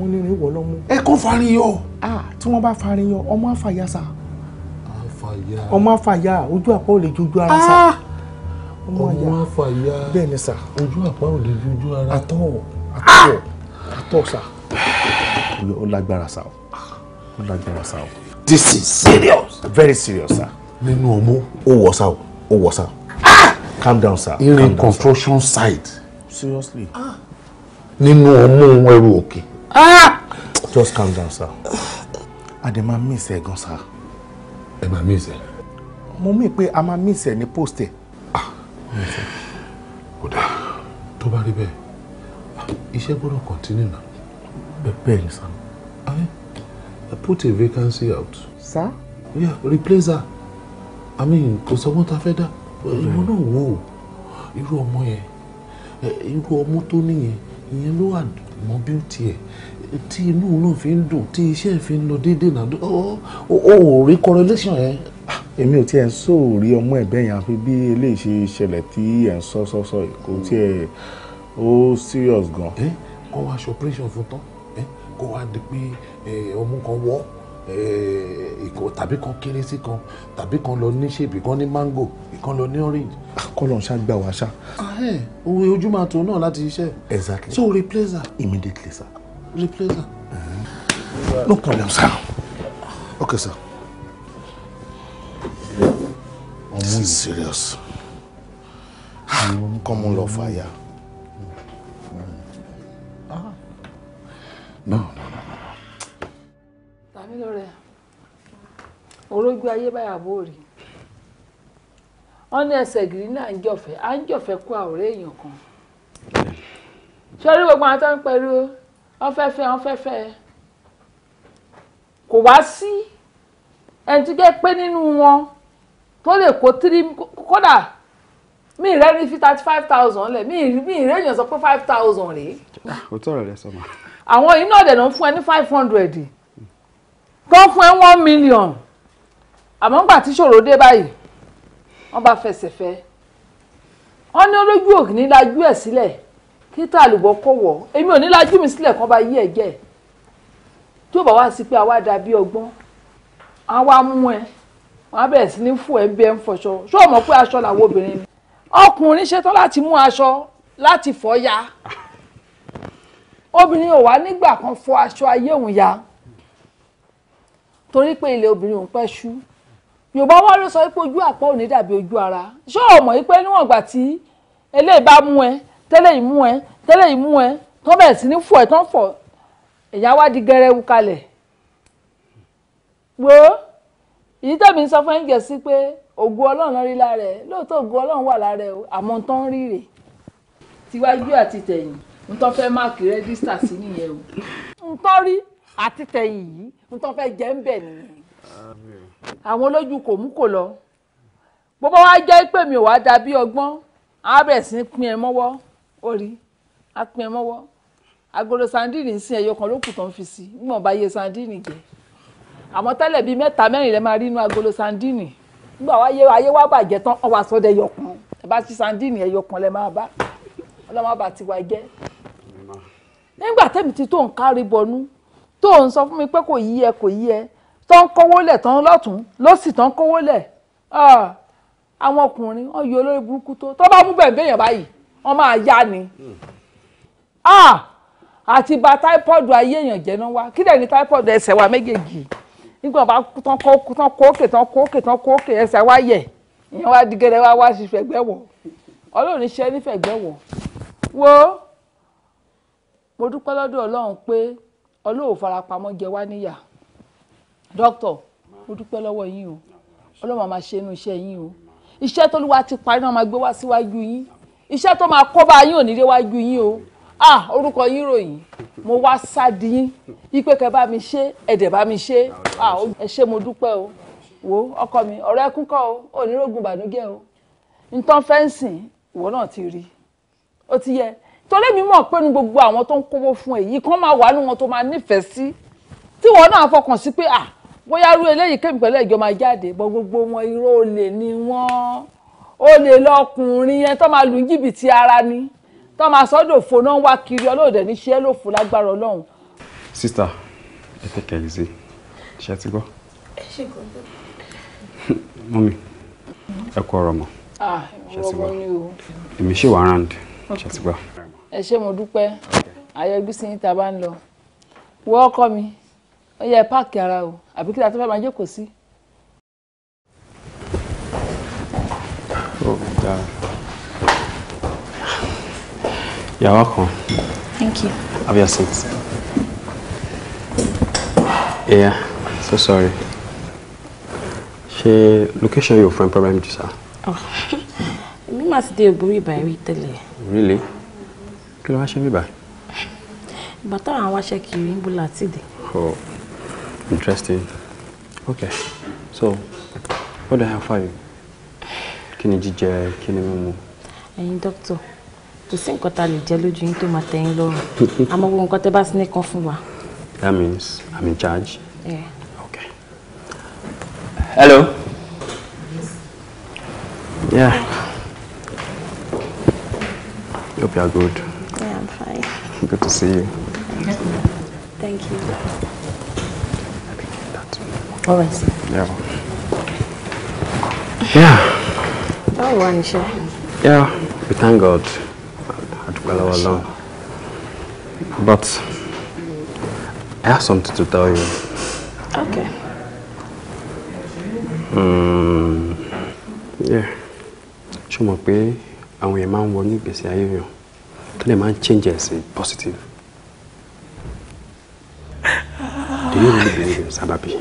wọ́n ní irin wọ lọ́mú. ẹ kó farin yọ. tí wọ́n bá farin yọ ọmọ àfàyàsà ọmọ àfàyà ojú àpá ò lè jojú ara sá ah! ọmọ àfàyà bẹ́ẹ̀ ni sá ojú àpá ò lè jojú ara àtọ̀ àtọ̀ àtọ̀ sá. ó lágbára sá o ó lágbára sá o. this is serious very serious sá. nínú ọmọ ó wọ sá o ó wọ sá. Ah! calm down sá. irin construction site. seriously. Ah! nínú ọmọ ẹrù òkè. just calm down sá. àdèmà miss ẹ̀ gan sá ẹ máa miss ẹ. mo mí pé a máa miss ẹ ní post ẹ. Ah, kò dáa tó bá rí bẹ́ẹ̀ iṣẹ́ gbọ́dọ̀ continue na. bẹ́ẹ̀ ni sir. I put a vacancy out. Sa? yeah replace her i mean kò sọ́gbọ́n ta fẹ́ dá ìwọ náà wò ó irú ọmọ yẹn irú ọmọ tó nìyẹn ìyẹn ló wà mọ bí ó tiẹ̀ tí inú náà fi ń dùn tí iṣẹ́ fi ń lọ déédéé náà ó ò rí correlation yẹn. Ah, èmi ò tiẹ̀ ń sọ òrí ọmọ ẹ̀ bẹ́ẹ̀ yẹn àfi bí eléyìí ṣe ṣẹlẹ̀ tí ẹ̀ ń sọ sọ sọ kò tiẹ̀ ó serious gan. kọ́ wa ṣe operation fún tán kó wa di pé ọmú kan wọ́. Eh, ìkó tàbí kan kéré sí kan tàbí kan lọ ní ṣèbí kan ní mango ìkan lọ ní orange. akọlọ ah, ń ṣàgbà wá ṣá. òwe ah, eh, ojú máa tó náà láti iṣẹ́. exactly so replace her. immediately sir. replace her. Eh. no problem sir. okay sir. this is serious. nǹkan ah, mo lọ fàyà. lọ́rẹ̀ orógbó ayé báyà bó rí wọ́n ní ẹsẹ̀ gírí náà ń jọ̀fẹ́ à ń jọ̀fẹ́ kó àwòrán èèyàn kan sọ́rí gbogbo àwọn tó ń pẹ̀lú ọ̀fẹ́fẹ́ ọ̀fẹ́fẹ́ kò wá sí ẹni tó jẹ́ pé nínú wọn tó lè kó tírí kódà mi ì rẹ́ni fi thirty five thousand lẹ̀ mi ì rẹ́yìn sọ pé five thousand rèé. Ah, ó tọrọ rẹ sọ ma. àwọn yìí náà dẹ̀ ló ń fún ẹ ní five hundred tó fún ẹ one million àmọ́ ngbà tí ṣòro dé báyìí wọ́n bá fẹsẹ̀ fẹ́ wọ́n ní olójú òkè ní lajú ẹ̀ sílẹ̀ kí tá àlùbọ́ kọ̀ wọ̀ èmi ò ní lajú mi sílẹ̀ kán bá yí ẹ̀ jẹ́ tí ó bá wá sí pé àwa dàbí ọgbọ́n àwa mú ẹ wọn á bẹ̀rẹ̀ sí ní fún ẹ bí ẹ ń fọṣọ ṣó o mọ̀ pé aṣọ làwọn obìnrin ni ọkùnrin ṣetán láti mú aṣọ láti fọ́ ya obìnrin ò wá nígbà kan fọ aṣọ ayé ya torí pé ilé obìnrin òun pẹ́ ṣú yorùbá wá ló sọ pé ojú àpọ̀ ò ní dàbí ojú ara ṣé o mọ̀ pé níwọ̀n ìgbà tí eléyìí bá mú ẹ tẹ́lẹ̀ yìí mú ẹ tẹ́lẹ̀ yìí mú ẹ tó bẹ̀rẹ̀ sí ní fọ̀ ẹ̀ tó ń fọ̀ ẹ̀yà wá di gẹrẹwu kalẹ̀ wo èyí tẹ̀mí sọ fún ẹ̀ǹgẹ̀ sí pé ògùn ọlọ́run rí lára ẹ̀ lóòótọ́ ògùn ọlọ́run wà lára ẹ̀ àmọ́ tó ń rí rè tiwájú àti tẹ̀yìn ń tọ́ fẹ́ máàkì rẹ́dísítà sí nìyẹn o ń tọ́ rí àti tẹ̀yìn yìí n tó fẹ́ jẹ́ ń bẹ̀ nìyẹn àwọn olójú kò mú kò lọ bó bá wá jẹ́ pé mi ò wá dà bí ọgbọ́n á bẹ̀rẹ̀ sí pín ẹ mọ́wọ́ orí á pín ẹ mọ́wọ́ agolo sandini sin ẹyọ kan ló kù tó ń fi sí nígbà bá yẹ sandini jẹ àmọ́ tẹ́lẹ̀ bíi mẹ́ta mẹ́rin lẹ máa rí inú agolo sandini nígbà wá yẹ ayé wá bàjẹ́ tán ọwọ́ àsọdẹ ẹyọ kan ẹ bá ti sandini ẹyọ kan lẹ máa bá ọlọ́mọba tiwa jẹ́ nígbà tẹ́mi ti tó nǹkan rí bọnú tó ń sọ fún mi pé kò yí ẹ kò yí ẹ tó ń kówó lẹ̀ tó ń lọ́tún lọ́sì tó ń kówó lẹ̀ àwọn ọkùnrin wọn yọ olórí burúkú tó tó bá mú bẹ̀ẹ̀bẹ̀ yàn báyìí wọn máa yá ni àti bà táípọ́ọ̀dù ayé èèyàn jẹ́ náà wá kí dẹ̀ ní táípọ́ọ̀dù ẹsẹ̀ wa méjèèjì nígbà bá tán kókè tán kókè tán kókè ẹsẹ̀ wa yẹ̀ ìyẹn wá di gẹ́gẹ́ wá wá sí fẹ̀gbẹ́ wọ̀ ọlọ́run iṣẹ́ nífẹ̀gbẹ́ wọ̀ wo mo dúpẹ́ lọ́dọ̀ ọlọ́run pé ọlọ́wọ́ farapamọ́ jẹ wá níyà dókítọ̀ mo dúpẹ́ lọ́wọ́ yín o ọlọ́wọ́ máa ṣe inú iṣẹ́ yín o iṣẹ́ tó lúwa ti parí náà máa gbé wá síwájú yín iṣẹ́ tó máa kọ́ bá yín ò ní dé wájú yín o ah orúkọ yín ròyìn mo wá sáàdì yín ipe kẹ bá mi ṣe ẹ̀dẹ̀ bá mi ṣe ah ẹ ṣé mo dúpẹ́ o wo ọkọ mi ọ̀rọ̀ ẹkún kọ́ o onírògùn bànújẹ́ o ntán fẹ́ǹsì ìwọ náà ti rí o ti yẹ torí mi mọ̀ pé nu gbogbo àwọn tó ń kówó fún èyí kan máa wà nù wọn tó máa nífẹ̀ẹ́ sí tí wọn náà fọkàn sí pé ah bóyá rú eléyìí kémi pẹ̀lú ìjọ máa jáde bọ́ gbogbo wọn irọ́ olè ni wọ́n olè lọkùnrin yẹn tó máa lu jìbìtì ara ni tó máa sọ́dọ̀ fòná wá kiri ọlọ́ọ̀dẹ níṣẹ́ ló fò lágbára ọlọ́run. sista ẹ tẹkẹ ẹ ṣe ṣe ti gbọ́. ẹ ṣe gbọ́dọ̀. mọ́mi ẹ kú ọ̀rọ̀ mọ́ ah, ṣe ti gbọ́ èmi ṣì wà round ṣe ti gbọ́ ẹ ṣé mo dúpẹ́ àyọjú sí níta ń lọ wọ ọkọ mi ó yẹ páàkì ara o àbí kíta tó fẹ́ máa jókòó sí. Oh, You're welcome. Thank you. Have your seat. Yeah, so sorry. She, location your friend problem sir. Oh, me must be a Ògbórí ìbàrí tẹ́lẹ̀. Really? kí ló wá ṣe bíbá. ìgbà táwọn awáṣẹ kiri ń bú láti dé. oh interesting okay so what do I have for you kí ni jíjẹ kí ni mímu. ẹ̀yin dókítà kò sí nǹkan tá a lè jẹ lójú yín tó máa tẹ́ yín lọ́rùn àmọ́ gbogbo nǹkan tẹ́ bá sí nìkan fún wa. that means I'm in charge. Yeah. okay hello. Yeah. Hope you are good good to see you. Thank you. Always. Yeah. Yeah. Oh, one, sure. Yeah, we thank God. Adukalawa alone. But I have something to tell you. Okay. Um, yeah. Ṣé o mọ̀ pé àwọn èèyàn máa ń wọ ní ìgbésí ayé tó lè máa ń change positive. Do you really believe in Sambabi?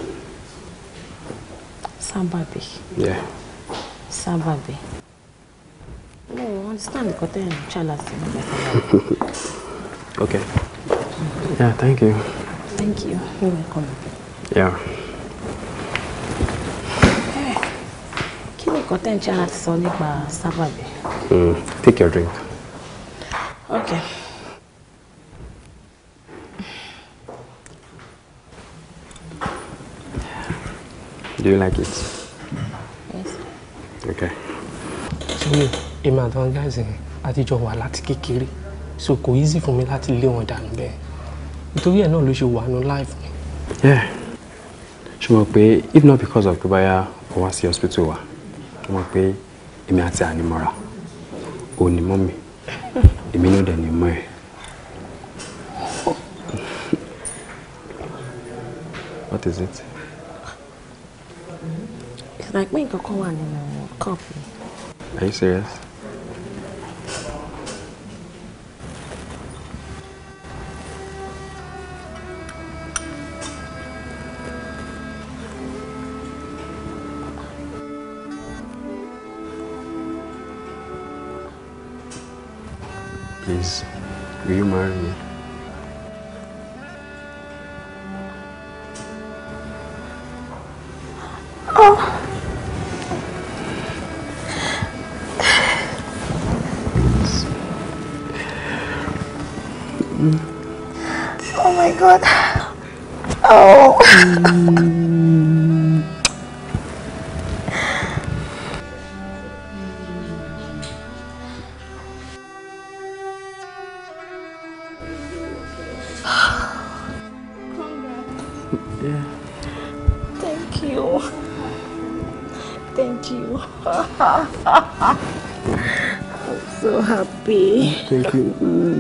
Sambabi. Yeah. Sambabi. No, I understand the content and challenge. Okay. Yeah, thank you. Thank you. You're welcome. Yeah. Eh, kí ni nǹkan tẹ́ ń ṣe láti sọ nípa hmm, Take your drink. Okay. Do you like it? Yes. Okay. So, èmi àtàwọn guys yẹn àtijọ́ wà láti kékeré so kò easy fún mi láti lé wọn dànù bẹ́ẹ̀ nítorí ẹ̀ náà ló ṣe wà life Yeah. ṣùgbọ́n if not because of kubaya or wá sí hospital wa mo mọ̀ pé èmi àti ànímọ́ra èmi náà dẹ̀ ní mọ́ ẹ̀. What is it? It's like pé nǹkan kan wà nínú cup mi. Are you serious? Will you marry me? していく。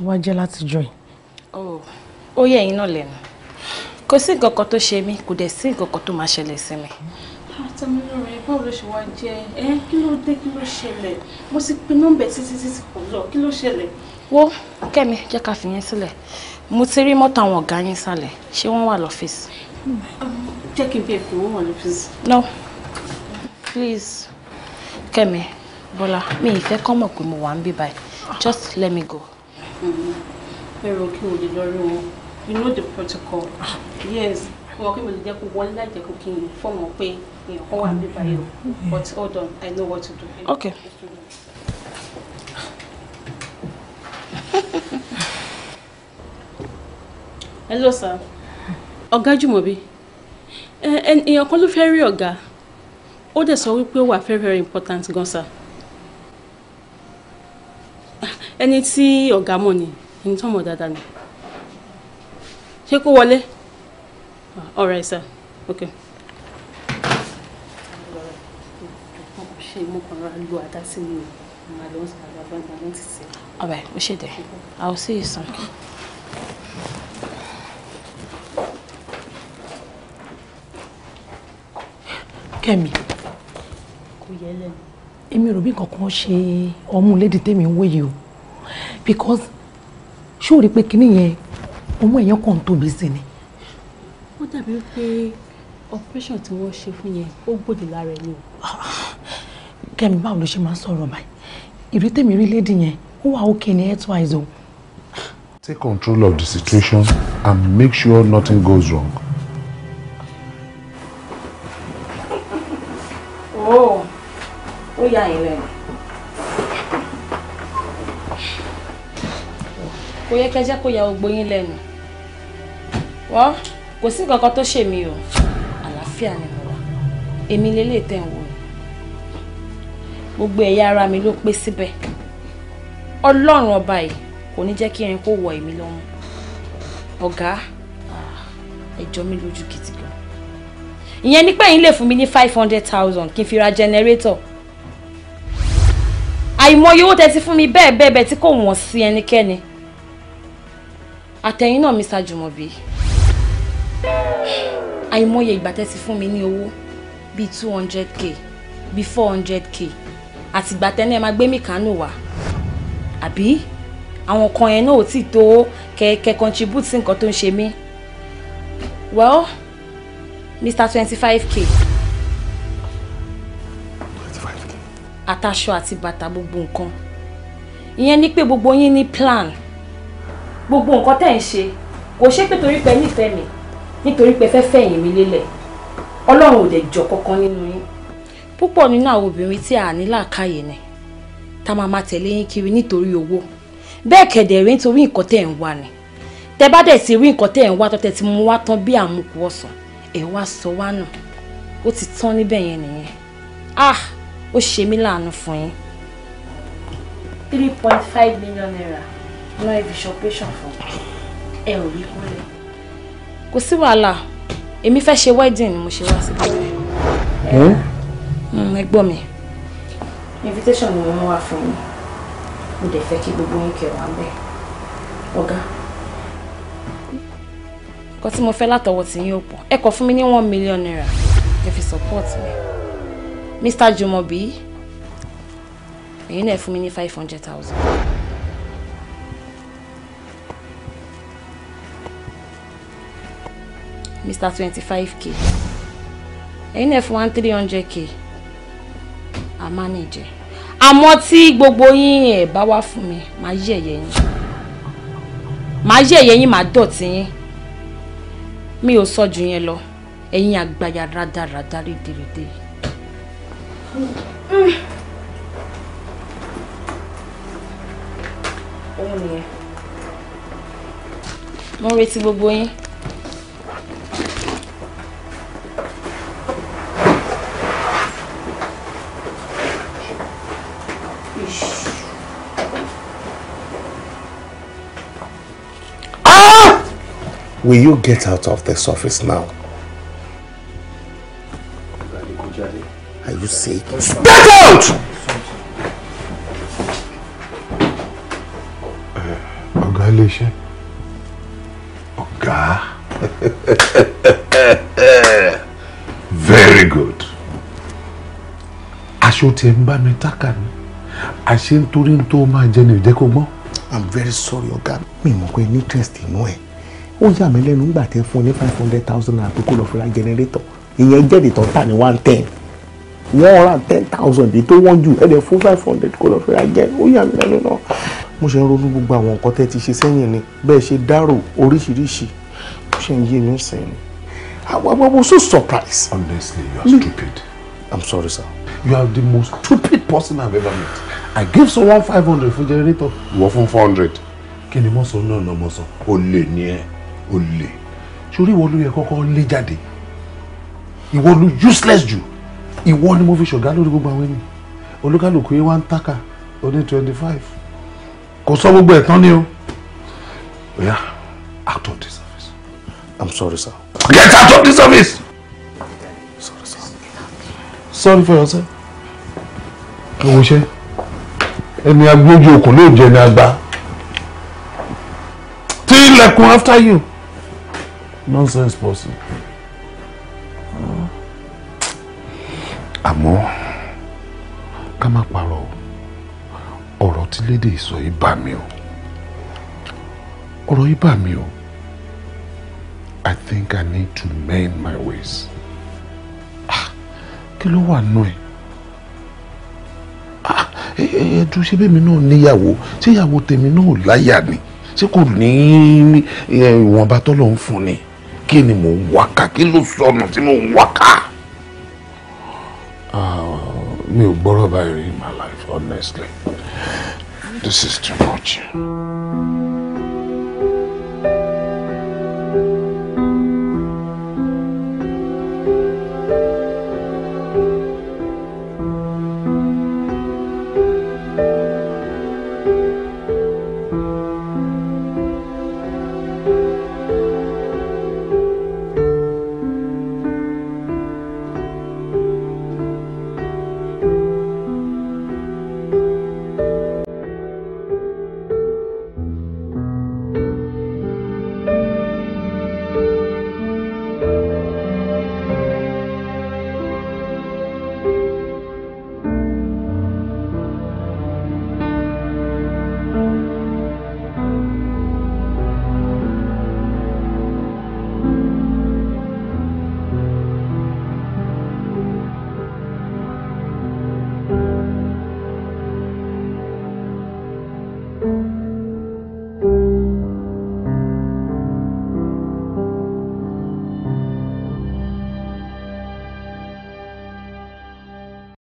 ṣe wá jẹ́ látijọ́ yìí. Oh, ó yẹ ẹ̀yin náà lẹ́nu kò sí nǹkan kan tó ṣe mí kò dẹ̀ sí nǹkan kan tó máa ṣẹlẹ̀ sí mi. àtàmílòrè ah, báwo ló ṣe wá jẹ ẹ kí ló dé kí ló ṣẹlẹ̀ mo pe nọ́mbẹ̀ títí títí kò lọ kí ló ṣẹlẹ̀. wo kẹ́mi jẹ́ ká fi yẹn sílẹ̀ mo ti rí mọ́tò àwọn ọ̀gá yín sálẹ̀ ṣé wọ́n wà lọ́fíìsì. Um, jẹ́ kí n bí ẹ̀kọ́ wọ́n wà lọ́fíìsì. no please kẹ́mi bọ́lá mi ì fẹ́ kọ́ mọ̀ pé mo wà ń bí báyìí just let me go ẹ̀rọ kí o lè lọ rí you know the protocol yes wọn kí mo lè jẹ́ kó wọlé láì jẹ́ kó kí n fọ̀mọ̀ pé èèyàn kan but hold on I know what to do. okay. hello sir. ọ̀gá Jùmọ̀bí And in your call rí ọ̀gá ó dẹ̀ so we ó wà very very important gan sir ẹni tí ọ̀gá mọ̀ ni ẹni tó mọ̀ dáadáa ni ṣé kó wọlé all right sir okay. ṣe mú kan rà lu sí mi o we should do see you soon. kẹ́mi. kò yẹ lẹ́nu èmi rò bí kankan ṣe ọmú lédi tèmi ń wòye o because ṣó rí pé kinní yẹn ọmú ẹ̀yán kàn ń tóbi sí ni. ó dàbí pé operation tí wọ́n ṣe fún yẹn ó gbòdì lára ẹni o. kẹ́mi báwo ló ṣe máa ń sọ̀rọ̀ báyìí ìrí tèmi rí lédi yẹn ó wà okay ní healthwise o. take control of the situation and make sure nothing goes wrong. yà yín lẹ́nu. kò yẹ kẹjẹ kó ya gbogbo yín lẹ́nu wọ́n kò sí nǹkan kan tó ṣe mí o àlàáfíà ni mo wà èmi lélẹ̀ tẹ̀ ń wò ni gbogbo ẹ̀yà ara mi ló pé síbẹ̀ ọlọ́run ọba yìí kò ní jẹ́ kí irin kó wọ èmi lọ́rùn ọ̀gá ẹjọ́ mi lójú gidi gan ìyẹn ni pé yín lè fún mi ní five hundred thousand kí n fi ra generator àìmọye owó tẹ́ ti fún mi bẹ́ẹ̀ bẹ́ẹ̀ bẹ́ẹ̀ tí kò wọ́n sí ẹnikẹ́ni àtẹ̀yìn náà Mr. Jùmọ̀bí àìmọye ìgbà tẹ́ ti fún mi ní owó bíi two hundred k bíi four hundred k àti ìgbà tẹ́ ní ẹ máa gbé mi kánò wá àbí àwọn kan yẹn náà ò tí tó kẹ̀kẹ́ contribute sí nǹkan tó ń ṣe mí well Mr. twenty five k. àtàṣọ àti bàtà gbogbo nǹkan ìyẹn ni pé gbogbo yín ní plan gbogbo nǹkan tẹ́ ń ṣe kò ṣe pé torí pé nífẹ̀ẹ́ mi nítorí pé fẹ́ fẹ̀yìn mi lélẹ̀ ọlọ́run ò dẹ̀ jọ kankan nínú yín púpọ̀ nínú àwọn obìnrin tí a ní làákàyè ni tá máa máa tẹ̀lé yín kiri nítorí owó bẹ́ẹ̀ kẹ̀dẹ̀ rí nítorí nǹkan tẹ́ ń wá ni tẹ bá dẹ̀ ti rí nǹkan tẹ́ ń wá tọ́tẹ́ ti mú wá tán bí àmukù ọ̀sán ẹ̀ wá sọ wá nù ó ti tán níbẹ̀ yẹn nìyẹn ah ó ṣe mí láàánú fún yín. three point five million naira náà ibi ṣọpẹ́ṣàn fún ẹ ò rí kúlẹ̀. kò sí wàhálà èmi fẹ́ ṣe wedding ni mo ṣe wá sí bẹ́ẹ̀. Hmm, ẹ gbọ́ mi. invitation ni mo wá fún yín mo dẹ̀ fẹ́ kí gbogbo yín kẹwàá ń bẹ̀ ọ̀gá. nǹkan tí mo fẹ́ látọwọ́ tì yín ò pọ̀ ẹ kọ fún mi ní one million naira ẹ fi support mi. Mr. Jumobi you need fún mi ní five hundred thousand. Mr. twenty five k you need fún wa three hundred k a manage àmọ́ tí gbogbo yín ẹ̀ bá wá fún mi màá yẹ̀ yẹ̀ yín màá yẹ̀ yẹ̀ yín màá dọ̀tí yín mi ò sọ jù yẹn lọ ẹ̀yin àgbàyà rádaràdà rédèrèdè yìí òun nìyẹn mo ń retí gbogbo yín. Ah! Will you get out of this office now? you sake. Get out! Eh, ọ̀gá ilé iṣẹ́. Very good. Aṣọ tí ẹ ń bá mi tákà ni. Àṣé nítorí tó máa jẹ ní ìjẹ́ kó I'm very sorry Oga. mi mọ̀ pé ní interest inú ẹ̀ ó yà mí lẹ́nu nígbà tí ẹ fún ní five hundred thousand naira pé kó lọ fi ra generator ìyẹn jẹ́rìí tó ń tà ní one ten one hundred and ten thousand èyí tó wọ́n jù ẹ̀dẹ̀ fún five hundred kò lọ fẹ́ ra jẹ́ ó yà mí lẹ́nu náà. mo ṣe ń ronú gbogbo àwọn nǹkan tẹ́ ti ṣe sẹ́yìn ni bẹ́ẹ̀ ṣe dárò oríṣiríṣi ó ṣe ń yé mi sẹ́yìn ni. I was so surprised. Honestly, you are me. stupid. I'm sorry, sir. You are the most stupid person I've ever met. I give someone five hundred for generator. You offer four hundred. Kí ni mo sọ náà náà mo sọ? Olè ni ẹ́, olè. Ṣorí ìwọ ló yẹ kọ́kọ́ lé jáde. Ìwọ ló useless jù ìwọ ni mo fi ṣọ̀gá lórí gbogbo àwọn ènìyàn olúkálùkù yẹn wá ń tákà oní twenty five kò sọ gbogbo ẹ̀ tán ni o. oya out of this office i'm sorry sir. get out of this office. sorry sir. sorry for yourself. owó ṣe ẹni agbójú okùn ló jẹ ní agba tí ilẹ̀kùn after you nonsense person. àmọ́ ká má parọ́ ọ̀rọ̀ tí lédè sọ yìí bà mí o ọ̀rọ̀ yìí bà mí o I think I need to mend my ways ah, kí ló wà nù ah, ẹ ẹdùn ṣe bẹ́ẹ̀ mi náà níyàwó ṣé ìyàwó tèmi náà láyà ni ṣé kò ní ìwọ̀nba tọ́lọ̀ ń fún ni kí ni mò wá ká kí ló sọnù tí mò wá ká. Me ò gbọ́rọ̀ báyìí in my life honestly this is too much.